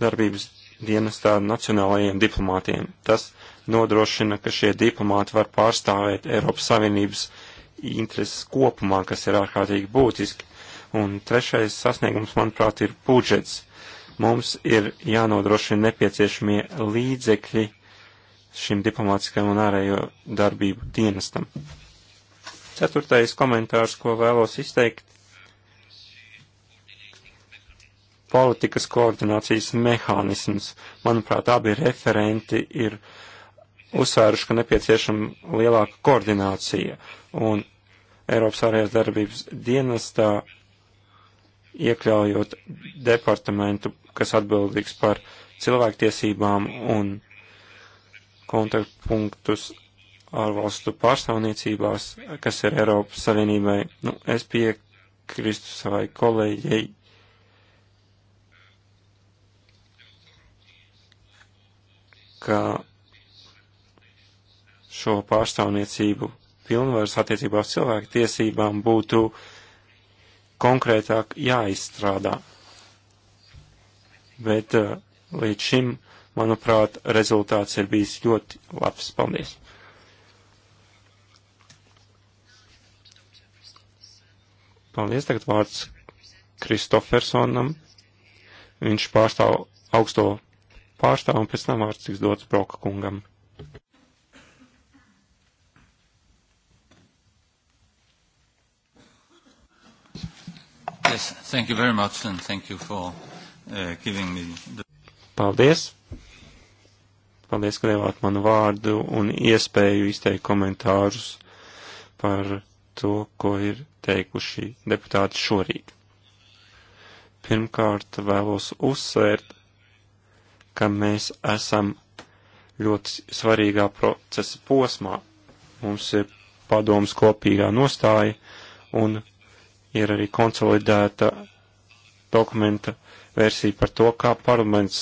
darbības dienestā nacionālajiem diplomātiem. Tas nodrošina, ka šie diplomāti var pārstāvēt Eiropas Savienības intereses kopumā, kas ir ārkārtīgi būtiski. Un trešais sasniegums, manuprāt, ir budžets. Mums ir jānodrošina nepieciešamie līdzekļi šim diplomātiskajam un ārējo darbību dienestam. Ceturtais komentārs, ko vēlos izteikt, politikas koordinācijas mehānisms. Manuprāt, abi referenti ir uzsvēruši, ka nepieciešama lielāka koordinācija, un Eiropas ārējās darbības dienestā iekļaujot departamentu, kas atbildīgs par cilvēktiesībām un kontaktpunktus ārvalstu pārstāvniecībās, kas ir Eiropas Savienībai. Nu, es piekrīstu savai kolēģei ka šo pārstāvniecību pilnvaras attiecībā uz cilvēku tiesībām būtu konkrētāk jāizstrādā. Bet eh, līdz šim, manuprāt, rezultāts ir bijis ļoti labs. Paldies! Paldies, tagad vārds Kristofersonam. Viņš pārstāv augsto pārstāv un pēc tam vārds tiks dots Broka kungam. Yes, thank you very much and thank you for uh, giving me the... Paldies! Paldies, ka devāt manu vārdu un iespēju izteikt komentārus par to, ko ir teikuši deputāti šorīt. Pirmkārt, vēlos uzsvērt, ka mēs esam ļoti svarīgā procesa posmā. Mums ir padomas kopīgā nostāja un ir arī konsolidēta dokumenta versija par to, kā parlaments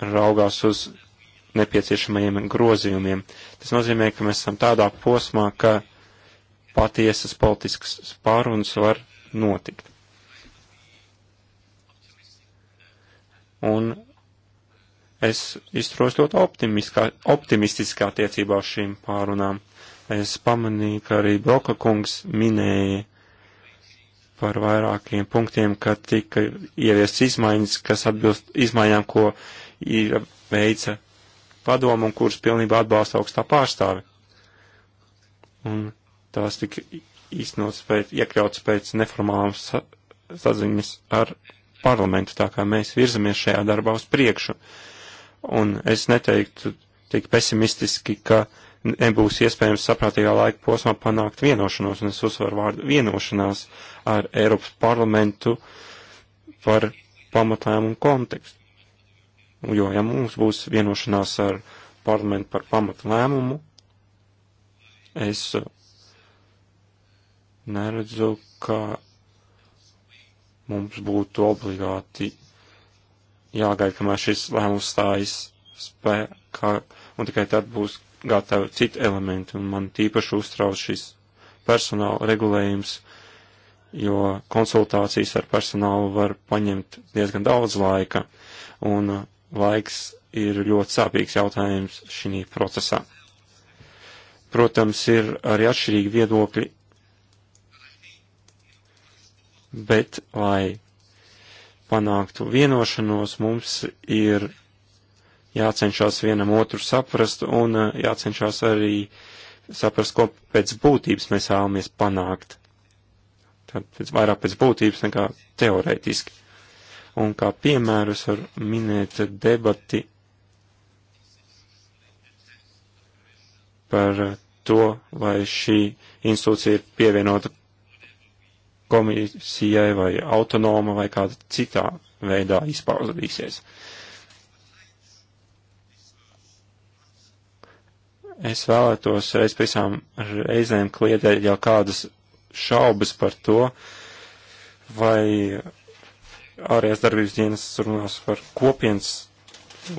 raugās uz nepieciešamajiem grozījumiem. Tas nozīmē, ka mēs esam tādā posmā, ka patiesas politiskas pārunas var notikt. Un Es izturos ļoti optimistiskā attiecībā uz šīm pārunām. Es pamanīju, ka arī Broka kungs minēja par vairākiem punktiem, ka tika ieviests izmaiņas, kas atbilst izmaiņām, ko veica padomu un kuras pilnībā atbalsta augstā pārstāve. Un tās tika īstenots pēc, iekļauts pēc neformālām sa saziņas ar parlamentu, tā kā mēs virzamies šajā darbā uz priekšu. Uh, un es neteiktu tik pesimistiski, ka nebūs iespējams saprātīgā laika posmā panākt vienošanos, un es uzsveru vārdu vienošanās ar Eiropas parlamentu par pamatlēmumu kontekstu. Jo, ja mums būs vienošanās ar parlamentu par pamatlēmumu, es neredzu, ka mums būtu obligāti jāgaida, kamēr šis lēmums stājas spēkā, un tikai tad būs gatavi citi elementi, un man tīpaši uztrauc šis personāla regulējums, jo konsultācijas ar personālu var paņemt diezgan daudz laika, un laiks ir ļoti sāpīgs jautājums šī procesā. Protams, ir arī atšķirīgi viedokļi, bet, lai panāktu vienošanos, mums ir jācenšas vienam otru saprast un eh, jācenšas arī saprast, ko pēc būtības mēs vēlamies panākt. Tad pēc, vairāk pēc būtības nekā teorētiski. Un kā piemērus var minēt debati par to, vai šī institūcija ir pievienota komisijai vai autonoma vai kāda citā veidā izpauzadīsies. Es vēlētos reiz visām reizēm kliedēt jau kādas šaubas par to, vai ārējās darbības dienas runās par kopienas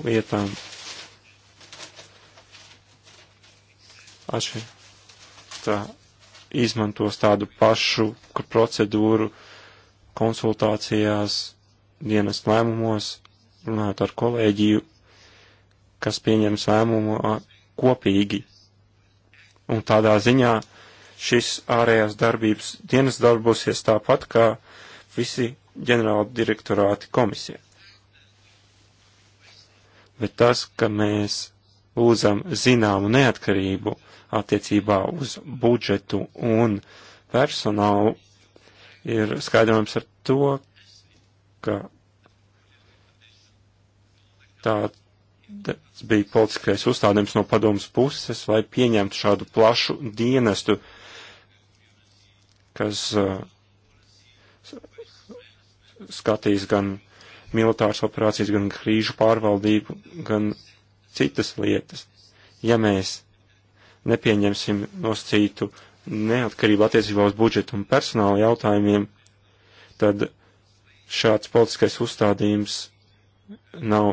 lietām. Aši tā izmantos tādu pašu procedūru konsultācijās, dienas lēmumos, runājot ar kolēģiju, kas pieņems lēmumu kopīgi. Un tādā ziņā šis ārējās darbības dienas darbosies tāpat kā visi ģenerāla direktorāti komisija. Bet tas, ka mēs lūdzam zināmu neatkarību attiecībā uz budžetu un personālu, ir skaidrojums ar to, ka tāds bija politiskais uzstādījums no padomas puses, lai pieņemtu šādu plašu dienestu, kas uh, skatīs gan militāras operācijas, gan krīžu pārvaldību, gan citas lietas. Ja mēs nepieņemsim nosacītu neatkarību attiecībā uz budžetu un personāla jautājumiem, tad šāds politiskais uzstādījums nav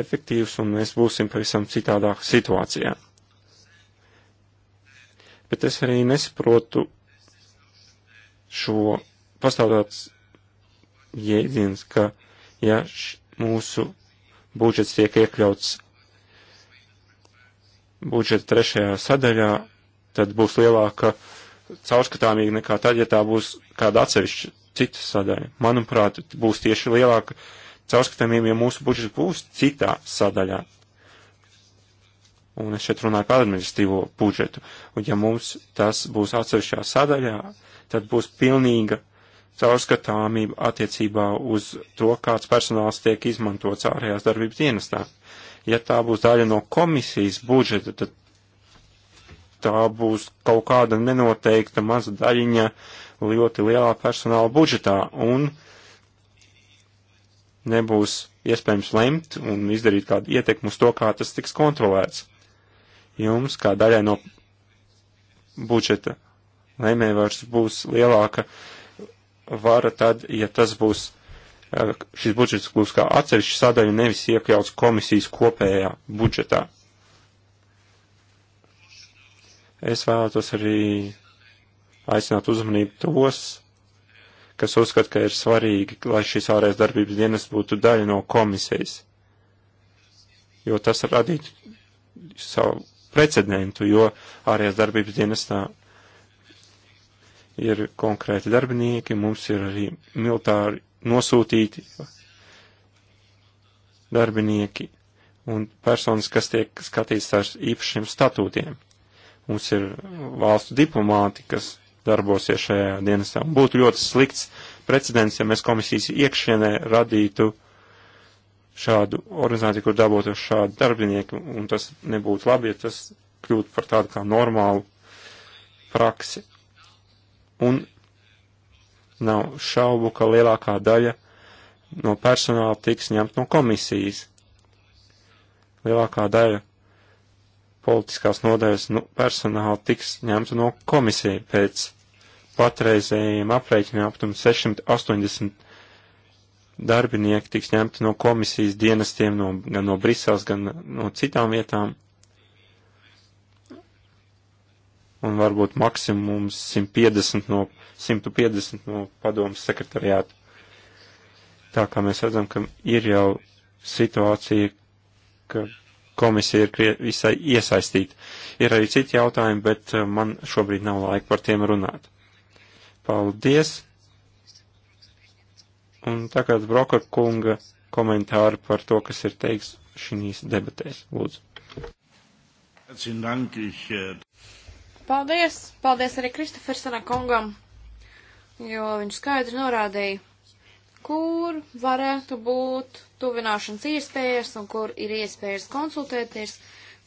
efektīvs un mēs būsim pavisam citādāk situācijā. Bet es arī nesaprotu šo pastāvdāts jēdziens, ka ja š, mūsu budžets tiek iekļauts budžeta trešajā sadaļā, tad būs lielāka caurskatāmība nekā tad, ja tā būs kāda atsevišķa cita sadaļa. Manuprāt, būs tieši lielāka caurskatāmība, ja mūsu budžets būs citā sadaļā. Un es šeit runāju par administratīvo budžetu. Un ja mums tas būs atsevišķā sadaļā, tad būs pilnīga caurskatāmība attiecībā uz to, kāds personāls tiek izmantots ārējās darbības dienestā ja tā būs daļa no komisijas budžeta, tad tā būs kaut kāda nenoteikta maza daļiņa ļoti lielā personāla budžetā un nebūs iespējams lemt un izdarīt kādu ietekmu uz to, kā tas tiks kontrolēts. Jums, kā daļai no budžeta, lēmējvars būs lielāka vara tad, ja tas būs šis budžets būs kā atsevišķa sadaļa, nevis iekļauts komisijas kopējā budžetā. Es vēlētos arī aicināt uzmanību tos, kas uzskata, ka ir svarīgi, lai šīs ārējās darbības dienas būtu daļa no komisijas, jo tas radītu savu precedentu, jo ārējās darbības dienestā ir konkrēti darbinieki, mums ir arī militāri nosūtīti darbinieki un personas, kas tiek skatīts ar īpašiem statūtiem. Mums ir valstu diplomāti, kas darbosies šajā dienestā. Un būtu ļoti slikts precedents, ja mēs komisijas iekšienē radītu šādu organizāciju, kur dabūtu šādu darbinieku, un tas nebūtu labi, ja tas kļūtu par tādu kā normālu praksi. Un Nav šaubu, ka lielākā daļa no personāla tiks ņemt no komisijas. Lielākā daļa politiskās nodaļas nu, personāla tiks ņemta no komisija pēc patreizējiem aprēķiniem aptuveni 680 darbinieki tiks ņemti no komisijas dienestiem, no, gan no Briseles, gan no citām vietām. un varbūt maksimums 150 no, 150 no padomas sekretariāta. Tā kā mēs redzam, ka ir jau situācija, ka komisija ir visai iesaistīta. Ir arī citi jautājumi, bet eh, man šobrīd nav laika par tiem runāt. Paldies! Un tagad Broka kunga komentāri par to, kas ir teiks šīs debatēs. Lūdzu. Paldies! Paldies arī Kristofersona kungam, jo viņš skaidri norādīja, kur varētu būt tuvināšanas iespējas un kur ir iespējas konsultēties.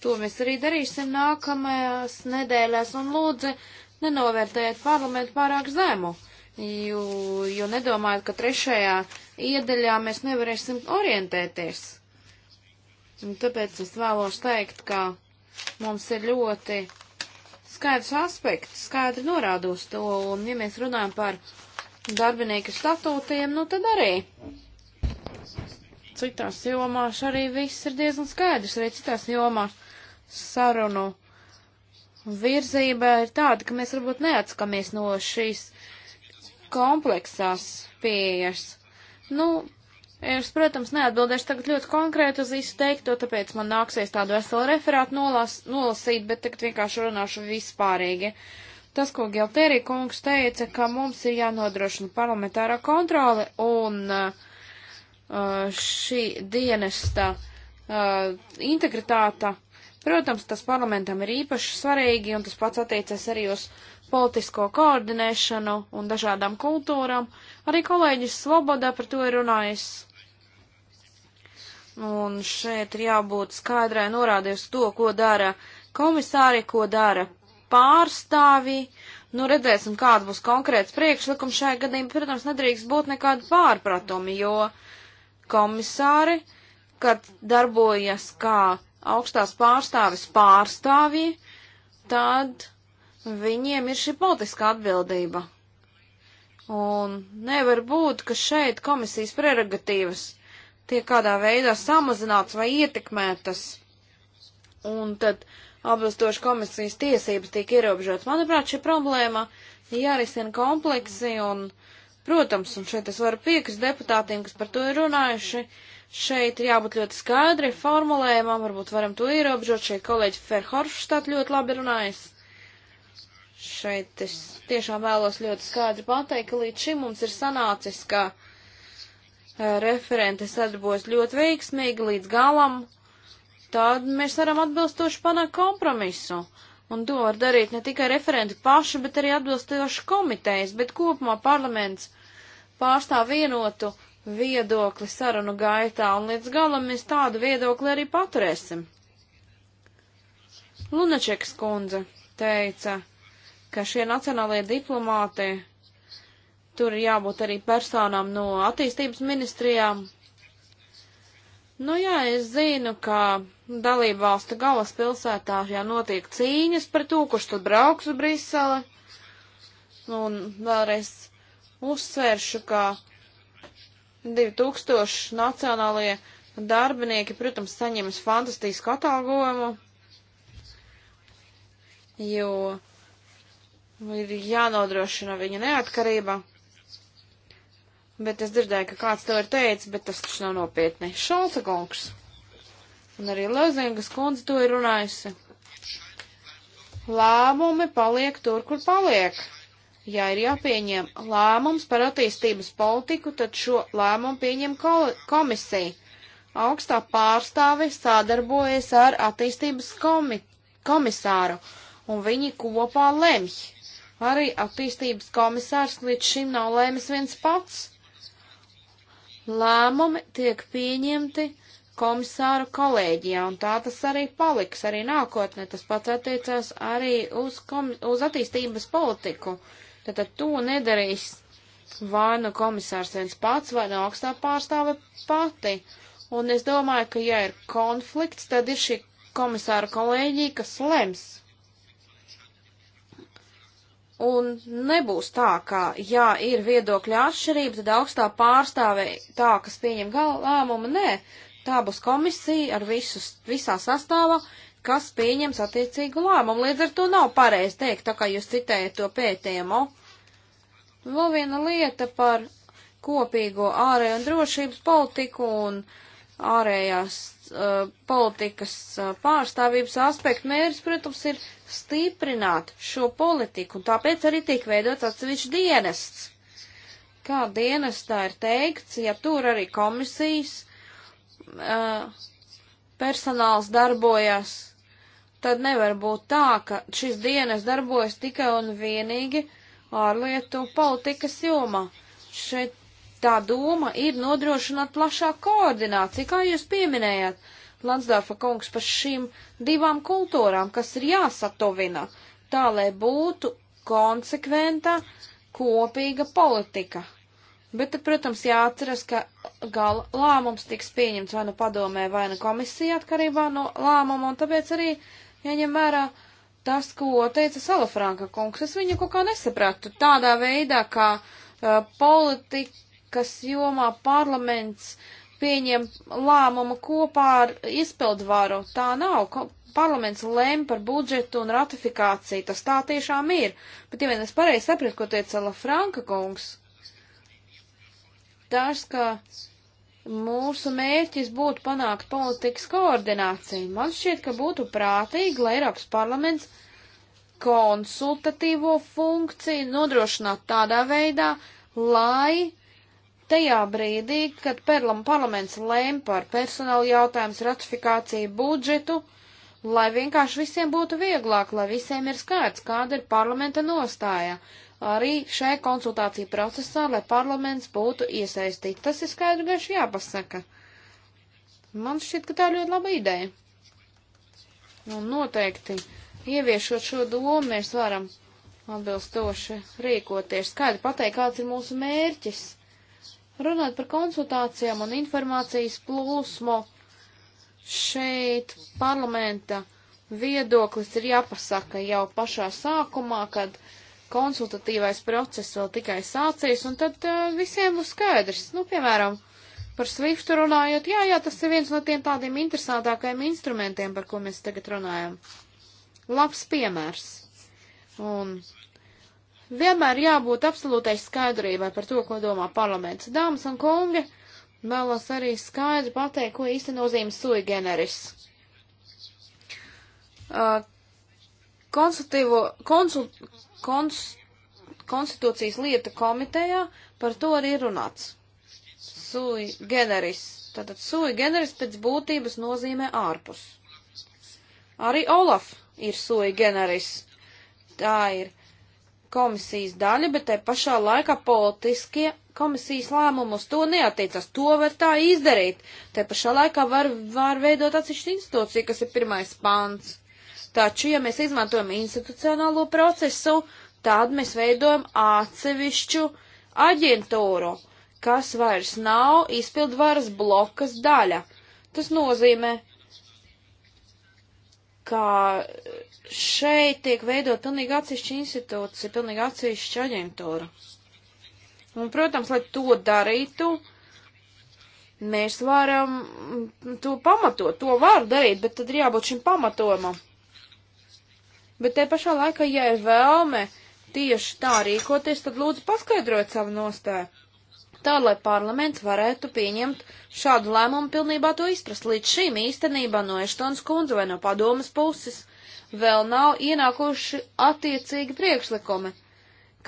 To mēs arī darīsim nākamajās nedēļās un lūdzu nenovērtējiet parlamentu pārāk zemu, jo, jo nedomājiet, ka trešajā iedaļā mēs nevarēsim orientēties. Un tāpēc es vēlos teikt, ka mums ir ļoti skaidrs aspekts, skaidri norāda uz to, un ja mēs runājam par darbinieku statūtiem, nu tad arī citās jomās arī viss ir diezgan skaidrs, arī citās jomās sarunu virzībā ir tāda, ka mēs varbūt neatskamies no šīs kompleksās pieejas. Nu, Es, protams, neatbildēšu tagad ļoti konkrēti uz visu teikto, tāpēc man nāksies tādu veselu referātu nolas, nolasīt, bet tagad vienkārši runāšu vispārīgi. Tas, ko Geltērī kungs teica, ka mums ir jānodrošina parlamentārā kontrole un uh, uh, šī dienesta uh, integritāte. Protams, tas parlamentam ir īpaši svarīgi, un tas pats attiecas arī uz politisko koordinēšanu un dažādām kultūrām. Arī kolēģis Svoboda par to ir runājis Un šeit ir jābūt skaidrai norādījus to, ko dara komisāri, ko dara pārstāvi. Nu, redzēsim, kāda būs konkrēts priekšlikums šajā gadījumā. Protams, nedrīkst būt nekāda pārpratumi, jo komisāri, kad darbojas kā augstās pārstāvis pārstāvji, tad viņiem ir šī politiskā atbildība. Un nevar būt, ka šeit komisijas prerogatīvas tiek kādā veidā samazināts vai ietekmētas. Un tad atbilstoši komisijas tiesības tiek ierobežotas. Manuprāt, šī problēma jārisina kompleksi un, protams, un šeit es varu piekrist deputātiem, kas par to ir runājuši. Šeit ir jābūt ļoti skaidri formulējumam, varbūt varam to ierobežot. Šeit kolēģi Ferhoršstāt ļoti labi runājas. Šeit es tiešām vēlos ļoti skaidri pateikt, ka līdz šim mums ir sanācis, ka uh, referente sadarbos ļoti veiksmīgi līdz galam, tad mēs varam atbilstoši panākt kompromisu. Un to var darīt ne tikai referenti paši, bet arī atbilstoši komitejas, bet kopumā parlaments pārstāv vienotu viedokli sarunu gaitā, un līdz galam mēs tādu viedokli arī paturēsim. Lunačeks kundze teica, ka šie nacionālie diplomāti Tur ir jābūt arī personām no attīstības ministrijām. Nu jā, es zinu, ka dalību valsta galvaspilsētā jau notiek cīņas par to, kurš tad brauks uz Brisele. Un vēlreiz uzsvēršu, ka 2000 nacionālajie darbinieki, protams, saņems fantastisku atalgojumu, jo ir jānodrošina viņa neatkarība. Bet es dzirdēju, ka kāds to ir teicis, bet tas taču nav nopietni. Šalca kungs. Un arī Lozingas kundze to ir runājusi. Lēmumi paliek tur, kur paliek. Ja ir jāpieņem lēmums par attīstības politiku, tad šo lēmumu pieņem komisija. Augstā pārstāve sadarbojas ar attīstības komi komisāru, un viņi kopā lemj. Arī attīstības komisārs līdz šim nav lēmis viens pats. Lēmumi tiek pieņemti komisāru kolēģijā, un tā tas arī paliks arī nākotnē. Tas pats attiecās arī uz, kom, uz attīstības politiku. Tātad to nedarīs vai nu komisārs viens pats, vai no nu augstā pārstāve pati. Un es domāju, ka ja ir konflikts, tad ir šī komisāra kolēģija, kas lems. Un nebūs tā, ka, ja ir viedokļa atšķirība, tad augstā pārstāve tā, kas pieņem lēmumu, nē, tā būs komisija ar visus, visā sastāvā, kas pieņems attiecīgu lēmumu. Līdz ar to nav pareizi teikt, tā kā jūs citējat to pētījumu. Vēl viena lieta par kopīgo ārēju un drošības politiku un ārējās uh, politikas uh, pārstāvības aspektu mērķis, protams, ir stiprināt šo politiku, un tāpēc arī tiek veidots atsevišķi dienests. Kā dienestā ir teikts, ja tur arī komisijas uh, personāls darbojas, tad nevar būt tā, ka šis dienas darbojas tikai un vienīgi ārlietu politikas jomā. Šeit tā doma ir nodrošināt plašāku koordināciju, kā jūs pieminējāt, Lansdārfa kungs, par šīm divām kultūrām, kas ir jāsatovina, tā lai būtu konsekventa, kopīga politika. Bet, tad, protams, jāatceras, ka gala lēmums tiks pieņemts vai nu padomē, vai nu komisija atkarībā no lēmuma, un tāpēc arī jāņem ja vērā tas, ko teica Salafranka kungs. Es viņu kaut kā nesapratu tādā veidā, ka uh, eh, politika kas jomā parlaments pieņem lēmumu kopā ar izpildvaru. Tā nav. Parlaments lēma par budžetu un ratifikāciju. Tas tā tiešām ir. Bet, ja vien es pareizi sapratu, ko teica Lafranka kungs, tas, ka mūsu mērķis būtu panākt politikas koordināciju. Man šķiet, ka būtu prātīgi, lai Eiropas parlaments konsultatīvo funkciju nodrošinātu tādā veidā, lai Tajā brīdī, kad Perlam parlaments lēma par personāla jautājumus, ratifikāciju, budžetu, lai vienkārši visiem būtu vieglāk, lai visiem ir skaidrs, kāda ir parlamenta nostāja. Arī šajā konsultāciju procesā, lai parlaments būtu iesaistīts. Tas ir skaidri gaiši jāpasaka. Man šķiet, ka tā ir ļoti laba ideja. Un noteikti, ieviešot šo domu, mēs varam atbilstoši rīkoties, skaidri pateikt, kāds ir mūsu mērķis. Runāt par konsultācijām un informācijas plūsmu, šeit parlamenta viedoklis ir jāpasaka jau pašā sākumā, kad konsultatīvais process vēl tikai sācies, un tad uh, visiem būs skaidrs. Nu, piemēram, par Swiftu runājot, jā, jā, tas ir viens no tiem tādiem interesantākajiem instrumentiem, par ko mēs tagad runājam. Labs piemērs. Un Vienmēr jābūt absolūtai skaidrībai par to, ko domā parlaments. Dāmas un kungi, vēlos arī skaidri pateikt, ko īsti nozīmē sui generis. Uh, konsul, kons, konstitūcijas lieta komitejā par to arī runāts. Sui generis. Tātad sui generis pēc būtības nozīmē ārpus. Arī Olaf ir sui generis. Tā ir komisijas daļa, bet te pašā laikā politiskie komisijas lēmumu uz to neatiecas. To var tā izdarīt. Te pašā laikā var, var veidot atsevišķu institūciju, kas ir pirmais pants. Taču, ja mēs izmantojam institucionālo procesu, tad mēs veidojam atsevišķu aģentūru, kas vairs nav izpildvaras blokas daļa. Tas nozīmē, ka šeit tiek veidot pilnīgi atsevišķa institūcija, pilnīgi atsevišķa aģentūra. Un, protams, lai to darītu, mēs varam to pamatot, to var darīt, bet tad ir jābūt šim pamatojumam. Bet te pašā laikā, ja ir vēlme tieši tā rīkoties, tad lūdzu paskaidrojiet savu nostāju. Tā, lai parlaments varētu pieņemt šādu lēmumu pilnībā to izprast. Līdz šim īstenībā no Eštons kundze vai no padomas puses vēl nav ienākuši attiecīgi priekšlikumi.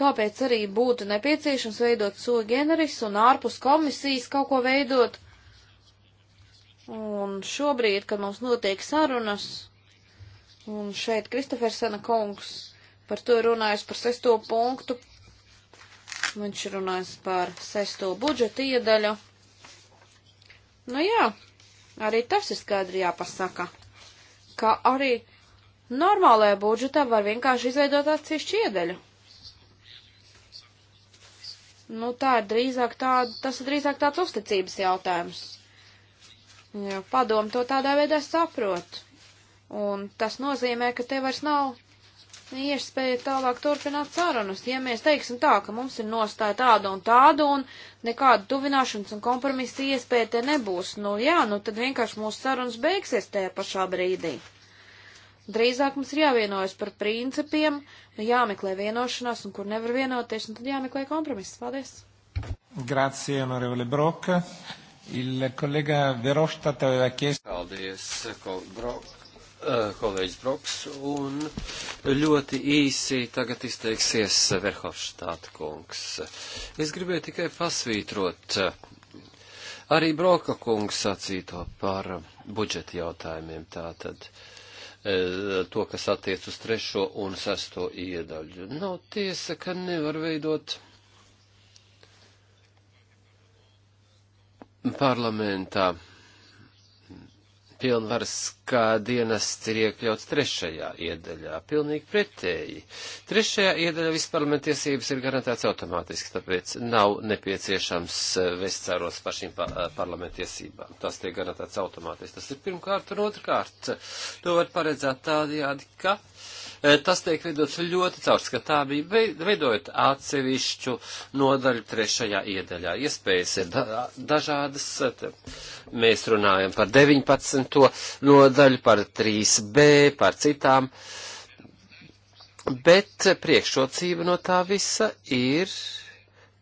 Kāpēc arī būtu nepieciešams veidot so generis un ārpus komisijas kaut ko veidot? Un šobrīd, kad mums notiek sarunas, un šeit Kristofersena kungs par to runājas par sesto punktu, viņš runājas par sesto budžeta iedaļu. Nu jā, arī tas ir skaidri jāpasaka, ka arī Normālajā budžetā var vienkārši izveidot atsevišķu iedeļu. Nu, tā ir drīzāk tā, tas ir drīzāk tāds uzticības jautājums. Jā, padom to tādā veidā saprot. Un tas nozīmē, ka te vairs nav iespēja tālāk turpināt sarunas. Ja mēs teiksim tā, ka mums ir nostāja tāda un tāda un nekāda tuvināšanas un kompromisa iespēja te nebūs, nu jā, nu tad vienkārši mūsu sarunas beigsies tajā pašā brīdī. Drīzāk mums ir jāvienojas par principiem, jāmeklē vienošanās, un kur nevar vienoties, un tad jāmeklē kompromiss. Paldies! Grazie, onorevole Brok. Il collega Verostat aveva chiesto. Paldies, kol Brok eh, kolēģis Broks, un ļoti īsi tagad izteiksies Verhofstāta kungs. Es gribēju tikai pasvītrot eh, arī Broka kungs sacīto par budžeta jautājumiem tātad. Uh, E, to, kas attiec uz trešo un sesto iedaļu. Nav tiesa, ka nevar veidot parlamentā pilnvaras, kā dienests ir iekļauts trešajā iedaļā. Pilnīgi pretēji. Trešajā iedaļā visparlamenta tiesības ir garantēts automātiski, tāpēc nav nepieciešams eh, vest cēros par šīm eh, parlamenta tiesībām. Tas tiek garantēts automātiski. Tas ir pirmkārt un otrkārt. To var paredzēt tādajādi, ka Eh, tas tiek veidots ļoti caurskatāmī, veidojot atsevišķu nodaļu trešajā iedaļā. Iespējas ir da dažādas. Eh, mēs runājam par 19. nodaļu, par 3b, par citām. Bet priekšrocība no tā visa ir,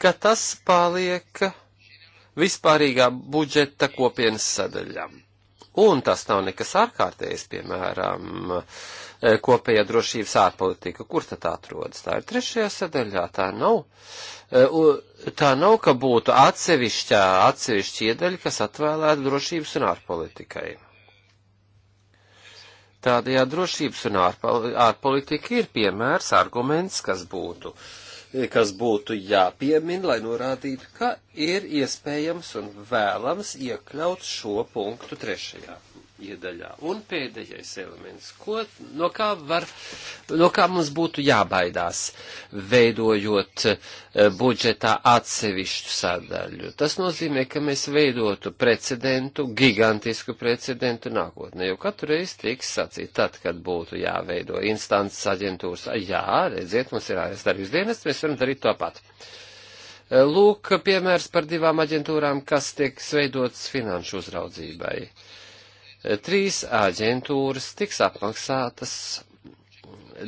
ka tas paliek vispārīgā budžeta kopienas sadaļām. Un tas nav nekas ārkārtējs, piemēram, uh, E, kopējā drošības ārpolitika. Kur tad tā atrodas? Tā ir trešajā sadaļā, tā nav. E, tā nav, ka būtu atsevišķā, atsevišķa iedaļa, kas atvēlēta drošības un ārpolitikai. Tādējā drošības un ārpolitika ir piemērs, arguments, kas būtu, e, kas būtu jāpiemin, lai norādītu, ka ir iespējams un vēlams iekļaut šo punktu trešajā iedaļā. Un pēdējais elements, ko, no, kā var, no kā mums būtu jābaidās, veidojot eh, budžetā atsevišķu sadaļu. Tas nozīmē, ka mēs veidotu precedentu, gigantisku precedentu nākotnē, jo katru reizi tiks sacīt, tad, kad būtu jāveido instances aģentūras, jā, redziet, mums ir ārējais darbības dienas, mēs varam darīt to pat. Eh, lūk, piemērs par divām aģentūrām, kas tiek veidotas finanšu uzraudzībai. Uh, Trīs aģentūras tiks apmaksātas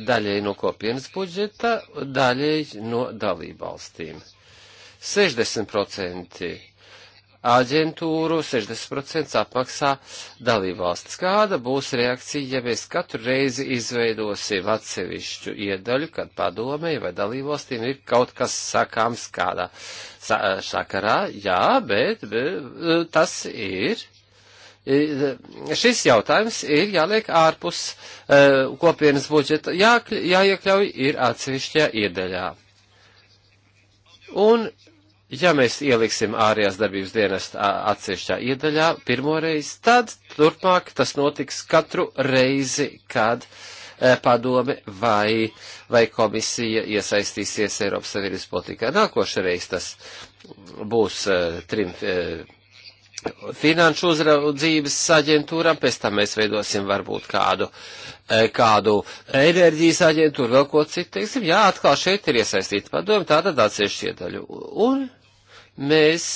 daļēji no kopienas budžeta, daļēji no dalībvalstīm. 60% aģentūru, 60% apmaksā dalībvalstis. Kāda būs reakcija, ja mēs katru reizi izveidosim atsevišķu iedaļu, kad padomēji vai dalībvalstīm ir kaut kas sakāms kādā sakarā? Jā, bet, bet tas ir E, šis jautājums ir jāliek ārpus e, kopienas budžeta, jā, jāiekļauj ir atsevišķajā iedaļā. Un, ja mēs ieliksim ārējās darbības dienesta atsevišķā iedaļā pirmoreiz, tad turpmāk tas notiks katru reizi, kad e, padome vai, vai komisija iesaistīsies Eiropas Savienības politikā. Nākošais tas būs trim finanšu uzraudzības aģentūram, pēc tam mēs veidosim varbūt kādu, e, kādu enerģijas aģentūru, vēl ko citu, teiksim, jā, atkal šeit ir iesaistīta padomu, tātad atsevišķi iedaļu. Un mēs,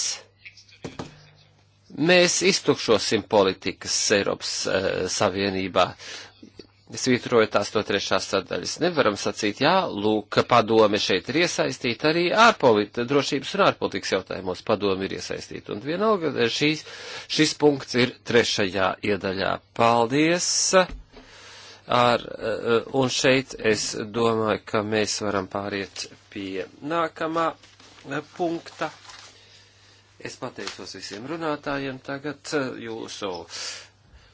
mēs iztukšosim politikas Eiropas eh, Savienībā svītroju tās to trešās sadaļas. Nevaram sacīt, jā, lūk, padome šeit ir iesaistīta arī ārpolit, drošības un ārpolitikas jautājumos padome ir iesaistīta. Un vienalga eh, šīs, šis punkts ir trešajā iedaļā. Paldies! Ar, eh, un šeit es domāju, ka mēs varam pāriet pie nākamā eh, punkta. Es pateicos visiem runātājiem tagad jūsu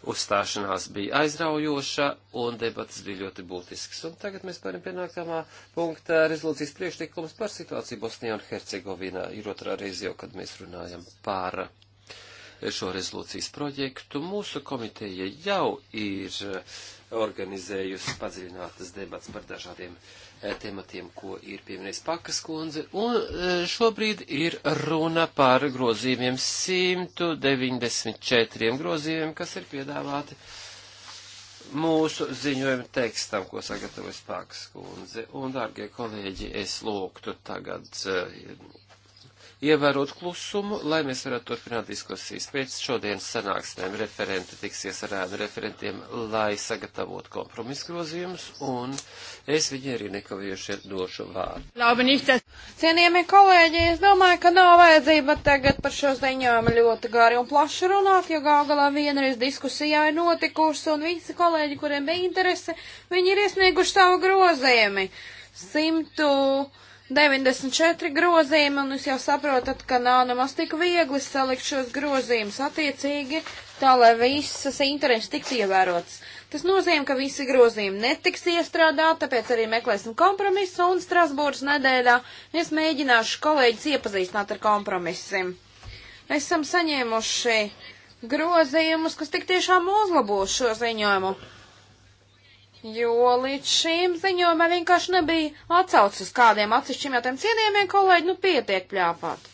uzstāšanās bija aizraujoša un debatas bija ļoti būtiskas. Un tagad mēs pārim pie nākamā punkta rezolūcijas priekšlikums par situāciju Bosnijā un Hercegovinā. Ir otrā reize jau, kad mēs runājam par šo rezolūcijas projektu. Mūsu komiteja jau ir organizējusi padziļinātas debats par dažādiem uh, Eh, tematiem, ko ir pieminējis Pakas kundze. Un eh, šobrīd ir runa par grozījumiem 194 grozījumiem, kas ir piedāvāti mūsu ziņojuma tekstam, ko sagatavojas Pakas kundze. Un, dārgie kolēģi, es lūgtu tagad eh, ievērot klusumu, lai mēs varētu turpināt diskusijas. Pēc šodienas sanāksmēm referenti tiksies ar ēnu referentiem, lai sagatavotu kompromisu grozījumus, un es viņiem arī nekavējuši došu vārdu. Labi, nīštas. Cienījamie kolēģi, es domāju, ka nav vajadzība tagad par šo ziņām ļoti gari un plaši runāt, jo gal galā vienreiz diskusijā ir notikusi, un visi kolēģi, kuriem bija interese, viņi ir iesnieguši savu grozījumi. Simtu. 100... 94 grozījumi, un jūs jau saprotat, ka nav nemaz tik viegli salikt šos grozījumus attiecīgi, tā lai visas intereses tiks ievērotas. Tas nozīmē, ka visi grozījumi netiks iestrādāti, tāpēc arī meklēsim kompromisu, un Strasbūras nedēļā es mēģināšu kolēģis iepazīstināt ar kompromisiem. Esam saņēmuši grozījumus, kas tik tiešām uzlabos šo ziņojumu jo līdz šīm ziņojumā vienkārši nebija atsaucis uz kādiem atsevišķiem jautājumiem. Cienījamie kolēģi, nu pietiek pļāpāt.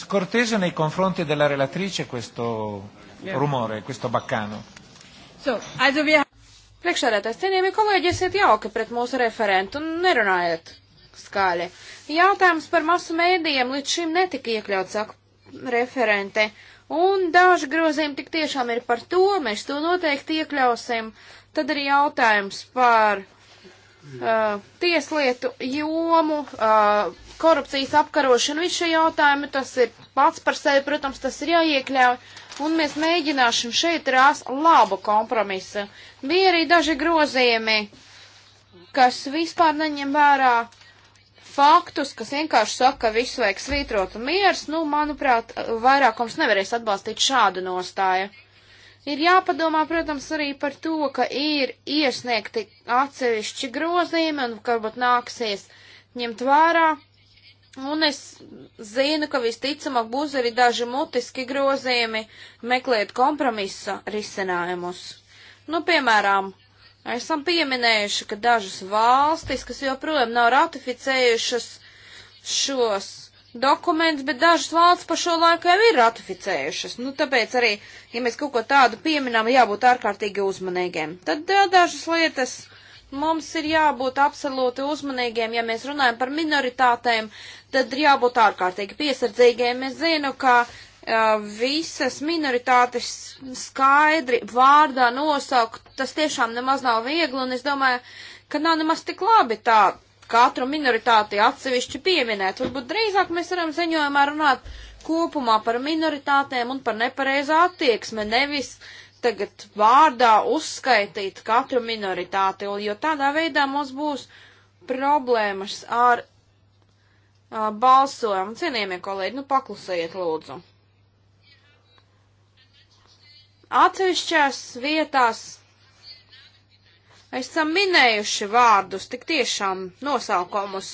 Scortese nei confronti della relatrice questo rumore, questo baccano. So, also wir... Priekšsēdētājs, cienījamie kolēģi, esiet jauki pret mūsu referentu un nerunājiet skaļi. Jautājums par masu mēdījiem līdz šim netika iekļauts, saka referente. Uh, Un daži grozījumi tik tiešām ir par to, mēs to noteikti iekļausim. Tad arī jautājums par uh, tieslietu jomu, uh, korupcijas apkarošanu, visi šie jautājumi, tas ir pats par sevi, protams, tas ir jāiekļauj. Un mēs mēģināsim šeit rast labu kompromisu. Bija arī daži grozījumi, kas vispār neņem vērā faktus, kas vienkārši saka, ka visu vajag svītrot un miers, nu, manuprāt, vairākums nevarēs atbalstīt šādu nostāju. Ir jāpadomā, protams, arī par to, ka ir iesniegti atsevišķi grozījumi un varbūt nāksies ņemt vērā. Un es zinu, ka visticamāk būs arī daži mutiski grozījumi meklēt kompromisa risinājumus. Nu, piemēram, Esam pieminējuši, ka dažas valstis, kas joprojām nav ratificējušas šos dokumentus, bet dažas valsts pa šo laiku jau ir ratificējušas. Nu, tāpēc arī, ja mēs kaut ko tādu pieminām, jābūt ārkārtīgi uzmanīgiem. Tad dažas lietas mums ir jābūt absolūti uzmanīgiem. Ja mēs runājam par minoritātēm, tad ir jābūt ārkārtīgi piesardzīgiem. Es zinu, ka visas minoritātes skaidri vārdā nosaukt, tas tiešām nemaz nav viegli, un es domāju, ka nav nemaz tik labi tā katru minoritāti atsevišķi pieminēt. Varbūt drīzāk mēs varam ziņojumā runāt kopumā par minoritātēm un par nepareizu attieksmi, nevis tagad vārdā uzskaitīt katru minoritāti, jo tādā veidā mums būs problēmas ar uh, balsojumu. Cienījamie kolēģi, nu paklusajiet lūdzu. Atsevišķās vietās esam minējuši vārdus, tik tiešām nosaukumus,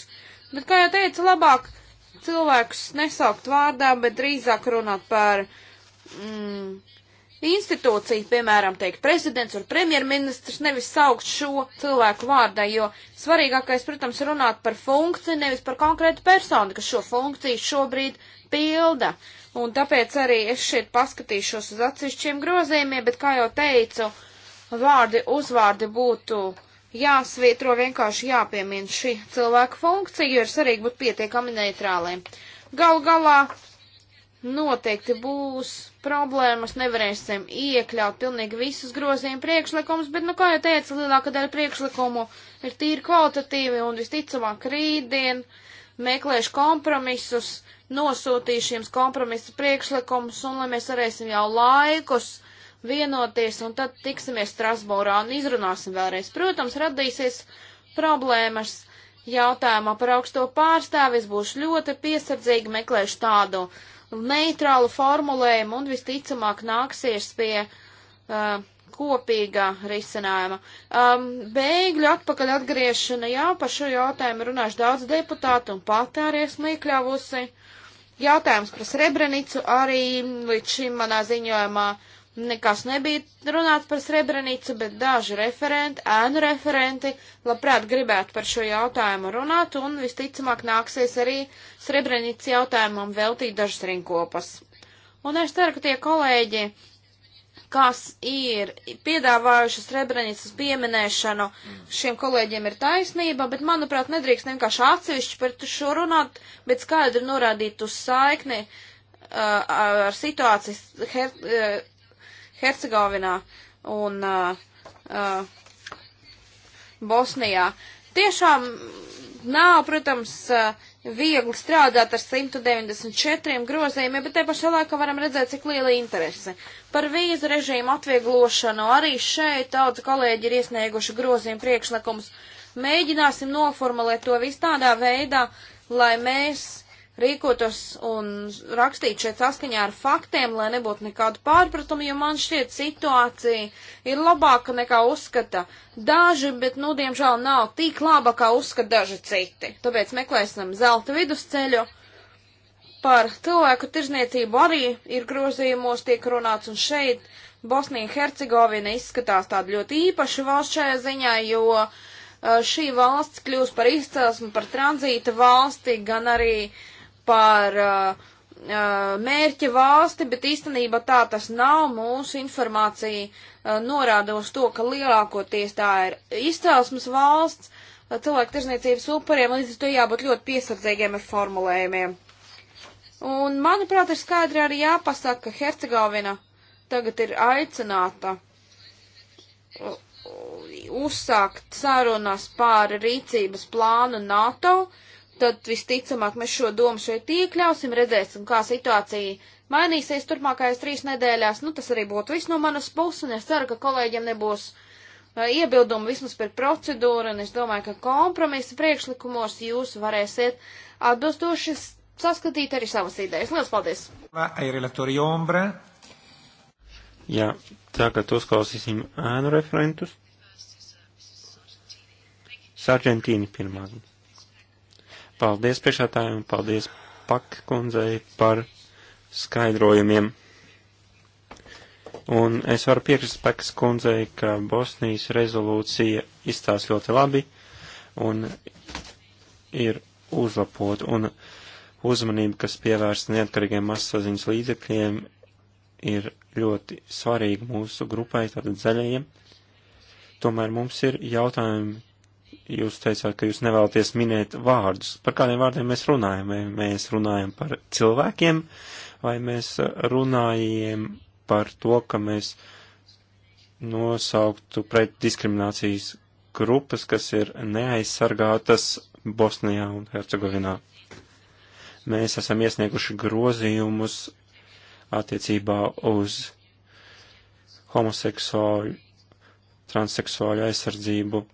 bet, kā jau teicu, labāk cilvēkus nesaukt vārdā, bet drīzāk runāt par mm, institūciju, piemēram, teikt prezidents un premjerministrs, nevis saukt šo cilvēku vārdā, jo svarīgākais, protams, runāt par funkciju, nevis par konkrētu personu, kas šo funkciju šobrīd pilda un tāpēc arī es šeit paskatīšos uz atsevišķiem grozījumiem, bet, kā jau teicu, vārdi uzvārdi būtu jāsvietro, vienkārši jāpiemina šī cilvēka funkcija, jo ir svarīgi būt pietiekami neitrāliem. Gal galā noteikti būs problēmas, nevarēsim iekļaut pilnīgi visus grozījumu priekšlikumus, bet, nu, kā jau teicu, lielākā daļa priekšlikumu ir tīri kvalitatīvi un visticamāk rītdien meklēšu kompromisus, uh, nosūtīšu jums kompromisu priekšlikumus un lai mēs varēsim jau laikus vienoties un tad tiksimies Strasbūrā un izrunāsim vēlreiz. Protams, radīsies problēmas jautājumā par augsto pārstāvi. Es būšu ļoti piesardzīgi, meklēšu tādu neitrālu formulējumu un visticamāk nāksies pie uh, kopīgā risinājuma. Um, bēgļu atpakaļ atgriešana, jā, par šo jautājumu runāšu daudz deputātu un patēries mīkļāvusi. Uh, Jautājums par Srebrenicu arī līdz šim manā ziņojumā nekas nebija runāts par Srebrenicu, bet daži referenti, ēnu referenti, labprāt gribētu par šo jautājumu runāt, un visticamāk nāksies arī Srebrenicu jautājumam veltīt dažas rinkopas. Un es ceru, ka tie kolēģi, kas ir piedāvājuši Srebrenicas pieminēšanu. Šiem kolēģiem ir taisnība, bet, manuprāt, nedrīkst vienkārši atsevišķi par šo runāt, bet skaidri norādīt uz saikni uh, ar situāciju Her uh, Hercegovinā un uh, uh, Bosnijā. Tiešām nav, protams, uh, viegli strādāt ar 194 grozījumiem, bet te pašā laikā varam redzēt, cik liela interese. Par vīzu režīmu atvieglošanu arī šeit daudz kolēģi ir iesnieguši grozījumu priekšlikumus. Mēģināsim noformulēt to visu tādā veidā, lai mēs rīkotos un rakstīt šeit saskaņā ar faktiem, lai nebūtu nekādu pārpratumu, jo man šķiet situācija ir labāka nekā uzskata daži, bet, nu, diemžēl nav tik laba, kā uzskata daži citi. Tāpēc meklēsim zelta vidusceļu. Par cilvēku tirzniecību arī ir grozījumos tiek runāts un šeit Bosnija Hercegovina izskatās tāda ļoti īpaša valsts šajā ziņā, jo uh, šī valsts kļūs par izcelsmu, par tranzīta valsti, gan arī uh, par uh, uh, mērķa valsti, bet īstenībā tā tas nav. Mūsu informācija uh, norāda uz to, ka lielākoties tā ir izcelsmes valsts uh, cilvēku tirzniecības upuriem, līdz ar to jābūt ļoti piesardzīgiem ar formulējumiem. Un, manuprāt, ir skaidri arī jāpasaka, ka Hercegovina tagad ir aicināta uh, uzsākt sarunas pār rīcības plānu NATO, uh, tad visticamāk mēs šo domu šeit iekļausim, redzēsim, kā situācija mainīsies turpmākajās trīs nedēļās. Nu, tas arī būtu viss no manas puses, un es ceru, ka kolēģiem nebūs uh, iebildumu vismaz par procedūru, un es domāju, ka kompromisa priekšlikumos jūs varēsiet atbilstoši saskatīt arī savas idejas. Lielas paldies! Jā, tagad uzklausīsim ēnu referentus. Sargentīni pirmā. Paldies priekšētājiem, paldies Pak kundzei par skaidrojumiem. Un es varu piekrist Pakas kundzei, ka Bosnijas rezolūcija izstās ļoti labi un ir uzlapot. Un uzmanība, kas pievērsta neatkarīgiem masaziņas līdzekļiem, ir ļoti svarīga mūsu grupai, tātad zaļajiem. Tomēr mums ir jautājumi jūs teicāt, ka jūs nevēlaties minēt vārdus. Par kādiem vārdiem mēs runājam? Vai mēs runājam par cilvēkiem, vai mēs runājam par to, ka mēs nosauktu pret diskriminācijas grupas, kas ir neaizsargātas Bosnijā un Hercegovinā. Mēs esam iesnieguši grozījumus attiecībā uz homoseksuāļu, transseksuāļu aizsardzību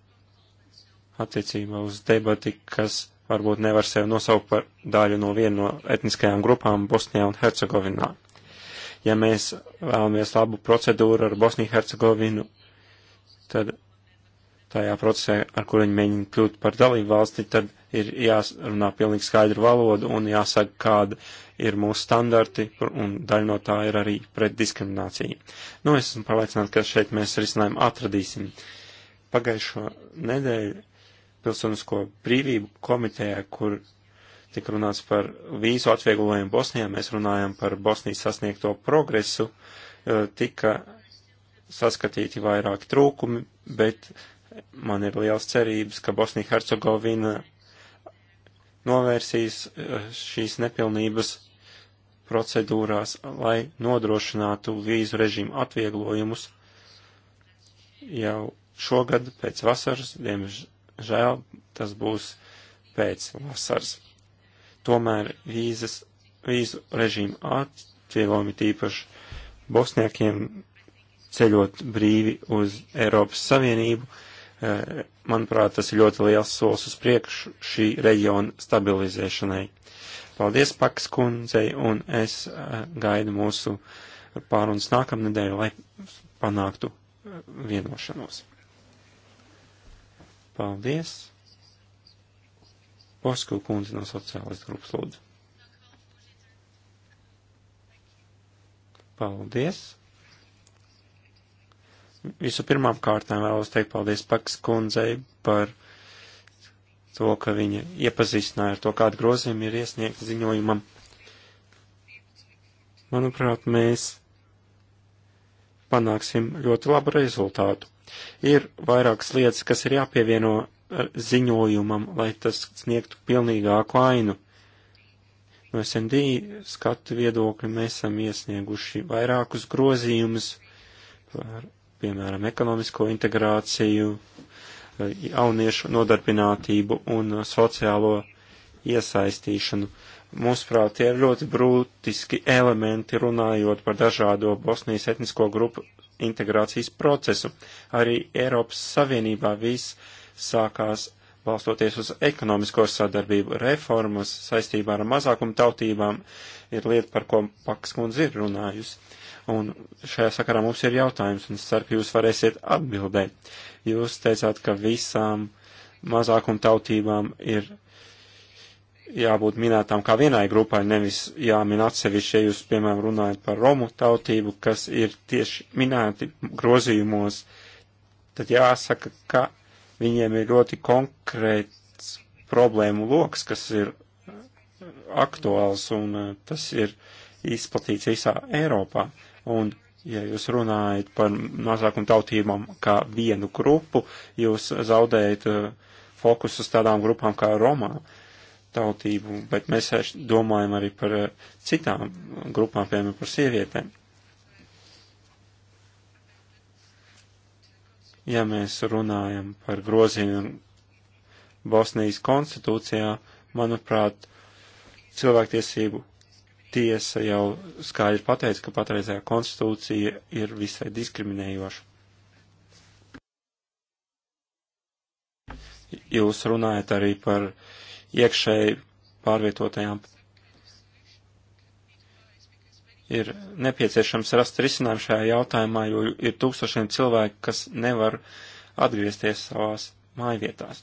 attiecībā uz debati, kas varbūt nevar sevi nosaukt par daļu no viena no etniskajām grupām Bosnijā un Hercegovinā. Ja mēs vēlamies labu procedūru ar Bosniju Hercegovinu, tad tajā procesē, ar kur viņi mēģina kļūt par dalību valsti, tad ir jārunā pilnīgi skaidru valodu un jāsaka, kāda ir mūsu standarti, un daļa no tā ir arī pret diskrimināciju. Nu, es esmu pārliecināts, ka šeit mēs risinājumu atradīsim. Pagājušo nedēļu Pilsonisko brīvību komitejā, kur tika runāts par vīzu atvieglojumu Bosnijā, mēs runājam par Bosnijas sasniegto progresu, eh, tika saskatīti vairāki trūkumi, bet man ir liels cerības, ka Bosnija Hercegovina novērsīs eh, šīs nepilnības procedūrās, lai nodrošinātu vīzu režīmu atvieglojumus jau šogad pēc vasaras, diemž, Žēl, tas būs pēc vasaras. Tomēr vīzas, vīzu režīmu atvieglojumi tīpaši bosniekiem ceļot brīvi uz Eiropas Savienību, eh, manuprāt, tas ir ļoti liels solis uz priekšu šī reģiona stabilizēšanai. Paldies Paks kundzei, un es eh, gaidu mūsu pārunas nākamnedēļ, lai panāktu eh, vienošanos. Paldies. Posku kundze no sociālistu grupas lūdzu. Paldies. Visu pirmām kārtām vēlos teikt paldies Paks kundzei par to, ka viņa iepazīstināja ar to, kādu grozījumu ir iesniegt ziņojumam. Manuprāt, mēs panāksim ļoti labu rezultātu. Ir vairākas lietas, kas ir jāpievieno eh, ziņojumam, lai tas sniegtu pilnīgāku ainu. No SMD skatu viedokļa mēs esam iesnieguši vairākus grozījumus par, piemēram, ekonomisko integrāciju, eh, jauniešu nodarbinātību un eh, sociālo iesaistīšanu. Mūsuprāt, tie ir ļoti brūtiski elementi runājot par dažādo Bosnijas etnisko grupu integrācijas procesu. Arī Eiropas Savienībā viss sākās balstoties uz ekonomisko sadarbību. Reformas saistībā ar mazākumu tautībām ir lieta, par ko Paks kundze ir runājusi. Un šajā sakarā mums ir jautājums, un es ceru, ka jūs varēsiet atbildēt. Jūs teicāt, ka visām mazākumu tautībām ir jābūt minētām kā vienai grupai, nevis jāmin atsevišķi, ja jūs, piemēram, runājat par romu tautību, kas ir tieši minēti grozījumos, tad jāsaka, ka viņiem ir ļoti konkrēts problēmu loks, kas ir aktuāls un eh, tas ir izplatīts visā Eiropā. Un, ja jūs runājat par mazākumu tautībām kā vienu grupu, jūs zaudējat uh, eh, fokusu uz tādām grupām kā Romā. Uh, tautību, bet mēs domājam arī par eh, citām grupām, piemēram, par sievietēm. Ja mēs runājam par grozījumu Bosnijas konstitūcijā, manuprāt, cilvēktiesību tiesa jau skaidri pateica, ka patreizējā konstitūcija ir visai diskriminējoša. Jūs runājat arī par uh, iekšēji pārvietotajām. Ir nepieciešams rast risinājumu šajā jautājumā, jo ir tūkstošiem cilvēku, kas nevar atgriezties savās mājvietās.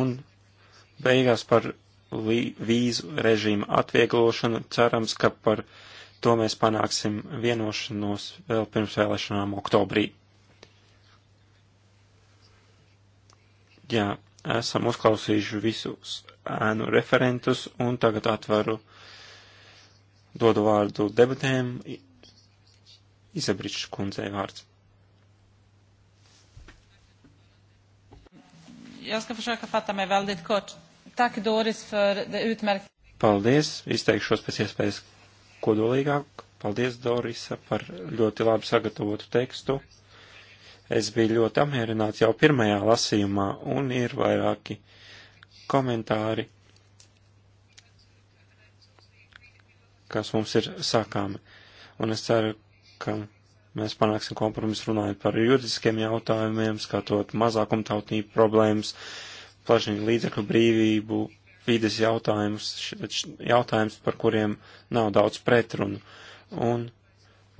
Un beigās par vīzu režīmu atvieglošanu cerams, ka par to mēs panāksim vienošanos vēl pirms vēlēšanām oktobrī. Jā, esam uzklausījuši visus ēnu referentus un tagad atveru dodu vārdu debatēm. Izabričs kundzei vārds. Jag ska försöka fatta mig väldigt kort. Tack Doris för det utmärkta. Paldies, izteikšos pēc iespējas kodolīgāk. Paldies Dorisa par ļoti labi sagatavotu tekstu. Es biju ļoti apmierināts jau pirmajā lasījumā, un ir vairāki komentāri, kas mums ir sākāmi. Un es ceru, ka mēs panāksim kompromisu runājot par juridiskiem jautājumiem, skatot mazākumtautību problēmas, plašiņu līdzekļu brīvību, vides jautājumus, jautājums, par kuriem nav daudz pretrunu. Un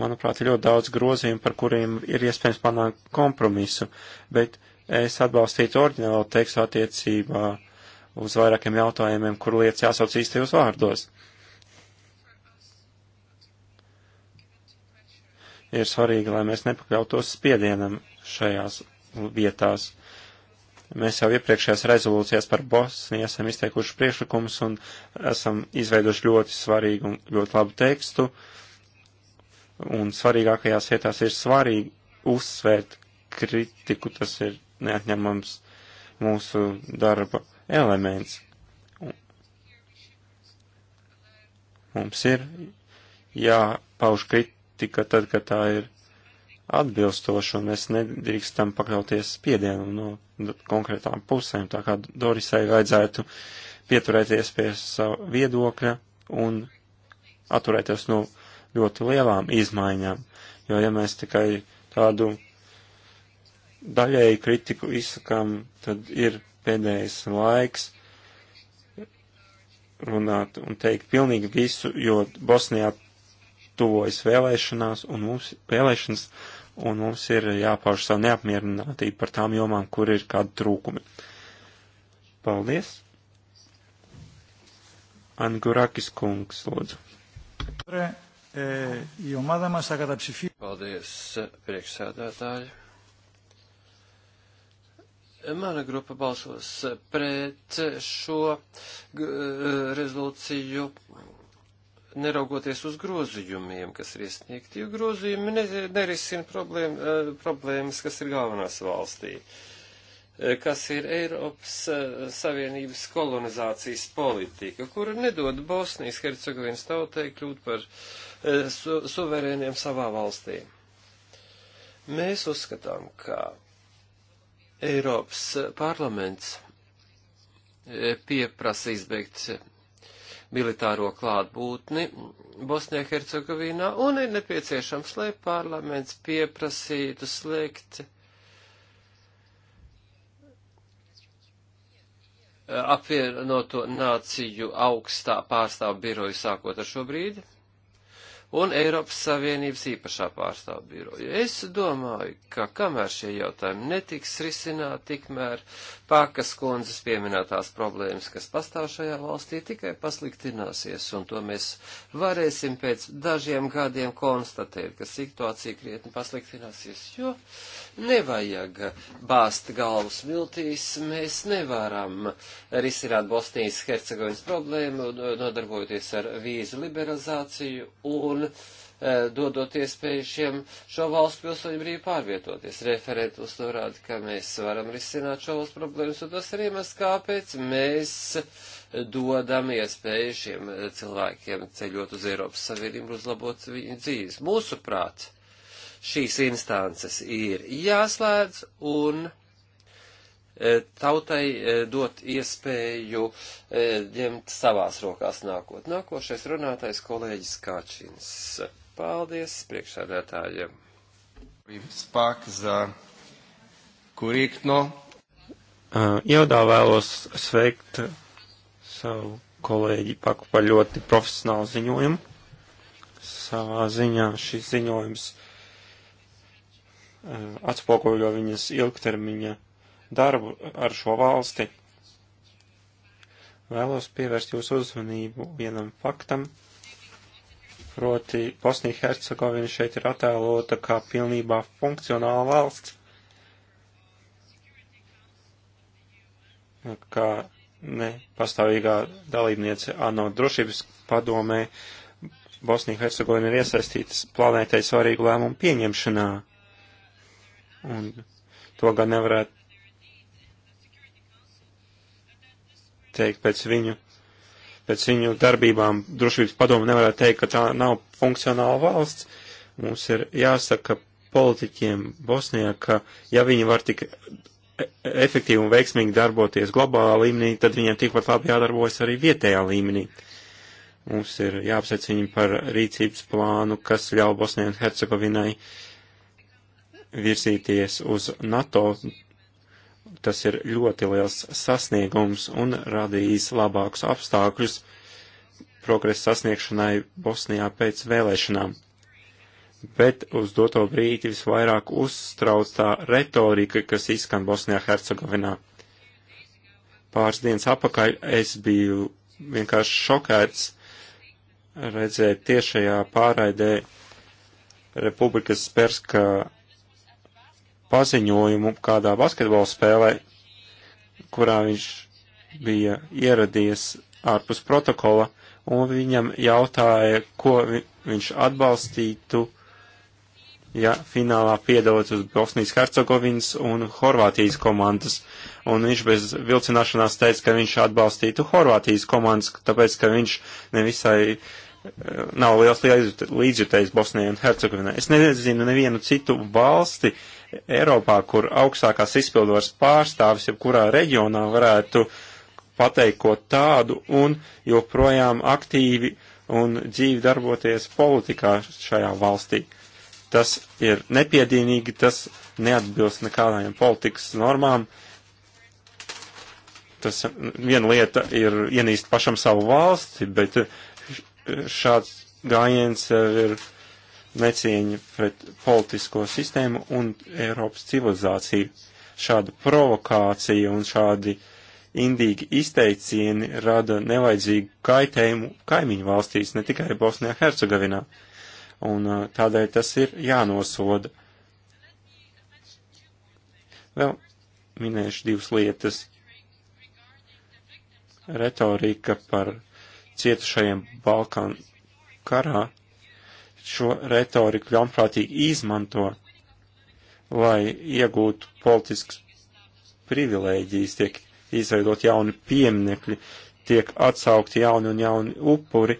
manuprāt, ir ļoti daudz grozījumu, par kuriem ir iespējams panākt kompromisu, bet es atbalstītu oriģinālu tekstu attiecībā uz vairākiem jautājumiem, kur lietas jāsauc īstajos vārdos. Ir svarīgi, lai mēs nepakļautos spiedienam šajās vietās. Mēs jau iepriekšējās rezolūcijās par Bosniju esam izteikuši priekšlikumus un esam izveidojuši ļoti svarīgu un ļoti labu tekstu. Uh, un svarīgākajās vietās ir svarīgi uzsvērt kritiku, tas ir neatņemams mūsu darba elements. Mums ir jāpauž kritika tad, kad tā ir atbilstoša, un mēs nedrīkstam pakļauties spiedienam no konkrētām pusēm, tā kā Dorisai vajadzētu pieturēties pie sava viedokļa un atturēties no. Nu, ļoti lielām izmaiņām, jo ja mēs tikai tādu daļēju kritiku izsakām, tad ir pēdējais laiks runāt un teikt pilnīgi visu, jo Bosnijā tuvojas vēlēšanās un mums vēlēšanas, un mums ir jāpauž savu neapmierinātību par tām jomām, kur ir kādi trūkumi. Paldies! Angurakis kungs, lūdzu. Pre η ομάδα μας θα καταψηφίσει. Paldies, priekšsēdētāji. Mana grupa balsos pret šo e, rezolūciju, neraugoties uz grozījumiem, kas ir iesniegti, jo grozījumi nerisina problēma, e, problēmas, kas ir galvenās valstī. Uh, Eh, kas ir Eiropas eh, Savienības kolonizācijas politika, kura nedod Bosnijas Hercegovinas tautai kļūt par eh, su, suverēniem savā valstī. Mēs uzskatām, ka Eiropas parlaments pieprasa izbeigt militāro klātbūtni Bosnijā Hercegovinā un ir nepieciešams, lai parlaments pieprasītu slēgt apvienoto nāciju augstā pārstāvu biroju sākot ar šo brīdi un Eiropas Savienības īpašā pārstāvu biroju. Es domāju, ka kamēr šie jautājumi netiks risināti, tikmēr Pākas kundzes pieminētās problēmas, kas pastāv šajā valstī, tikai pasliktināsies, un to mēs varēsim pēc dažiem gadiem konstatēt, ka situācija krietni pasliktināsies, jo nevajag bāzt galvas miltīs, mēs nevaram risināt Bosnijas Hercegovinas problēmu, nodarbojoties ar vīzu liberalizāciju un un uh, dodot iespēju šiem šo valstu pilsoņu brīvi pārvietoties. Referentus norāda, ka mēs varam risināt šo valstu problēmas, un tas ir iemesls, kāpēc mēs dodam iespēju šiem cilvēkiem ceļot uz Eiropas Savienību, uzlabot viņu dzīves. Mūsuprāt, šīs instances ir jāslēdz un E, tautai e, dot iespēju ņemt e, savās rokās nākot. Nākošais runātais kolēģis Kāčins. Paldies priekšsēdētājiem. Spāk za kurikno. Ievadā vēlos sveikt savu kolēģi Paku par ļoti profesionālu ziņojumu. Savā ziņā šis ziņojums atspoguļo viņas ilgtermiņa darbu ar šo valsti. Vēlos pievērst jūsu uzmanību vienam faktam, proti Bosnija Hercegovina šeit ir attēlota kā pilnībā funkcionāla valsts, kā ne pastāvīgā dalībniece ANO drošības padomē, Bosnija Hercegovina ir iesaistītas planētai svarīgu lēmumu pieņemšanā. Un to gan nevarētu teikt pēc viņu, pēc viņu darbībām drošības padomu nevarētu teikt, ka tā nav funkcionāla valsts. Mums ir jāsaka politiķiem Bosnijā, ka ja viņi var tik e, efektīvi un veiksmīgi darboties globālā līmenī, tad viņiem tikpat labi jādarbojas arī vietējā līmenī. Mums ir jāapsveic viņu par rīcības plānu, kas ļauj Bosnijai un Hercegovinai virzīties uz NATO Tas ir ļoti liels sasniegums un radījis labākus apstākļus progresa sasniegšanai Bosnijā pēc vēlēšanām. Bet uz doto brīdi visvairāk uztrauc tā retorika, kas izskan Bosnijā Hercegovinā. Pāris dienas apakaļ es biju vienkārši šokēts redzēt tiešajā pārraidē Republikas Perska paziņojumu kādā basketbola spēlē, kurā viņš bija ieradies ārpus protokola, un viņam jautāja, ko vi, viņš atbalstītu, ja finālā piedalot uz Bosnijas Hercegovinas un Horvātijas komandas. Un viņš bez vilcināšanās teica, ka viņš atbalstītu Horvātijas komandas, tāpēc, ka viņš nevisai e, nav liels līdzjutējs Bosnijai un Hercegovinai. Es nezinu nevienu citu valsti, uh, Eiropā, kur augstākās izpildvaras pārstāvis, jebkurā reģionā varētu pateikt ko tādu un joprojām aktīvi un dzīvi darboties politikā šajā valstī. Tas ir nepiedienīgi, tas neatbilst nekādām politikas normām. Tas viena lieta ir ienīst pašam savu valsti, bet šāds gājiens ir necieņa pret politisko sistēmu un Eiropas civilizāciju. Šāda provokācija un šādi indīgi izteicieni rada nevajadzīgu kaitējumu kaimiņu valstīs, ne tikai Bosnijā, Hercegovinā. Un tādēļ tas ir jānosoda. Vēl minēšu divas lietas. Retorika par cietušajiem Balkānu karā šo retoriku ļaunprātīgi izmanto, lai iegūtu politiskas privilēģijas, tiek izveidot jauni pieminekļi, tiek atsaukti jauni un jauni upuri,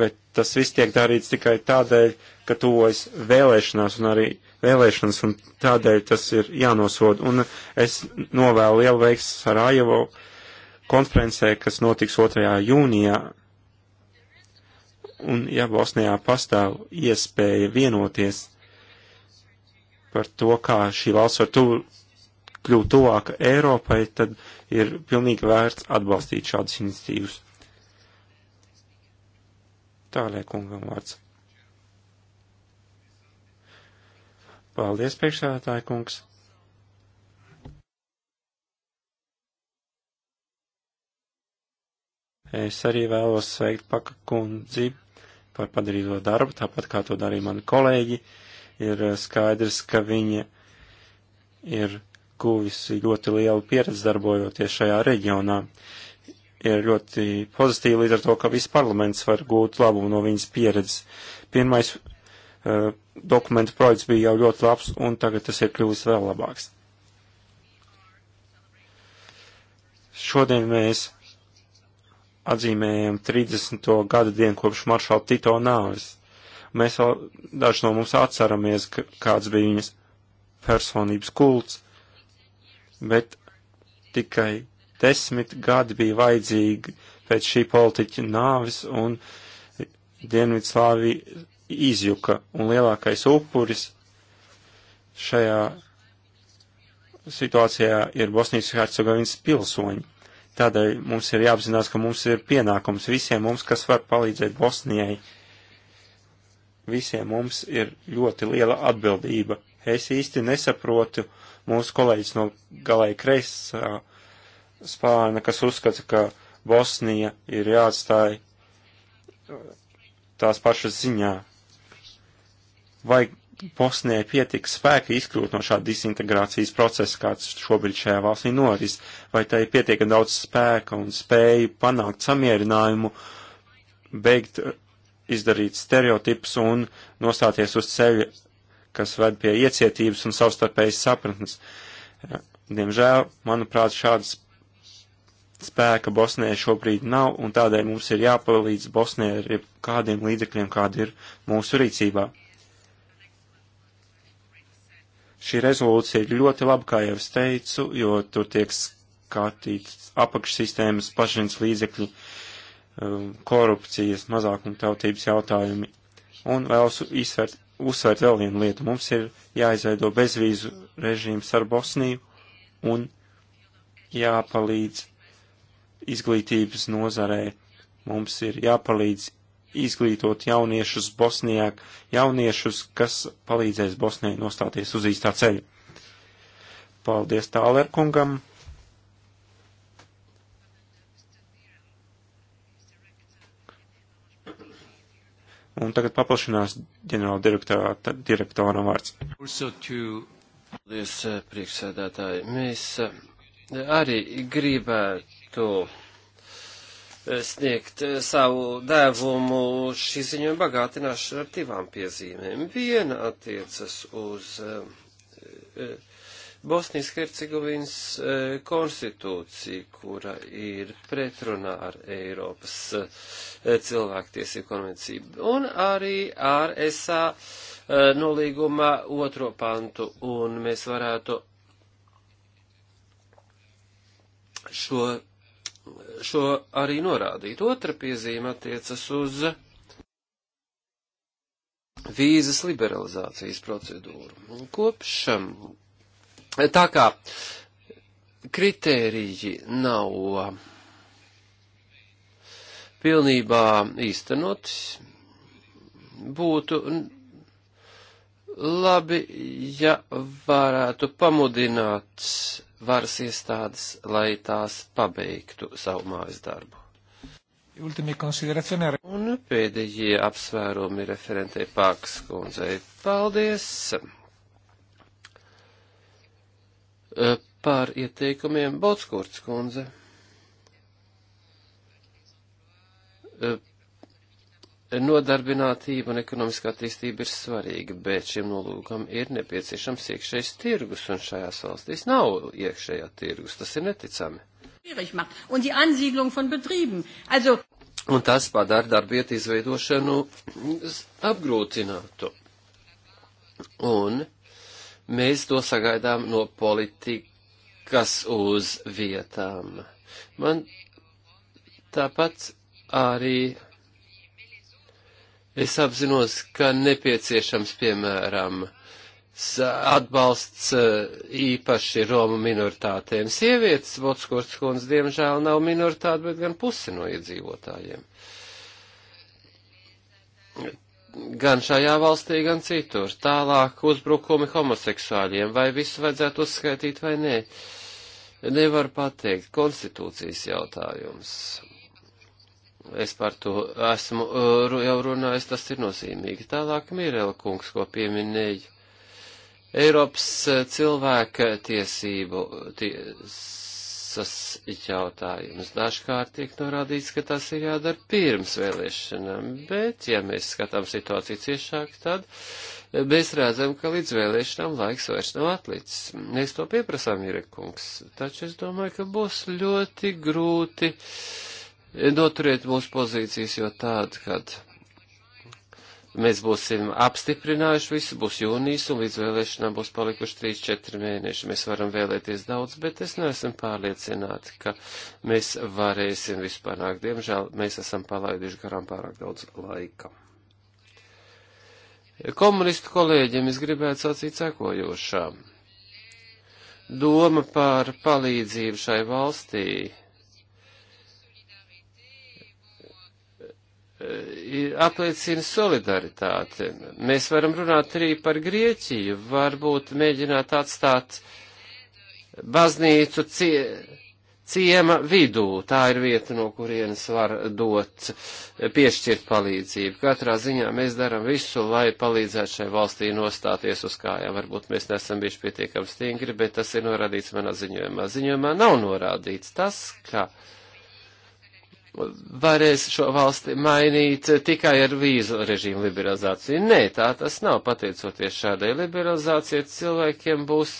bet tas viss tiek darīts tikai tādēļ, ka tuvojas vēlēšanās un arī vēlēšanas, un tādēļ tas ir jānosod. Un es novēlu lielu veiksmu Sarajevo konferencē, kas notiks 2. jūnijā Un ja Bosnijā pastāv iespēja vienoties par to, kā šī valsts var tuv, kļūt tuvāka Eiropai, tad ir pilnīgi vērts atbalstīt šādas iniciatīvas. Tālēk kungam vārds. Paldies, priekšsēdētāji kungs. Es arī vēlos sveikt Paka kundzi par padarīto darbu, tāpat kā to darīja mani kolēģi. Ir eh, skaidrs, ka viņa ir guvusi ļoti lielu pieredzi darbojoties šajā reģionā. Ir ļoti pozitīvi līdz ar to, ka viss parlaments var gūt labumu no viņas pieredzes. Pirmais uh, eh, dokumentu projekts bija jau ļoti labs, un tagad tas ir kļuvis vēl labāks. Šodien mēs atzīmējam 30. gada dienu kopš maršala Tito nāvis. Mēs vēl daži no mums atceramies, kāds bija viņas personības kults, bet tikai desmit gadi bija vajadzīgi pēc šī politiķa nāvis un Dienvidslāvija izjuka un lielākais upuris šajā situācijā ir Bosnijas Hercegovinas pilsoņi. Tādēļ mums ir jāapzinās, ka mums ir pienākums visiem mums, kas var palīdzēt Bosnijai. Visiem mums ir ļoti liela atbildība. Es īsti nesaprotu mūsu kolēģis no galēji kreisā spārna, kas uzskata, ka Bosnija ir jāatstāja tās pašas ziņā. Vajag Bosnijai pietiek spēki izkļūt no šāda disintegrācijas procesa, kāds šobrīd šajā valstī noris, vai tai pietiek daudz spēka un spēju panākt samierinājumu, beigt eh, izdarīt stereotipus un nostāties uz ceļa, kas ved pie iecietības un savstarpējas sapratnes. Diemžēl, manuprāt, šādas spēka Bosnijai šobrīd nav, un tādēļ mums ir jāpalīdz Bosnijai ar kādiem līdzekļiem, kādi ir mūsu rīcībā. Šī rezolūcija ir ļoti laba, kā jau es teicu, jo tur tiek skatīts apakšsistēmas plašiņas līdzekļu um, korupcijas mazākumtautības jautājumi. Un vēlos izsvērt, uzsvērt vēl vienu lietu. Mums ir jāizveido bezvīzu režīms ar Bosniju un jāpalīdz izglītības nozarē. Mums ir jāpalīdz izglītot jauniešus Bosnijā, jauniešus, kas palīdzēs Bosnijai nostāties uz īstā ceļa. Paldies tālērkungam. Un tagad paplašinās ģenerāla direktora vārds. Paldies, eh, priekšsēdētāji. Mēs eh, arī gribētu Eh, sniegt eh, savu devumu šī ziņojuma bagātināšanu ar divām piezīmēm. Viena attiecas uz eh, Bosnijas Hercegovinas konstitūciju, kura ir pretrunā ar Eiropas cilvēktiesību konvenciju, un arī ar SA nolīguma otro pantu, un mēs varētu šo šo arī norādīt. Otra piezīme attiecas uz vīzas liberalizācijas procedūru. Kopš um, tā kā kritēriji nav um, pilnībā īstenot, būtu labi, ja varētu pamudināt varas iestādes, lai tās pabeigtu savu mājas darbu. Un pēdējie apsvērumi referentei Pārkas kundzei. Paldies e, par ieteikumiem Botskurts kundze e, Nodarbinātība un ekonomiskā attīstība ir svarīga, bet šim nolūkam ir nepieciešams iekšējs tirgus, un šajās valstīs nav iekšējā tirgus. Tas ir neticami. Also... Un tas padara darbietu izveidošanu apgrūtinātu. Un mēs to sagaidām no politikas uz vietām. Man tāpat arī Es apzinos, ka nepieciešams, piemēram, atbalsts e, īpaši Romu minoritātēm. Sievietes Botskurs kundze, diemžēl, nav minoritāte, bet gan pusi no iedzīvotājiem. Gan šajā valstī, gan citur. Tālāk uzbrukumi homoseksuāļiem, vai visu vajadzētu uzskaitīt vai nē. Nevar pateikt, konstitūcijas jautājums. Es par to esmu jau runājis, tas ir nozīmīgi. Tālāk Mirela kungs, ko pieminēja. Eiropas cilvēka tiesību tiesas jautājums. Dažkārt tiek norādīts, ka tas ir jādara pirms vēlēšanām, bet, ja mēs skatām situāciju ciešāk, tad mēs redzam, ka līdz vēlēšanām laiks vairs nav atlicis. Mēs to pieprasām, Irekungs, taču es domāju, ka būs ļoti grūti. Uh, noturiet mūsu pozīcijas, jo tāda, kad mēs būsim apstiprinājuši visu, būs jūnijas un līdz vēlēšanām būs palikuši 3-4 mēneši. Mēs varam vēlēties daudz, bet es neesmu pārliecināti, ka mēs varēsim vispār nākt. Diemžēl mēs esam palaiduši garām pārāk daudz laika. Komunistu kolēģiem es gribētu sacīt sekojošām. Doma par palīdzību šai valstī apliecina solidaritāti. Mēs varam runāt arī par Grieķiju, varbūt mēģināt atstāt baznīcu cie, ciema vidū. Tā ir vieta, no kurienes var dot, piešķirt palīdzību. Katrā ziņā mēs daram visu, lai palīdzētu šai valstī nostāties uz kājām. Varbūt mēs nesam bijuši pietiekami stingri, bet tas ir norādīts manā ziņojumā. Ziņojumā nav norādīts tas, ka. Uh, varēs šo valsti mainīt tikai ar vīzu režīmu liberalizāciju. Nē, tā tas nav. Pateicoties šādai liberalizācijai, cilvēkiem būs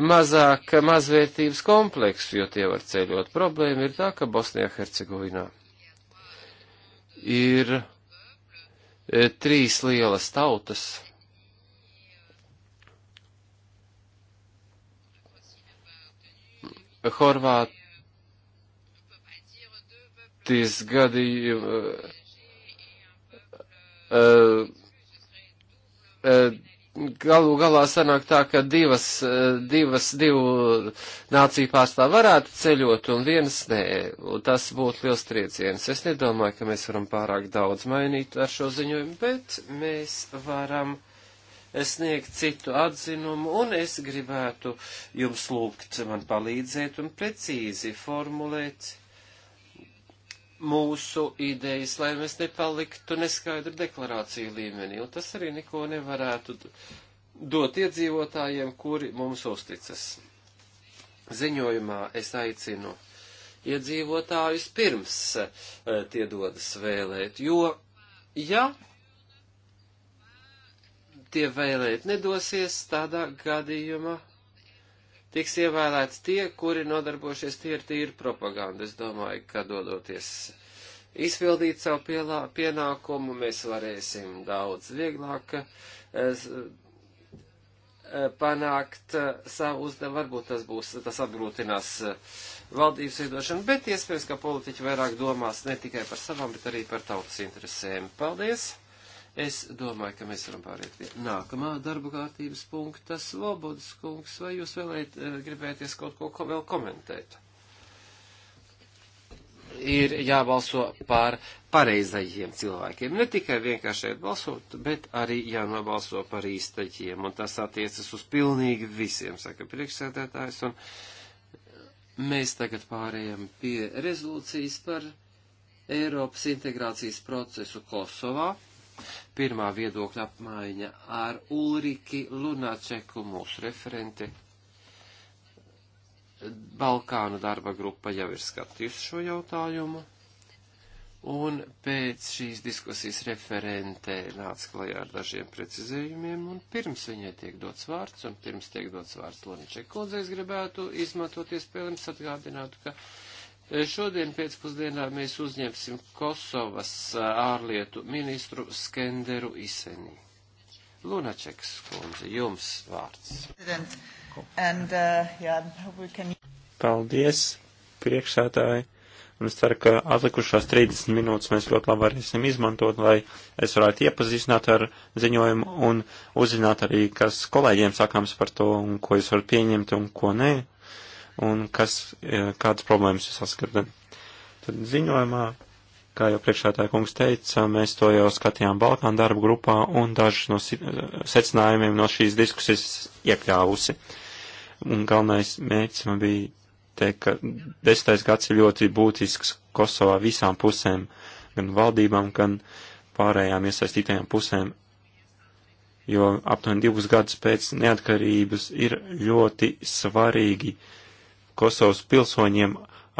mazāk mazvērtības kompleksu, jo tie var ceļot. Problēma ir tā, ka Bosnijā Hercegovinā ir e, trīs lielas tautas. Horvāti attīstīs gadījumu. Uh, eh, uh, eh, eh, galu galā sanāk tā, ka divas, divas, divu nāciju pārstāv varētu ceļot un viens nē. Tas būtu liels trieciens. Es nedomāju, ka mēs varam pārāk daudz mainīt ar šo ziņojumu, bet mēs varam sniegt citu atzinumu un es gribētu jums lūgt man palīdzēt un precīzi formulēt mūsu idejas, lai mēs nepaliktu neskaidru deklarāciju līmenī, un tas arī neko nevarētu dot iedzīvotājiem, kuri mums uzticas. Ziņojumā es aicinu iedzīvotājus pirms e, tie dodas vēlēt, jo, ja tie vēlēt nedosies, tādā gadījumā tiks ievēlēts tie, kuri nodarbošies tīri, tīri propaganda. Es domāju, ka dodoties izpildīt savu pielā, pienākumu, mēs varēsim daudz vieglāk es, eh, eh, panākt eh, savu uzdevumu. Varbūt tas būs, tas apgrūtinās valdības veidošanu, bet iespējams, ka politiķi vairāk domās ne tikai par savām, bet arī par tautas interesēm. Paldies! Es domāju, ka mēs varam pāriet pie nākamā darba kārtības punkta. Svobodas kungs, vai jūs vēlēt, eh, gribēties kaut ko ko vēl komentēt? Ir jābalso par pareizajiem cilvēkiem. Ne tikai vienkārši balsot, bet arī jānobalso par īstajiem. Un tas attiecas uz pilnīgi visiem, saka priekšsēdētājs. Un mēs tagad pārējām pie rezolūcijas par Eiropas integrācijas procesu Kosovā. Pirmā viedokļa apmaiņa ar Ulriki Lunačeku, mūsu referenti. Balkānu darba grupa jau ir skatījusi šo jautājumu. Un pēc šīs diskusijas referente nāca klajā ar dažiem precizējumiem, un pirms viņai tiek dots vārds, un pirms tiek dots vārds Loničai Kodzei, es gribētu izmantot iespējams atgādināt, ka Šodien pēcpusdienā mēs uzņemsim Kosovas ārlietu ministru Skenderu Isenī. Lunačeks, kundze, jums vārds. And, uh, yeah, can... Paldies, priekšsētāji. Un es ceru, ka atlikušās 30 minūtes mēs ļoti labi varēsim izmantot, lai es varētu iepazīstināt ar ziņojumu un uzzināt arī, kas kolēģiem sakāms par to, un ko jūs varat pieņemt un ko nē un kas, e, kādas problēmas jūs saskatāt. Tad ziņojumā, kā jau priekšētāja kungs teica, mēs to jau skatījām Balkānu darba grupā un dažus no secinājumiem no šīs diskusijas iekļāvusi. Un galvenais mērķis man bija teikt, ka desmitais gads ir ļoti būtisks Kosovā visām pusēm, gan valdībām, gan pārējām iesaistītajām pusēm, jo aptuveni divus gadus pēc neatkarības ir ļoti svarīgi uh, Kosovas pilsoņiem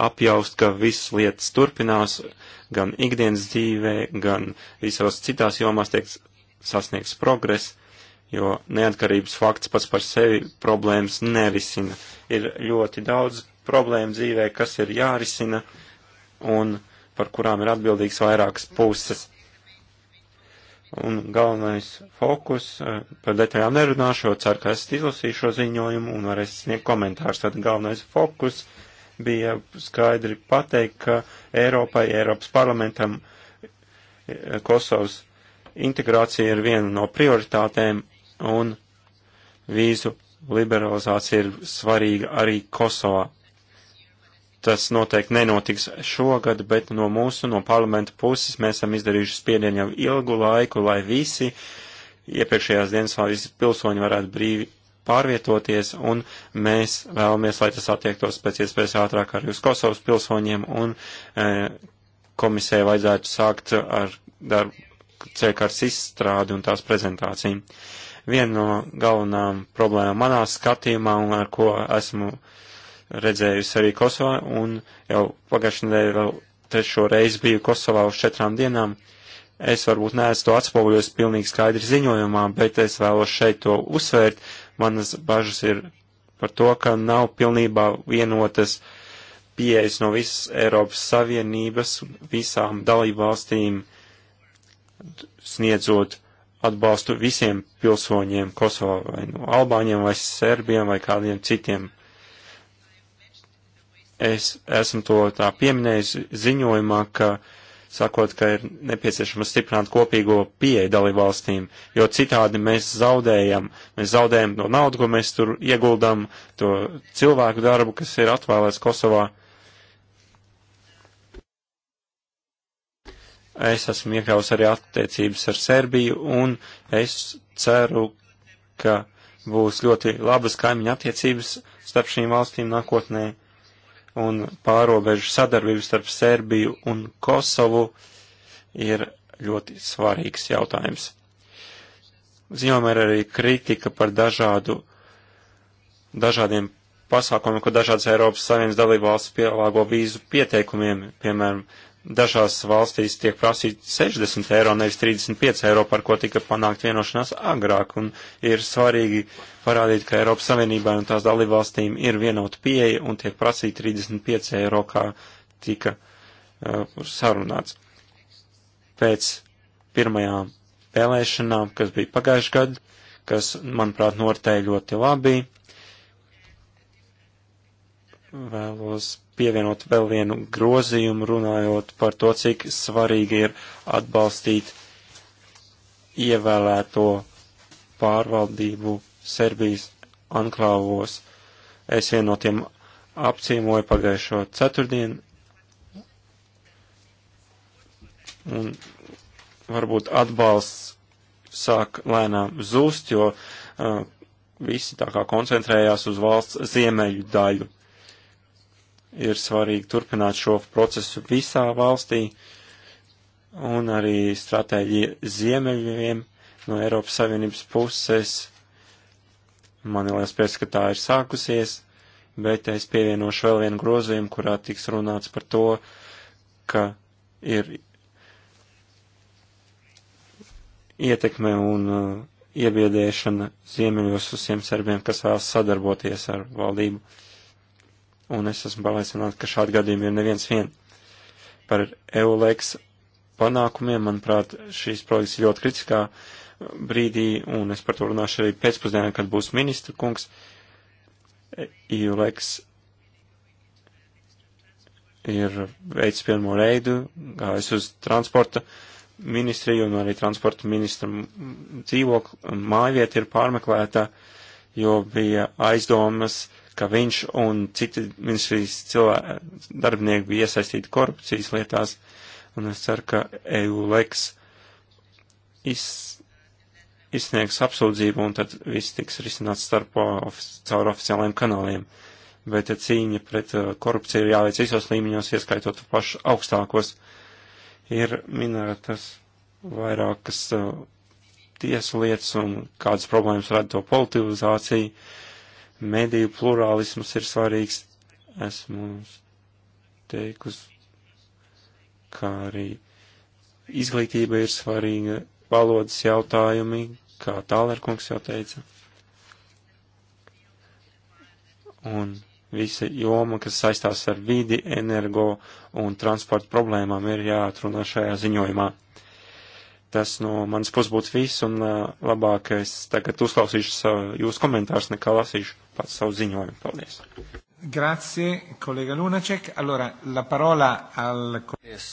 apjaust, ka visas lietas turpinās, gan ikdienas dzīvē, gan visos citās jomās tiek sasniegts progress, jo neatkarības fakts pats par sevi problēmas nerisina. Ir ļoti daudz problēmu dzīvē, kas ir jārisina un par kurām ir atbildīgs vairākas puses. Un galvenais fokus, eh, par detaļām nerunāšu, ceru, ka esat izlasījuši šo ziņojumu un varēs sniegt komentārus. Tad galvenais fokus bija skaidri pateikt, ka Eiropai, Eiropas parlamentam eh, Kosovas integrācija ir viena no prioritātēm un vīzu liberalizācija ir svarīga arī Kosovā. Tas noteikti nenotiks šogad, bet no mūsu, no parlamenta puses mēs esam izdarījuši spiedienu jau ilgu laiku, lai visi iepriekšējās dienas vēl visi pilsoņi varētu brīvi pārvietoties, un mēs vēlamies, lai tas attiektos pēc iespējas ātrāk arī uz Kosovas pilsoņiem, un e, komisē vajadzētu sākt ar darbu ceļkārs izstrādi un tās prezentāciju. Viena no galvenām problēmām manā skatījumā, un ar ko esmu redzējusi arī Kosovā, un jau pagājušajā nedēļā vēl trešo reizi biju Kosovā uz četrām dienām. Es varbūt neesmu to atspoguļojis pilnīgi skaidri ziņojumā, bet es vēlos šeit to uzsvērt. Manas bažas ir par to, ka nav pilnībā vienotas pieejas no visas Eiropas Savienības visām dalībvalstīm sniedzot atbalstu visiem pilsoņiem Kosovā, vai no nu Albāņiem, vai Serbiem, vai kādiem citiem Es esmu to tā pieminējis ziņojumā, ka sakot, ka ir nepieciešams stiprināt kopīgo pieeja dalībvalstīm, jo citādi mēs zaudējam, mēs zaudējam to naudu, ko mēs tur ieguldam, to cilvēku darbu, kas ir atvēlēts Kosovā. Es esmu iekļaus arī attiecības ar Serbiju, un es ceru, ka būs ļoti labas kaimiņa attiecības starp šīm valstīm nākotnē un pārobežu sadarbību starp Serbiju un Kosovu ir ļoti svarīgs jautājums. Ziņojumā ir arī kritika par dažādu, dažādiem pasākumiem, ko dažādas Eiropas Savienības dalībvalsts pielāgo vīzu pieteikumiem, piemēram, Dažās valstīs tiek prasīt 60 eiro, nevis 35 eiro, par ko tika panākt vienošanās agrāk, un ir svarīgi parādīt, ka Eiropas Savienībai un tās dalībvalstīm ir vienota pieeja un tiek prasīt 35 eiro, kā tika uh, sarunāts. Pēc pirmajām vēlēšanām, kas bija pagājuši gadu, kas, manuprāt, nortēja ļoti labi, vēlos pievienot vēl vienu grozījumu, runājot par to, cik svarīgi ir atbalstīt ievēlēto pārvaldību Serbijas anklāvos. Es vienu no tiem apciemoju pagājušo ceturtdienu, un varbūt atbalsts sāk lēnām zust, jo uh, visi tā kā koncentrējās uz valsts ziemeļu daļu ir svarīgi turpināt šo procesu visā valstī un arī stratēģija ziemeļiem no Eiropas Savienības puses. Man liekas, pēc, ka tā ir sākusies, bet es pievienošu vēl vienu grozījumu, kurā tiks runāts par to, ka ir ietekme un uh, iebiedēšana ziemeļos uz tiem serbiem, kas vēlas sadarboties ar valdību. Uh, un es esmu pārliecināts, ka šādi gadījumi ir neviens vien. Par EULEX panākumiem, manuprāt, šīs projekts ir ļoti kritiskā brīdī, un es par to runāšu arī pēcpusdienā, kad būs ministra kungs. EULEX ir veids pirmo reidu, gājis uz transporta ministriju un arī transporta ministra dzīvokļa mājvieta ir pārmeklēta, jo bija aizdomas, ka viņš un citi ministrijas cilvēki, darbinieki bija iesaistīti korupcijas lietās, un es ceru, ka EU leks iz, izsniegs apsūdzību, un tad viss tiks risināts starp ofici, caur oficiāliem kanāliem. Bet ja cīņa pret uh, korupciju ir jāveic visos līmeņos, ieskaitot pašu augstākos. Ir minētas vairākas uh, tiesu lietas un kādas problēmas rada to politivizāciju. Uh, mediju plurālisms ir svarīgs. Esmu teikus, kā arī izglītība ir svarīga, valodas jautājumi, kā Tālerkungs jau teica. Un visa joma, kas saistās ar vidi, energo un transporta problēmām, ir jāatrunā šajā ziņojumā. Tas no manas puses būtu viss, un labāk es tagad uzklausīšu savu, jūsu komentārus, nekā lasīšu pats savu ziņojumu. Paldies! Grazie, kolēga Lunaček. Allora, la parola al... Es,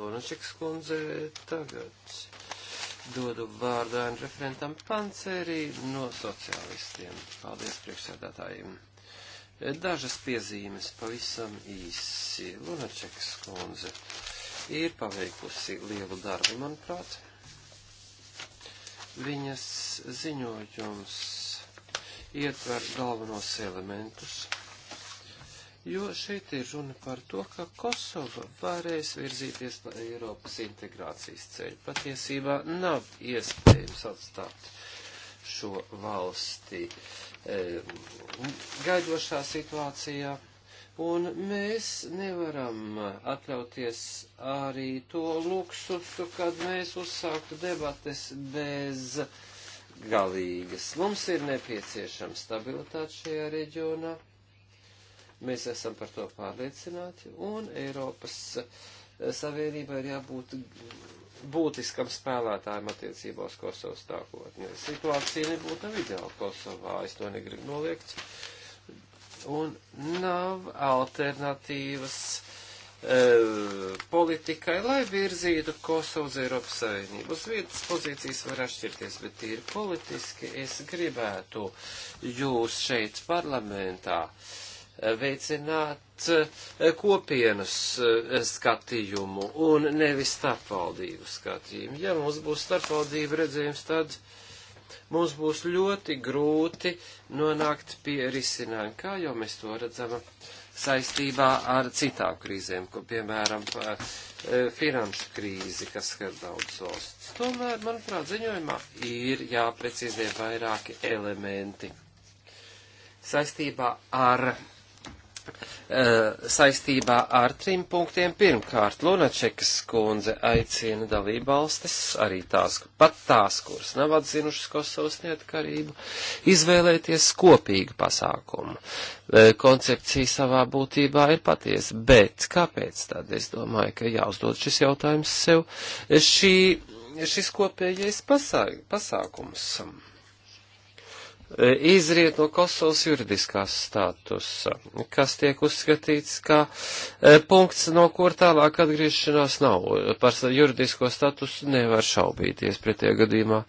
Lunačeks kundze, tagad dodu vārdu referentam Pancerī no sociālistiem. Paldies priekšsēdētājiem. Dažas piezīmes pavisam īsi. Lunačekas kundze ir paveikusi lielu darbu, manuprāt. Viņas ziņojums ietver galvenos elementus, jo šeit ir runa par to, ka Kosova varēs virzīties pa Eiropas integrācijas ceļu. Patiesībā nav iespējams atstāt šo valsti e, gaidošā situācijā Un mēs nevaram atļauties arī to luksusu, kad mēs uzsāktu debates bez galīgas. Mums ir nepieciešama stabilitāte šajā reģionā. Mēs esam par to pārliecināti, un Eiropas Savienībai ir jābūt būtiskam spēlētājam attiecībā uz Kosovas nākotnē. Situācija nebūtu nav ideāla Kosovā, es to negribu noliegt un nav alternatīvas e, politikai, lai virzītu Kosovu uz Eiropas Savienību. Uz vietas pozīcijas var atšķirties, bet tīri politiski es gribētu jūs šeit parlamentā e, veicināt e, kopienas skatījumu un nevis starpvaldību skatījumu. Ja mums būs starpvaldību redzējums, tad. Uh, mums būs ļoti grūti nonākt pie risinājuma, kā jau mēs to redzam saistībā ar citām krīzēm, ko piemēram e, finanšu krīzi, kas skar daudz valsts. Tomēr, manuprāt, ziņojumā ir jāprecizē vairāki elementi saistībā ar Eh, saistībā ar trim punktiem. Pirmkārt, Lunačekas kundze aicina dalībvalstis, arī tās, pat tās, kuras nav atzinušas Kosovas neatkarību, izvēlēties kopīgu pasākumu. Eh, koncepcija savā būtībā ir patiesa, bet kāpēc tad es domāju, ka jāuzdod šis jautājums sev? Eh, šī, šis kopējais pasā, pasākums E, izriet no Kosovas juridiskās statusa, kas tiek uzskatīts kā e, punkts, no kur tālāk atgriešanās nav. Par juridisko statusu nevar šaubīties, pretie gadījumā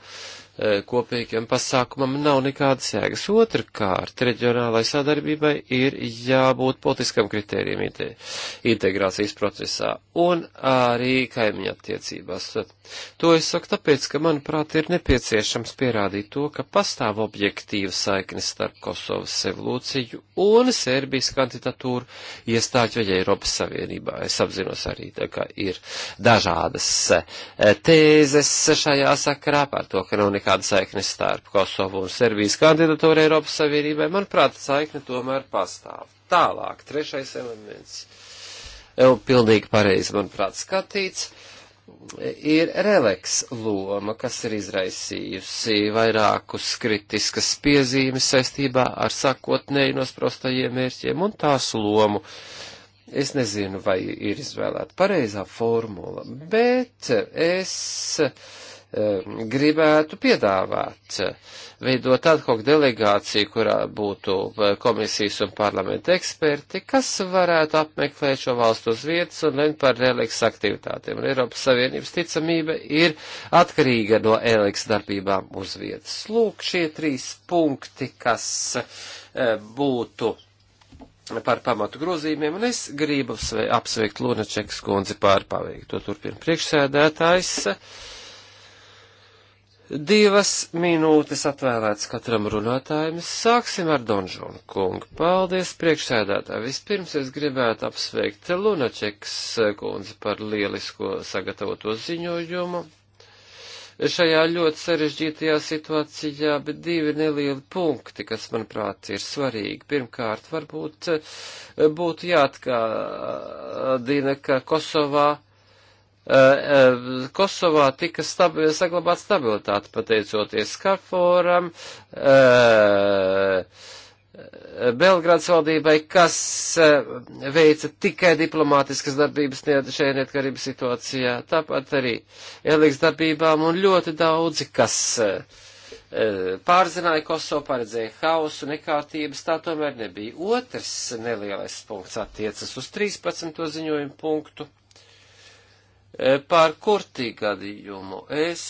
Eh, kopīgiem pasākumam nav nekādas jēgas. Otrkārt, reģionālai sadarbībai ir jābūt politiskam kritērijam integrācijas procesā un arī kaimiņa attiecībās. To es saku tāpēc, ka, manuprāt, ir nepieciešams pierādīt to, ka pastāv objektīva saikne starp Kosovas evolūciju un Serbijas kandidatūru iestāķu vai Eiropas Savienībā. Es apzinos arī, tā, ka ir dažādas eh, tēzes šajā sakarā par to, ka nav nekā nekāda saikne starp Kosovu un Serbijas kandidatūru Eiropas Savienībai. Manuprāt, saikne tomēr pastāv. Tālāk, trešais elements, jau pilnīgi pareizi, manuprāt, skatīts, ir releks loma, kas ir izraisījusi vairākus kritiskas piezīmes saistībā ar sakotnēji nosprostajiem mērķiem un tās lomu. Es nezinu, vai ir izvēlēta pareizā formula, bet es Um, gribētu piedāvāt veidot ad hoc delegāciju, kurā būtu uh, komisijas un parlamenta eksperti, kas varētu apmeklēt šo valstu uz vietas un lemt par reliks aktivitātēm. Un Eiropas Savienības ticamība ir atkarīga no reliks darbībām uz vietas. Lūk, šie trīs punkti, kas uh, būtu par pamatu grozījumiem, un es gribu apsveikt Lunačekas kundzi pārpaveikto turpina priekšsēdētājs. Divas minūtes atvēlētas katram runātājam. Sāksim ar Donžonu kungu. Paldies, priekšsēdētāji. Vispirms es gribētu apsveikt Lunačeks eh, kundzi par lielisko sagatavoto ziņojumu. Šajā ļoti sarežģītajā situācijā, bet divi nelieli punkti, kas, manuprāt, ir svarīgi. Pirmkārt, varbūt eh, būtu jāatkādina, ka Kosovā Eh, eh, Kosovā tika stabi, saglabāta stabilitāte pateicoties Skaforam, eh, Belgrāds valdībai, kas veica tikai diplomātiskas darbības šajā neatkarības situācijā, tāpat arī ieliks darbībām un ļoti daudzi, kas pārzināja Kosovu, paredzēja hausu, nekārtības, tā tomēr nebija. Otrs nelielais punkts attiecas uz 13. ziņojumu punktu Eh, par kurtī gadījumu. Es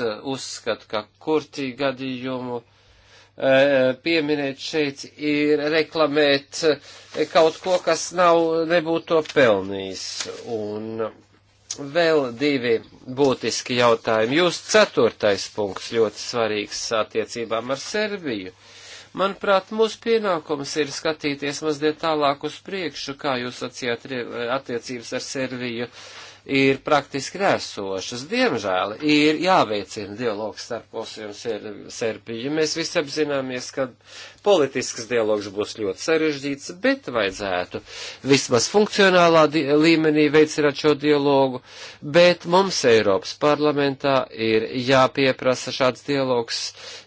eh, uzskatu, ka kurtī gadījumu eh, pieminēt šeit ir reklamēt kaut ko, kas nav, nebūtu to pelnījis. Un vēl divi būtiski jautājumi. Jūs ceturtais punkts ļoti svarīgs attiecībām ar Serbiju. Manuprāt, mūsu pienākums ir skatīties mazliet tālāk uz priekšu, kā jūs atsījāt attiecības ar Serbiju. Uh, ir praktiski nesošas. Diemžēl ir jāveicina dialogs starp Bosniju un Serbiju. Mēs visi apzināmies, ka politisks dialogs būs ļoti sarežģīts, bet vajadzētu vismaz funkcionālā līmenī veicināt šo dialogu, bet mums Eiropas parlamentā ir jāpieprasa šāds dialogs.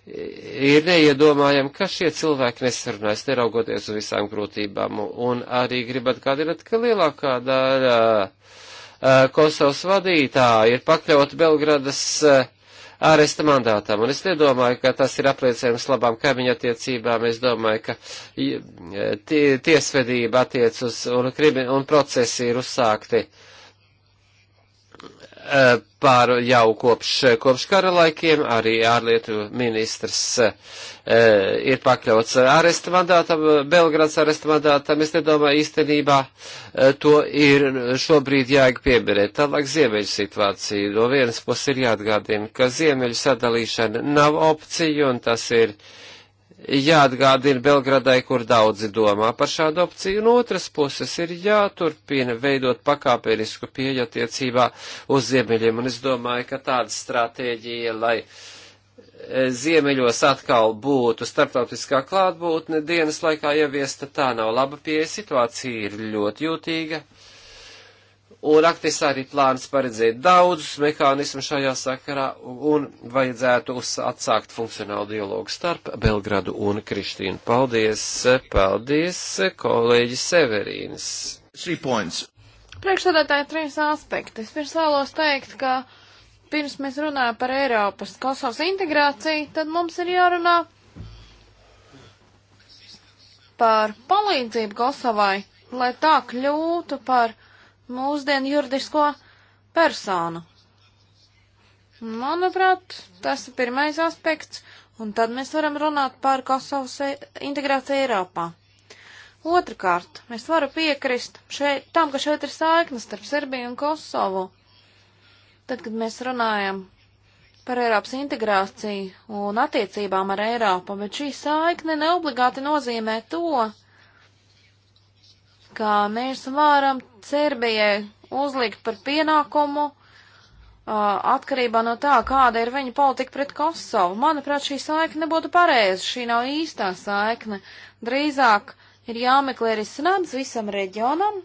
Ir neiedomājami, ka šie cilvēki nesarunājas, neraugoties uz visām grūtībām, un arī gribat kādināt, ka lielākā daļa Eh, Kosovas vadītāji ir pakļauti Belgradas eh, āresta mandātam. Un es nedomāju, ka tas ir apliecinājums labām kaimiņa attiecībām. Es domāju, ka eh, tie, tiesvedība attiec uz un, krimi, un procesi ir uzsākti uh, Eh, par jau kopš, eh, kopš kara laikiem, arī ārlietu ministrs eh, ir pakļauts aresta mandātam, Belgrads aresta mandātam, es nedomāju īstenībā to ir šobrīd jāiek pieminēt. Tālāk ziemeļu situācija. No vienas puses ir jāatgādina, ka ziemeļu sadalīšana nav opcija un tas ir jāatgādina Belgradai, kur daudzi domā par šādu opciju, un otras puses ir jāturpina veidot pakāpenisku pieeja attiecībā uz ziemeļiem, un es domāju, ka tāda stratēģija, lai e, ziemeļos atkal būtu starptautiskā klātbūtne dienas laikā ieviesta, tā nav laba pieeja, situācija ir ļoti jūtīga. Uh, Un aktis arī plāns paredzēt daudzus mehānismus šajā sakarā un vajadzētu atsākt funkcionālu dialogu starp Belgradu un Krištīnu. Paldies, paldies, kolēģi Severīns. Priekšsēdētāji trīs aspekti. Es pirms vēlos teikt, ka pirms mēs runājam par Eiropas Kosovas integrāciju, tad mums ir jārunā par palīdzību Kosovai, lai tā kļūtu par mūsdienu juridisko personu. Manuprāt, tas ir pirmais aspekts, un tad mēs varam runāt par Kosovas e- integrāciju Eiropā. Otrakārt, es varu piekrist šeit, tam, ka šeit ir saiknes starp Serbiju un Kosovu. Tad, kad mēs runājam par Eiropas integrāciju un attiecībām ar Eiropu, bet šī saikne neobligāti nozīmē to, ka mēs varam Serbijai uzlikt par pienākumu uh, atkarībā no tā, kāda ir viņa politika pret Kosovu. Manuprāt, šī saikne nebūtu pareiza, šī nav īstā saikne. Drīzāk ir jāmeklē risinājums visam reģionam,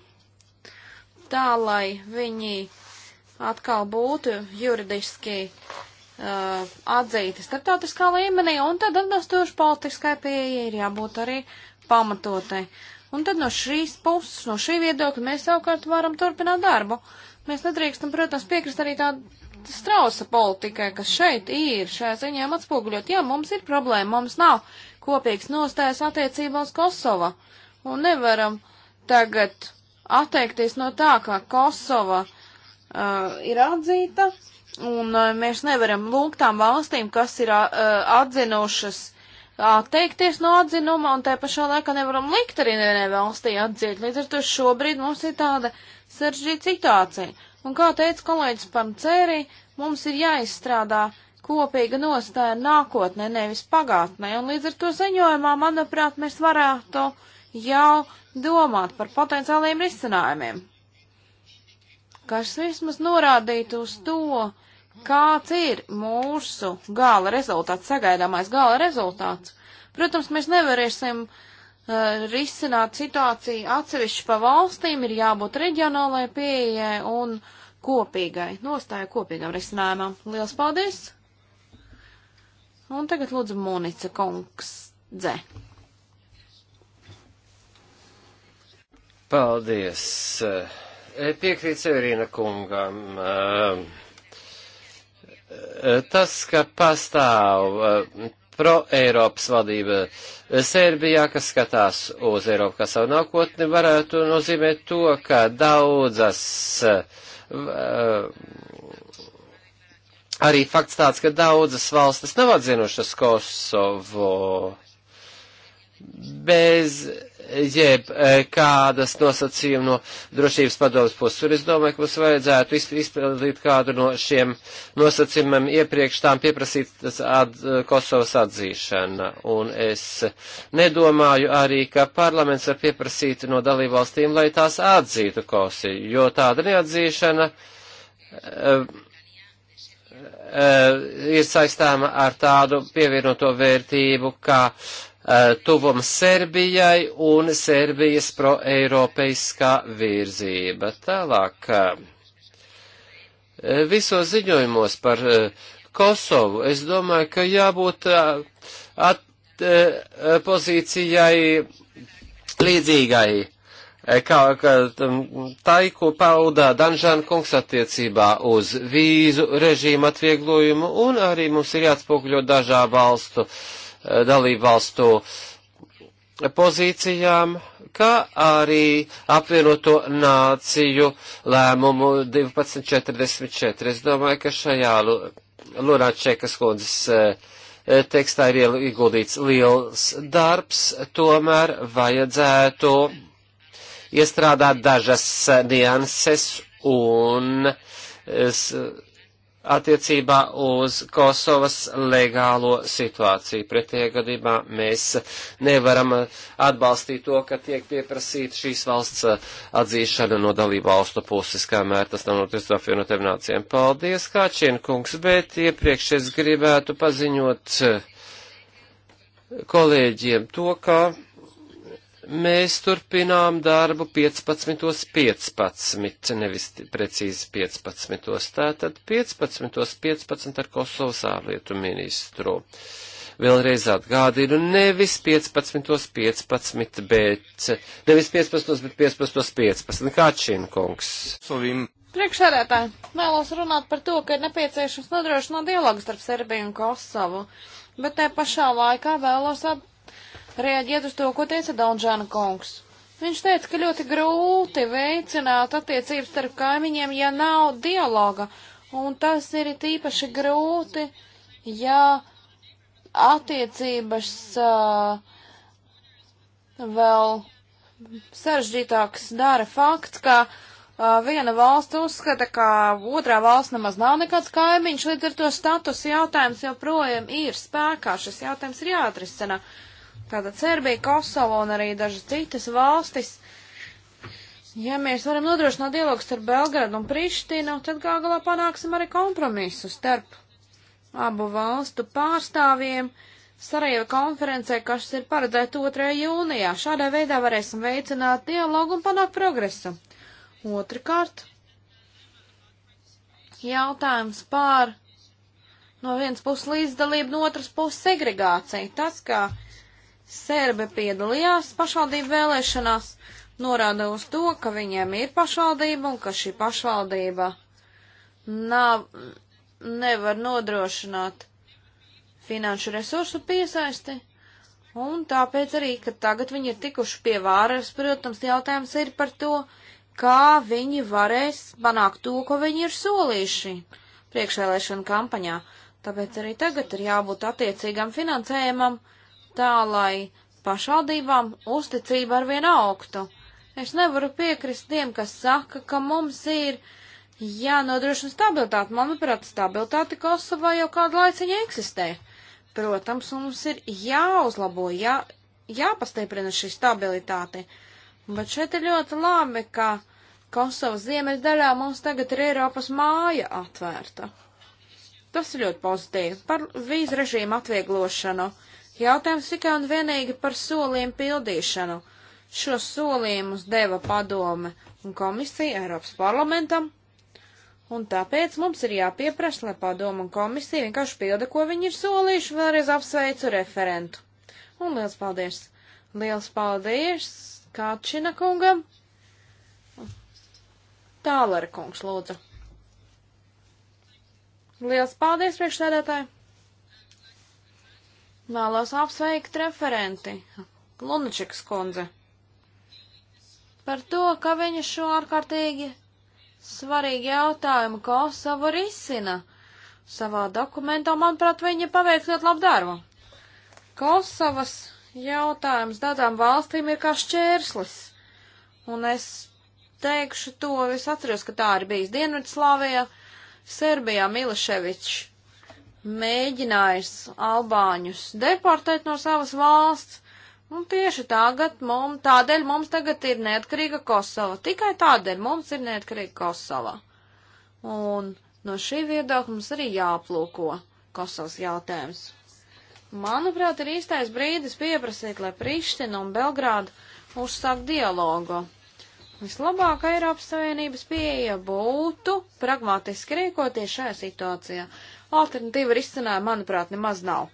tā lai viņi atkal būtu juridiski uh, atzīti starptautiskā līmenī, un tad atbilstoši politiskai pieeja ir jābūt arī pamatotai. Uh, Un tad no šīs puses, no šī viedokļa mēs savukārt varam turpināt darbu. Mēs nedrīkstam, protams, piekrist arī tāda strausa politikai, kas šeit ir, šajā ziņā atspoguļot. Jā, mums ir problēma, mums nav kopīgs nostājas attiecībā uz Kosovu. Un nevaram tagad atteikties no tā, ka Kosova uh, ir atzīta, un uh, mēs nevaram lūgt tām valstīm, kas ir uh, atzinušas atteikties no atzinuma, un tā pašā laikā nevaram likt arī nevienai valstī atzīt. Līdz ar to šobrīd mums ir tāda saržģīta situācija. Un kā teica kolēģis Pancēri, mums ir jāizstrādā kopīga nostāja nākotnē, nevis pagātnē, un līdz ar to ziņojumā, manuprāt, mēs varētu jau domāt par potenciāliem risinājumiem, kas vismaz norādītu uz to, uh, Kāds ir mūsu gala rezultāts, sagaidāmais gala rezultāts? Protams, mēs nevarēsim uh, risināt situāciju atsevišķi pa valstīm, ir jābūt reģionālajai pieejai un kopīgai, nostāja kopīgam risinājumam. Lielas paldies! Un tagad lūdzu Monica Kungs dze. Paldies! E, piekrīt Severīna kungam. Uh, tas, ka pastāv eh, pro-Eiropas valdība Serbijā, kas skatās uz Eiropu kā savu nākotni, varētu nozīmēt to, ka daudzas, eh, arī fakts tāds, ka daudzas valstis nav atzinušas Kosovo bez jeb e, kādas nosacījumi no drošības padomas puses. Tur es domāju, ka mums vajadzētu izpildīt kādu no šiem nosacījumiem iepriekš tām pieprasīt at, Kosovas atzīšana. Un es nedomāju arī, ka parlaments var pieprasīt no dalībvalstīm, lai tās atzītu Kosovu, jo tāda neatzīšana. Uh, uh, ir saistāma ar tādu pievienoto vērtību, kā uh, Eh, tuvuma Serbijai un Serbijas proeiropeiskā virzība. Tālāk, eh, visos ziņojumos par eh, Kosovu, es domāju, ka jābūt at, pozīcijai līdzīgai, kā, kā tai, ko paudā Danžāna kungs attiecībā uz vīzu režīmu atvieglojumu, un arī mums ir jāatspūkļo dažā valstu uh, dalību valstu pozīcijām, kā arī apvienoto nāciju lēmumu 1244. Es domāju, ka šajā Lunāčekas kundzes eh, tekstā ir ieguldīts liels darbs, tomēr vajadzētu iestrādāt dažas nianses un eh, attiecībā uz Kosovas legālo situāciju. Pretējā gadījumā mēs nevaram atbalstīt to, ka tiek pieprasīta šīs valsts atzīšana no dalību valstu puses, kamēr tas nav noticis no apvienotiem nācijiem. Paldies, Kāčien kungs, bet iepriekš es gribētu paziņot kolēģiem to, ka Mēs turpinām darbu 15.15, 15, nevis precīzi 15. Tātad 15.15 15 ar Kosovas ārlietu ministru. Vēlreiz atgādinu, nevis 15.15, 15, bet nevis 15, bet 15.15. 15. Kačina kungs. Sovim. Priekšsēdētāji, vēlos runāt par to, ka ir nepieciešams nodrošināt dialogu starp Serbiju un Kosovu, bet te pašā laikā vēlos at reaģēt uz to, ko teica Donžāna kungs. Viņš teica, ka ļoti grūti veicināt attiecības starp kaimiņiem, ja nav dialoga, un tas ir tīpaši grūti, ja attiecības uh, vēl sarežģītāks dara fakts, ka uh, viena valsts uzskata, ka otrā valsts nemaz nav nekāds kaimiņš, līdz ar to status jautājums joprojām ir spēkā, šis jautājums ir jāatrisina. Uh, Tātad Serbija, Kosovo un arī dažas citas valstis. Ja mēs varam nodrošināt dialogu starp Belgradu un Prištinu, tad gal galā panāksim arī kompromisu starp abu valstu pārstāvjiem Sarajeva konferencē, kas ir paredzēta 2. jūnijā. Šādā veidā varēsim veicināt dialogu un panākt progresu. Otrakārt, jautājums pār no vienas puses līdzdalību, no otras puses segregāciju. Tas, kā Serbi piedalījās pašvaldību vēlēšanās, norāda uz to, ka viņiem ir pašvaldība un ka šī pašvaldība nav, nevar nodrošināt finanšu resursu piesaisti, un tāpēc arī, ka tagad viņi ir tikuši pie vāras, protams, jautājums ir par to, kā viņi varēs panākt to, ko viņi ir solījuši priekšvēlēšana kampaņā. Tāpēc arī tagad ir jābūt attiecīgam finansējumam, uh, tā lai pašvaldībām uzticība arvien augtu. Es nevaru piekrist tiem, kas saka, ka mums ir jānodrošina stabilitāte. Manuprāt, stabilitāte Kosovā jau kādu laiciņu eksistē. Protams, mums ir jāuzlabo, jā, jāpastiprina šī stabilitāte. Bet šeit ir ļoti labi, ka Kosovas ziemeļdaļā mums tagad ir Eiropas māja atvērta. Tas ir ļoti pozitīvi. Par vīzu režīmu atvieglošanu. Uh, Jautājums tikai un vienīgi par solījumu pildīšanu. Šo solījumus deva padome un komisija Eiropas parlamentam, un tāpēc mums ir jāpieprasa, lai padome un komisija vienkārši pilda, ko viņi ir solījuši, vēlreiz apsveicu referentu. Un liels paldies! Liels paldies Kāčina kungam! Tālera kungs lūdzu. Liels paldies priekšsēdētāji! Vēlos apsveikt referenti, Lunačekas kundze, par to, ka viņa šo ārkārtīgi svarīgu jautājumu Kosovu risina. Savā dokumentā, manuprāt, viņa paveic ļoti labu darbu. Kosovas jautājums tādām valstīm ir kā šķērslis, un es teikšu to, es atceros, ka tā ir bijis Dienvidslāvijā, Serbijā Mileševičs mēģinājis albāņus deportēt no savas valsts, un tieši tagad mums, tādēļ mums tagad ir neatkarīga Kosova. Tikai tādēļ mums ir neatkarīga Kosova. Un no šī viedokļa mums arī jāplūko Kosovas jautājums. Manuprāt, ir īstais brīdis pieprasīt, lai Priština un Belgrāda uzsāk dialogu. Vislabākā Eiropas Savienības pieeja būtu pragmatiski rīkoties šajā situācijā Alternatīva risinājuma, manuprāt, nemaz nav.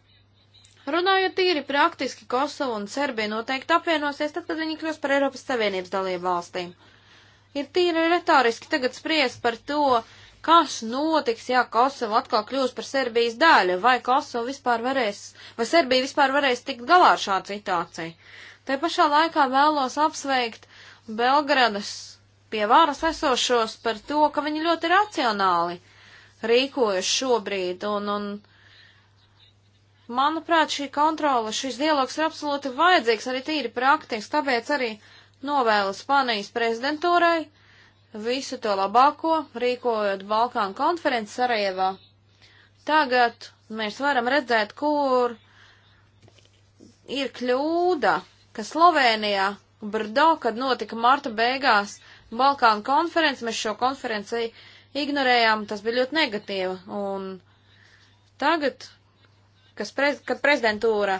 Runājot tīri praktiski, Kosova un Serbija noteikti apvienosies tad, kad viņi kļūs par Eiropas Savienības dalību valstīm. Ir tīri retoriski tagad spriest par to, kas notiks, ja Kosova atkal kļūs par Serbijas daļu, vai Kosova vispār varēs, vai Serbija vispār varēs tikt galā ar šādu situāciju. Te pašā laikā vēlos apsveikt Belgradas pie varas esošos par to, ka viņi ļoti racionāli rīkojas šobrīd, un, un manuprāt, šī kontrola, šis dialogs ir absolūti vajadzīgs, arī tīri praktisks, tāpēc arī novēlu Spānijas prezidentūrai visu to labāko, rīkojot Balkānu konferenci Sarajevā. Tagad mēs varam redzēt, kur ir kļūda, ka Slovenijā, Brdo, kad notika marta beigās Balkānu konferences, mēs šo konferenci ignorējām, tas bija ļoti negatīva. Un tagad, kas prez, kad prezidentūra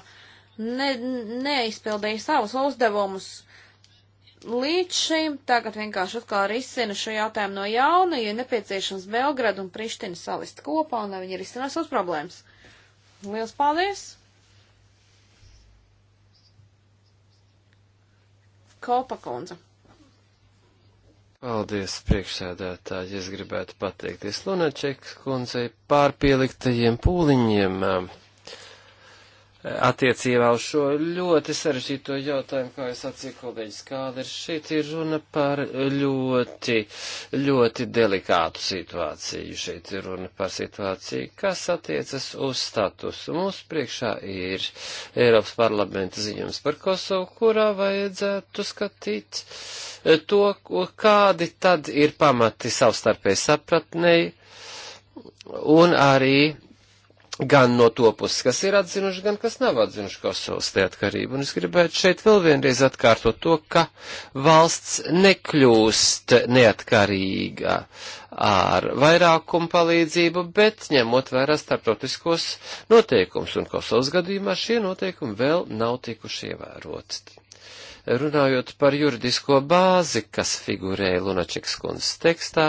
ne, neizpildīja savus uzdevumus līdz šim, tagad vienkārši atkal risina šo jautājumu no jauna, jo ja nepieciešams Belgrad un Priština salist kopā un lai viņi risinās savas problēmas. Liels paldies! Kopa kundze. Paldies, priekšsēdētāji. Es gribētu pateikties Lunačekas kundzei pārpieliktajiem pūliņiem. Uh, attiecībā uz šo ļoti sarežģīto jautājumu, kā es atsīju kolēģis Kāderis, šeit ir runa par ļoti, ļoti delikātu situāciju. Šeit ir runa par situāciju, kas attiecas uz statusu. Mums priekšā ir Eiropas parlamenta ziņums par Kosovu, kurā vajadzētu skatīt eh, to, kādi tad ir pamati savstarpēji sapratnei un arī gan no to puses, kas ir atzinuši, gan kas nav atzinuši Kosovas neatkarību. Un es gribētu šeit vēl vienreiz atkārtot to, ka valsts nekļūst neatkarīga ar vairākumu palīdzību, bet ņemot vērā starptautiskos noteikumus, un Kosovas gadījumā šie noteikumi vēl nav tikuši ievēroti. Runājot par juridisko bāzi, kas figurē Lunačiks kundzes tekstā,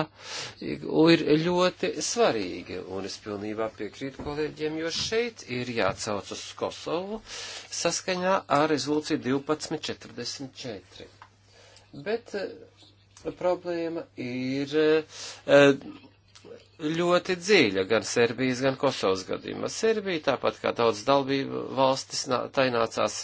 ir ļoti svarīgi, un es pilnībā piekrītu kolēģiem, jo šeit ir jācauc uz Kosovu saskaņā ar rezolūciju 1244. Bet eh, problēma ir eh, ļoti dziļa gan Serbijas, gan Kosovas gadījumā. Serbija, tāpat kā daudz dalību valstis, tai nācās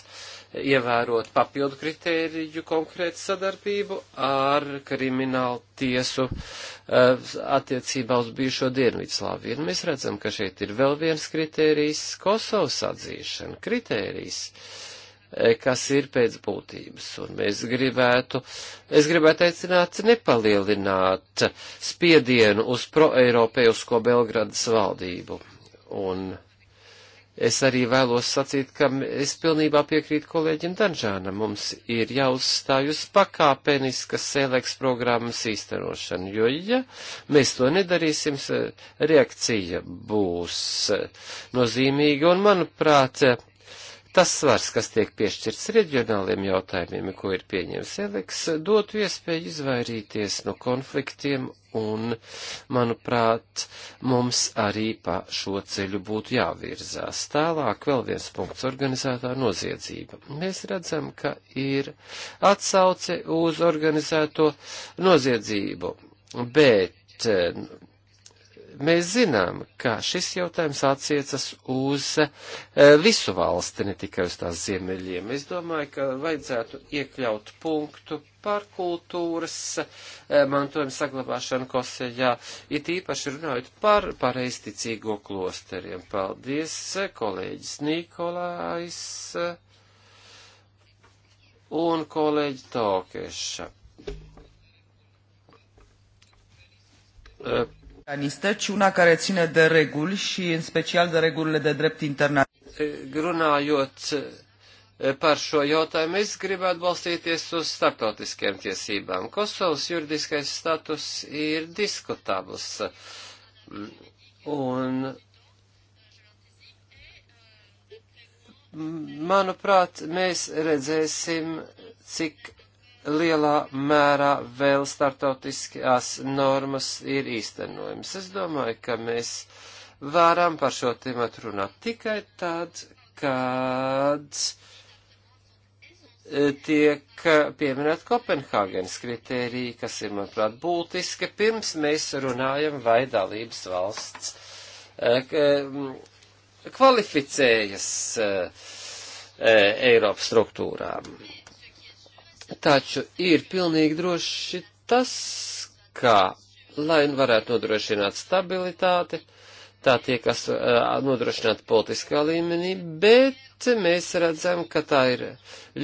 ievērot papildu kritēriju konkrētu sadarbību ar kriminālu tiesu eh, attiecībā uz bijušo Dienvidslāviju. Un mēs redzam, ka šeit ir vēl viens kritērijs - Kosovas atzīšana. Kritērijs eh, kas ir pēc būtības, un mēs gribētu, es gribētu aicināt nepalielināt spiedienu uz proeiropeisko Belgradas valdību, un Es arī vēlos sacīt, ka es pilnībā piekrītu kolēģim Danžānam. Mums ir jāuzstāj uz pakāpeniskas seleks programmas īstenošanu, jo, ja mēs to nedarīsim, reakcija būs nozīmīga. Un, manuprāt, tas svars, kas tiek piešķirts reģionāliem jautājumiem, ko ir pieņēmis Eleks, dotu iespēju izvairīties no konfliktiem, un, manuprāt, mums arī pa šo ceļu būtu jāvirzās. Tālāk vēl viens punkts - organizētā noziedzība. Mēs redzam, ka ir atsauce uz organizēto noziedzību, bet eh, Mēs zinām, ka šis jautājums atsiecas uz eh, visu valsti, ne tikai uz tās ziemeļiem. Es domāju, ka vajadzētu iekļaut punktu par kultūras eh, mantojuma saglabāšanu Kosejā, it īpaši runājot par pareisticīgo klosteriem. Paldies, eh, kolēģis Nikolājs un kolēģi Tokeša. Anistă, ci una care ține de reguli și în special de regulile de drept internacionāli. Runājot eh, par šo jautājumu, es gribētu balstīties uz starptautiskiem tiesībām. Kosovas juridiskais status ir diskutabls. Un manuprāt, mēs redzēsim, cik lielā mērā vēl startautiskās normas ir īstenojamas. Es domāju, ka mēs varam par šo tematu runāt tikai tad, kad e, tiek pieminēt Kopenhāgenes kritērija, kas ir, manuprāt, būtiski, pirms mēs runājam, vai dalības valsts e, kvalificējas e, Eiropas struktūrām. Taču ir pilnīgi droši tas, kā, lai varētu nodrošināt stabilitāti, tā tiek eh, nodrošināta politiskā līmenī, bet mēs redzam, ka tā ir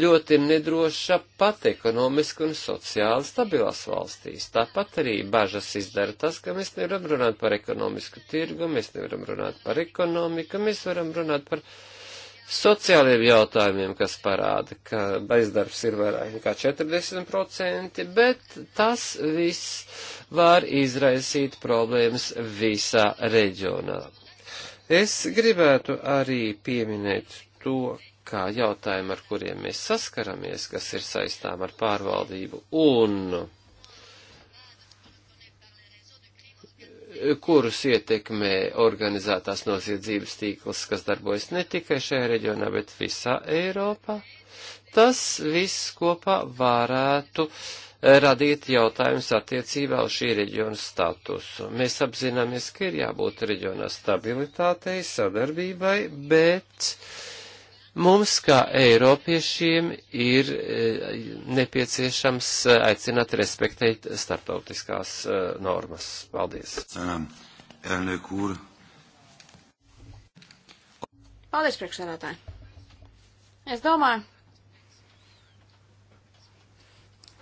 ļoti nedroša pat ekonomiski un sociāli stabilās valstīs. Tāpat arī bažas izdara tas, ka mēs nevaram runāt par ekonomisku tirgu, mēs nevaram runāt par ekonomiku, mēs varam runāt par. Ekonomiku, sociāliem jautājumiem, kas parāda, ka bezdarbs ir vairāk nekā 40%, bet tas viss var izraisīt problēmas visā reģionā. Es gribētu arī pieminēt to, kā jautājumi, ar kuriem mēs saskaramies, kas ir saistām ar pārvaldību un kurus ietekmē organizētās noziedzības tīkls, kas darbojas ne tikai šajā reģionā, bet visā Eiropā. Tas viss kopā varētu radīt jautājums attiecībā uz šī reģiona statusu. Mēs apzināmies, ka ir jābūt reģionā stabilitātei, sadarbībai, bet uh, Mums, kā Eiropiešiem, ir eh, nepieciešams eh, aicināt respektēt starptautiskās eh, normas. Paldies. Paldies, priekšsēdētāji. Es domāju,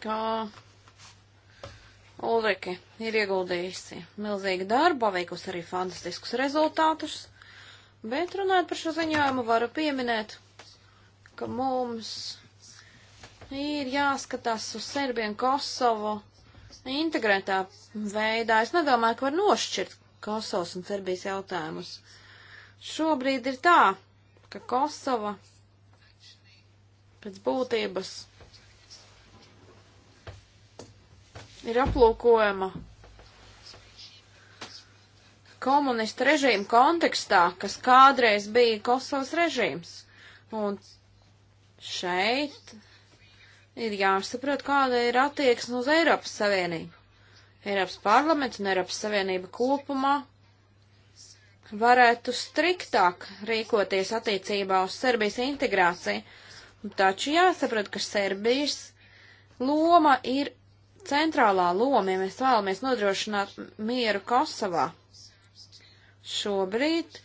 ka Ulrike ir ieguldījusi milzīgu darbu, paveikusi arī fantastiskus rezultātus. Bet runājot par šo ziņojumu, varu pieminēt, ka mums ir jāskatās uz Serbiju un Kosovu integrētā veidā. Es nedomāju, ka var nošķirt Kosovas un Serbijas jautājumus. Šobrīd ir tā, ka Kosova pēc būtības ir aplūkojama komunistu režīmu kontekstā, kas kādreiz bija Kosovas režīms. Un šeit ir jāsaprot, kāda ir attieksme uz Eiropas Savienību. Eiropas parlaments un Eiropas Savienība kopumā varētu striktāk rīkoties attiecībā uz Serbijas integrāciju, taču jāsaprot, ka Serbijas loma ir centrālā loma, ja mēs vēlamies nodrošināt mieru Kosovā. Šobrīd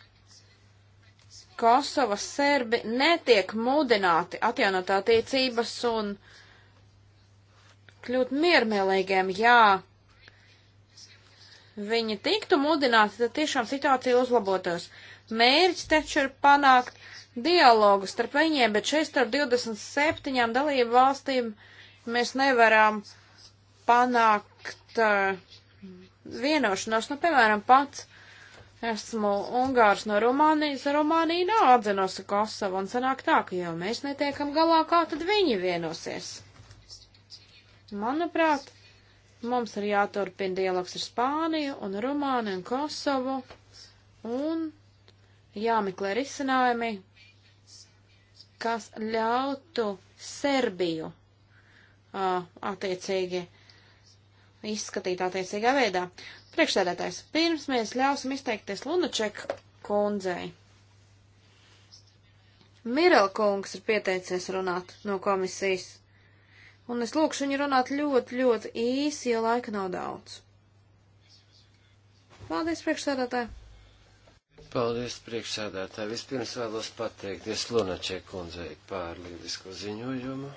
Kosovas serbi netiek mudināti atjaunot attiecības un kļūt miermēlīgiem, jā. Viņi tiktu mudināti, tad tiešām situācija uzlabotos. Mērķis taču ir panākt dialogu starp viņiem, bet šeit starp 27 dalību valstīm mēs nevaram panākt uh, vienošanos. Nu, piemēram, pats Esmu Ungārs no Rumānijas, Rumānija nav atzinusi Kosovu, un sanāk tā, ka jau mēs netiekam galā, kā tad viņi vienosies. Manuprāt, mums ir jāturpina dialogs ar Spāniju un Rumāniju un Kosovu, un jāmeklē risinājumi, kas ļautu Serbiju uh, attiecīgi izskatīt attiecīgā veidā. Priekšsēdētājs, pirms mēs ļausim izteikties Lunaček kundzei. Mirel kungs ir pieteicies runāt no komisijas, un es lūkšu viņu runāt ļoti, ļoti īsi, jo laika nav daudz. Paldies, priekšsēdētāji! Paldies, priekšsēdētāji! Vispirms vēlos pateikties Lunaček kundzei par lielisko ziņojumu.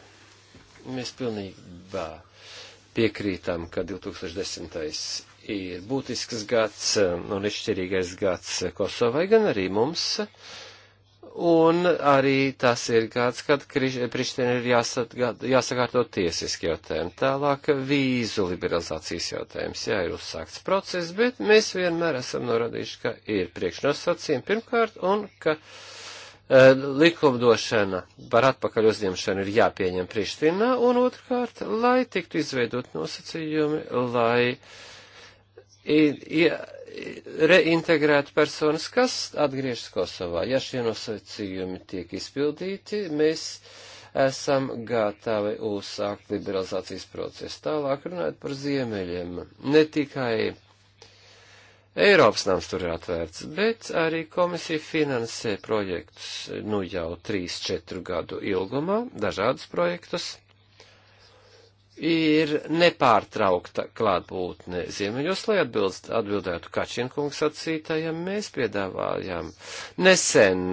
Mēs pilnīgi bā piekrītam, ka 2010 ir būtisks gads um, un izšķirīgais gads Kosovai, gan arī mums. Un arī tas ir gads, kad Priština ir jāsakārto tiesiski jautājumi. Tālāk vīzu liberalizācijas jautājums. Jā, ir uzsākts process, bet mēs vienmēr esam norādījuši, ka ir priekšnosacījumi pirmkārt un ka eh, likumdošana par atpakaļ uzņemšanu ir jāpieņem Prištinā, un otrkārt, lai tiktu izveidot nosacījumi, lai reintegrētu personas, kas atgriežas Kosovā. Ja šie nosacījumi tiek izpildīti, mēs esam gatavi uzsākt liberalizācijas procesu. Tālāk runājot par ziemeļiem. Ne tikai Eiropas nams tur ir atvērts, bet arī komisija finansē projektus nu jau 3-4 gadu ilgumā, dažādus projektus ir nepārtraukta klātbūtne ziemeļos, lai atbilst, atbildētu Kačinkungs sacītajam, mēs piedāvājām nesen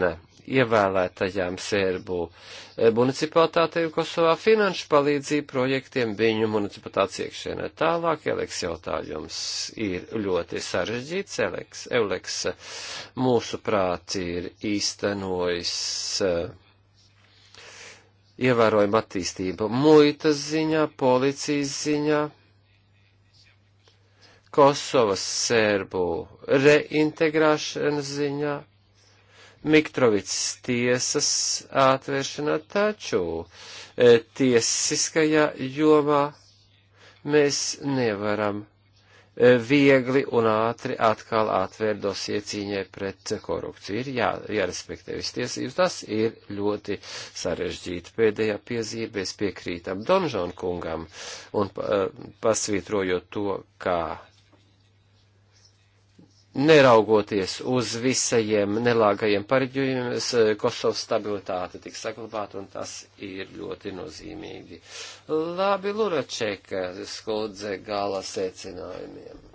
ievēlētajām sērbu eh, municipalitātei Kosovā finanšu palīdzību projektiem viņu municipalitātes iekšēnē. Tālāk Eleks jautājums ir ļoti sarežģīts. Eleks, Eleks mūsu prāt ir īstenojis uh, ievērojama attīstība muitas ziņā, policijas ziņā, Kosovas sērbu reintegrēšanas ziņā, Miktrovics tiesas atvēršanā, taču e, tiesiskajā jomā mēs nevaram viegli un ātri atkal atvērt dosie cīņai pret korupciju. Ir jā, jārespektē viss tiesības, tas ir ļoti sarežģīti. Pēdējā piezīme, es piekrītam Donžon kungam un uh, pasvītrojot to, kā neraugoties uz visajiem nelāgajiem pareģojumiem, eh, Kosovas stabilitāte tiks saglabāta, un tas ir ļoti nozīmīgi. Labi, Luračeka, skundze gala secinājumiem.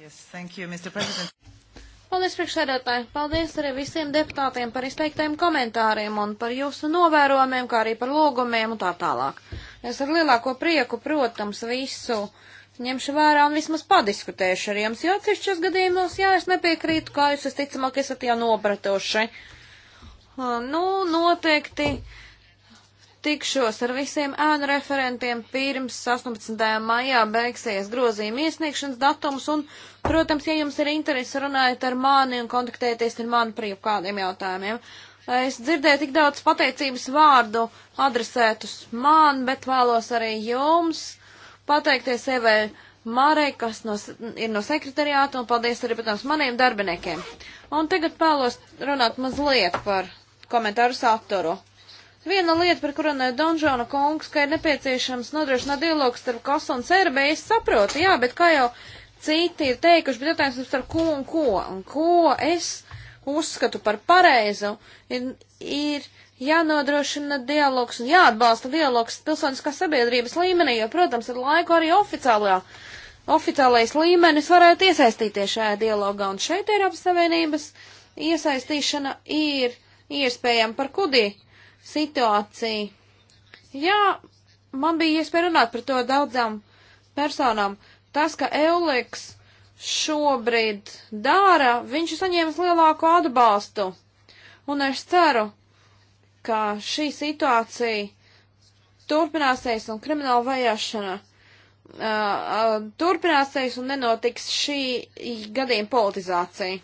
Yes, thank you, Mr. President. Paldies, priekšsēdētāji! Paldies arī visiem deputātiem par izteiktajiem komentāriem un par jūsu novērojumiem, kā arī par logumiem un tā tālāk. Es ar lielāko prieku, protams, visu uh, ņemšu vērā un vismaz padiskutēšu ar jums, jo atsevišķos gadījumos, jā, es nepiekrītu, kā jūs visticamāk esat jau nopratuši. Nu, noteikti tikšos ar visiem ēnu referentiem pirms 18. maijā beigsies grozījuma iesniegšanas datums un, protams, ja jums ir interesi, runājiet ar mani un kontaktēties ar mani par jebkādiem jautājumiem. Es dzirdēju tik daudz pateicības vārdu adresētus man, bet vēlos arī jums pateikties Evai Mārai, kas no, ir no sekretariāta, un paldies arī, protams, maniem darbiniekiem. Un tagad pēlos runāt mazliet par komentāru saturu. Viena lieta, par kuru runāja Donžona kungs, ka ir nepieciešams nodrošināt dialogu starp Kosovu un Serbiju, es saprotu, jā, bet kā jau citi ir teikuši, bet jautājums par ko un ko, un ko es uzskatu par pareizu, ir, ir jānodrošina dialogs un jāatbalsta dialogs pilsoniskās sabiedrības līmenī, jo, protams, ar laiku arī oficiālajā, oficiālais līmenis varētu iesaistīties šajā dialogā, un šeit Eiropas Savienības iesaistīšana ir iespējama par kudī situāciju. Jā, man bija iespēja runāt par to daudzām personām. Tas, ka Euleks šobrīd dara, viņš ir saņēmis lielāku atbalstu. Un es ceru, ka šī situācija turpināsies un krimināla vajāšana uh, uh, turpināsies un nenotiks šī gadījuma politizācija.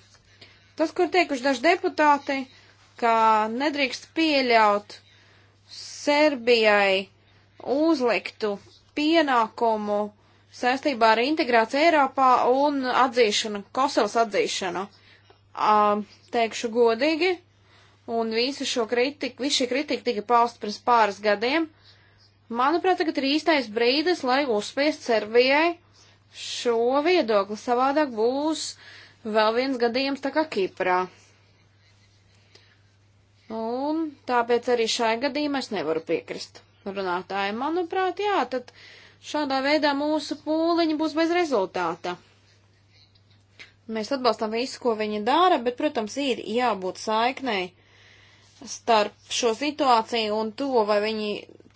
Tas, kur teikuši daži deputāti, ka nedrīkst pieļaut Serbijai uzliktu pienākumu saistībā ar integrāciju Eiropā un atzīšanu, Kosovas atzīšanu. Uh, teikšu godīgi, un visu šo kritiku, visu šī kritika tika pausta pirms pāris gadiem. Manuprāt, tagad ir īstais brīdis, lai uzspiest Serbijai šo viedokli. Savādāk būs vēl viens gadījums tā kā Kiprā. Un tāpēc arī šai gadījumā es nevaru piekrist runātāji. Manuprāt, jā, tad šādā veidā mūsu pūliņi būs bez rezultāta. Mēs atbalstam visu, ko viņi dara, bet, protams, ir jābūt saiknei starp šo situāciju un to, vai viņi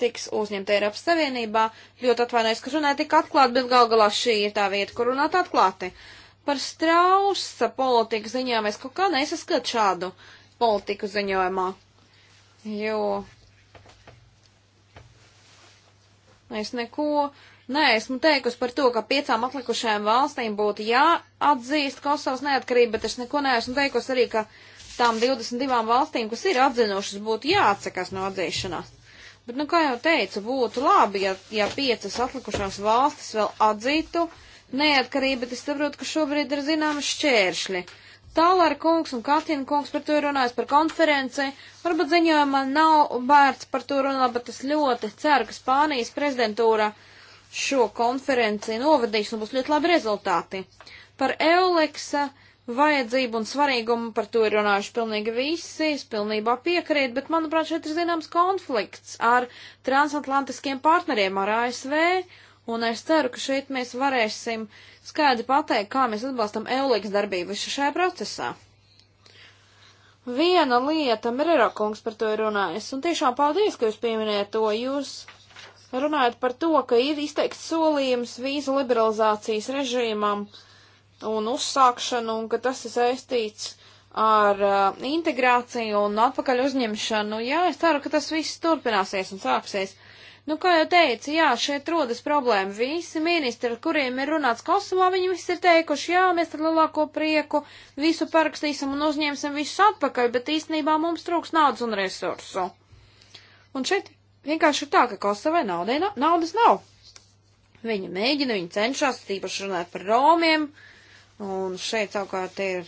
tiks uzņemti Eiropas Savienībā. Ļoti atvainojos, ka runāju tik atklāti, bet gal galā šī ir tā vieta, kur runāt atklāti. Par strausa politiku ziņā mēs kaut kā nesaskatām šādu politiku ziņojumā. Jo es neko neesmu teikusi par to, ka piecām atlikušajām valstīm būtu jāatzīst Kosovas neatkarība, bet es neko neesmu teikusi arī, ka tām 22 valstīm, kas ir atzinušas, būtu jāatsakās no atzīšanās. Bet, nu, kā jau teicu, būtu labi, ja, ja piecas atlikušās valstis vēl atzītu neatkarību, bet es saprotu, ka šobrīd ir zināmas šķēršļi. Tālēr kungs un Katina kungs par to ir runājis par konferenci. Varbūt ziņojumā nav vērts par to runāt, bet es ļoti ceru, ka Spānijas prezidentūra šo konferenci novadīs un būs ļoti labi rezultāti. Par Euleksa uh, vajadzību un svarīgumu, par to ir runājuši pilnīgi visi, es pilnībā piekrītu, bet manuprāt šeit ir zināms konflikts ar transatlantiskiem partneriem, ar ASV, un es ceru, ka šeit mēs varēsim skaidri pateikt, kā mēs atbalstam Eulīgas darbību visā šajā procesā. Viena lieta, Merero kungs par to ir runājis, un tiešām paldies, ka jūs pieminējat to, jūs runājat par to, ka ir izteikts solījums vīzu liberalizācijas režīmam, uh, un uzsākšanu, un ka tas ir saistīts ar uh, integrāciju un atpakaļ uzņemšanu. Nu, jā, es ceru, ka tas viss turpināsies un sāksies. Nu, kā jau teicu, jā, šeit rodas problēma. Visi ministri, ar kuriem ir runāts Kosovā, viņi visi ir teikuši, jā, mēs ar lielāko prieku visu parakstīsim un uzņemsim visus atpakaļ, bet īstenībā mums trūks naudas un resursu. Un šeit vienkārši ir tā, ka Kosovai naudai, naudas nav. Viņi mēģina, viņi cenšas, tīpaši runāt par Romiem, uh, Un šeit savukārt ir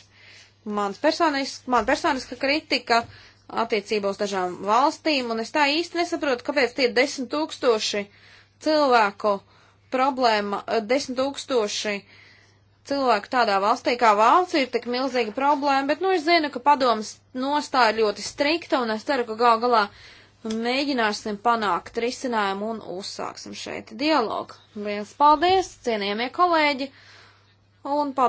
mans personis, man personiska kritika attiecībā uz dažām valstīm, un es tā īsti nesaprotu, kāpēc tie desmit tūkstoši cilvēku problēma, desmit tūkstoši cilvēku tādā valstī kā Vācija ir tik milzīga problēma, bet, nu, es zinu, ka padomas nostāja ļoti strikta, un es ceru, ka gal galā mēģināsim panākt risinājumu un uzsāksim šeit dialogu. Liels paldies, cienījamie kolēģi, un paldies!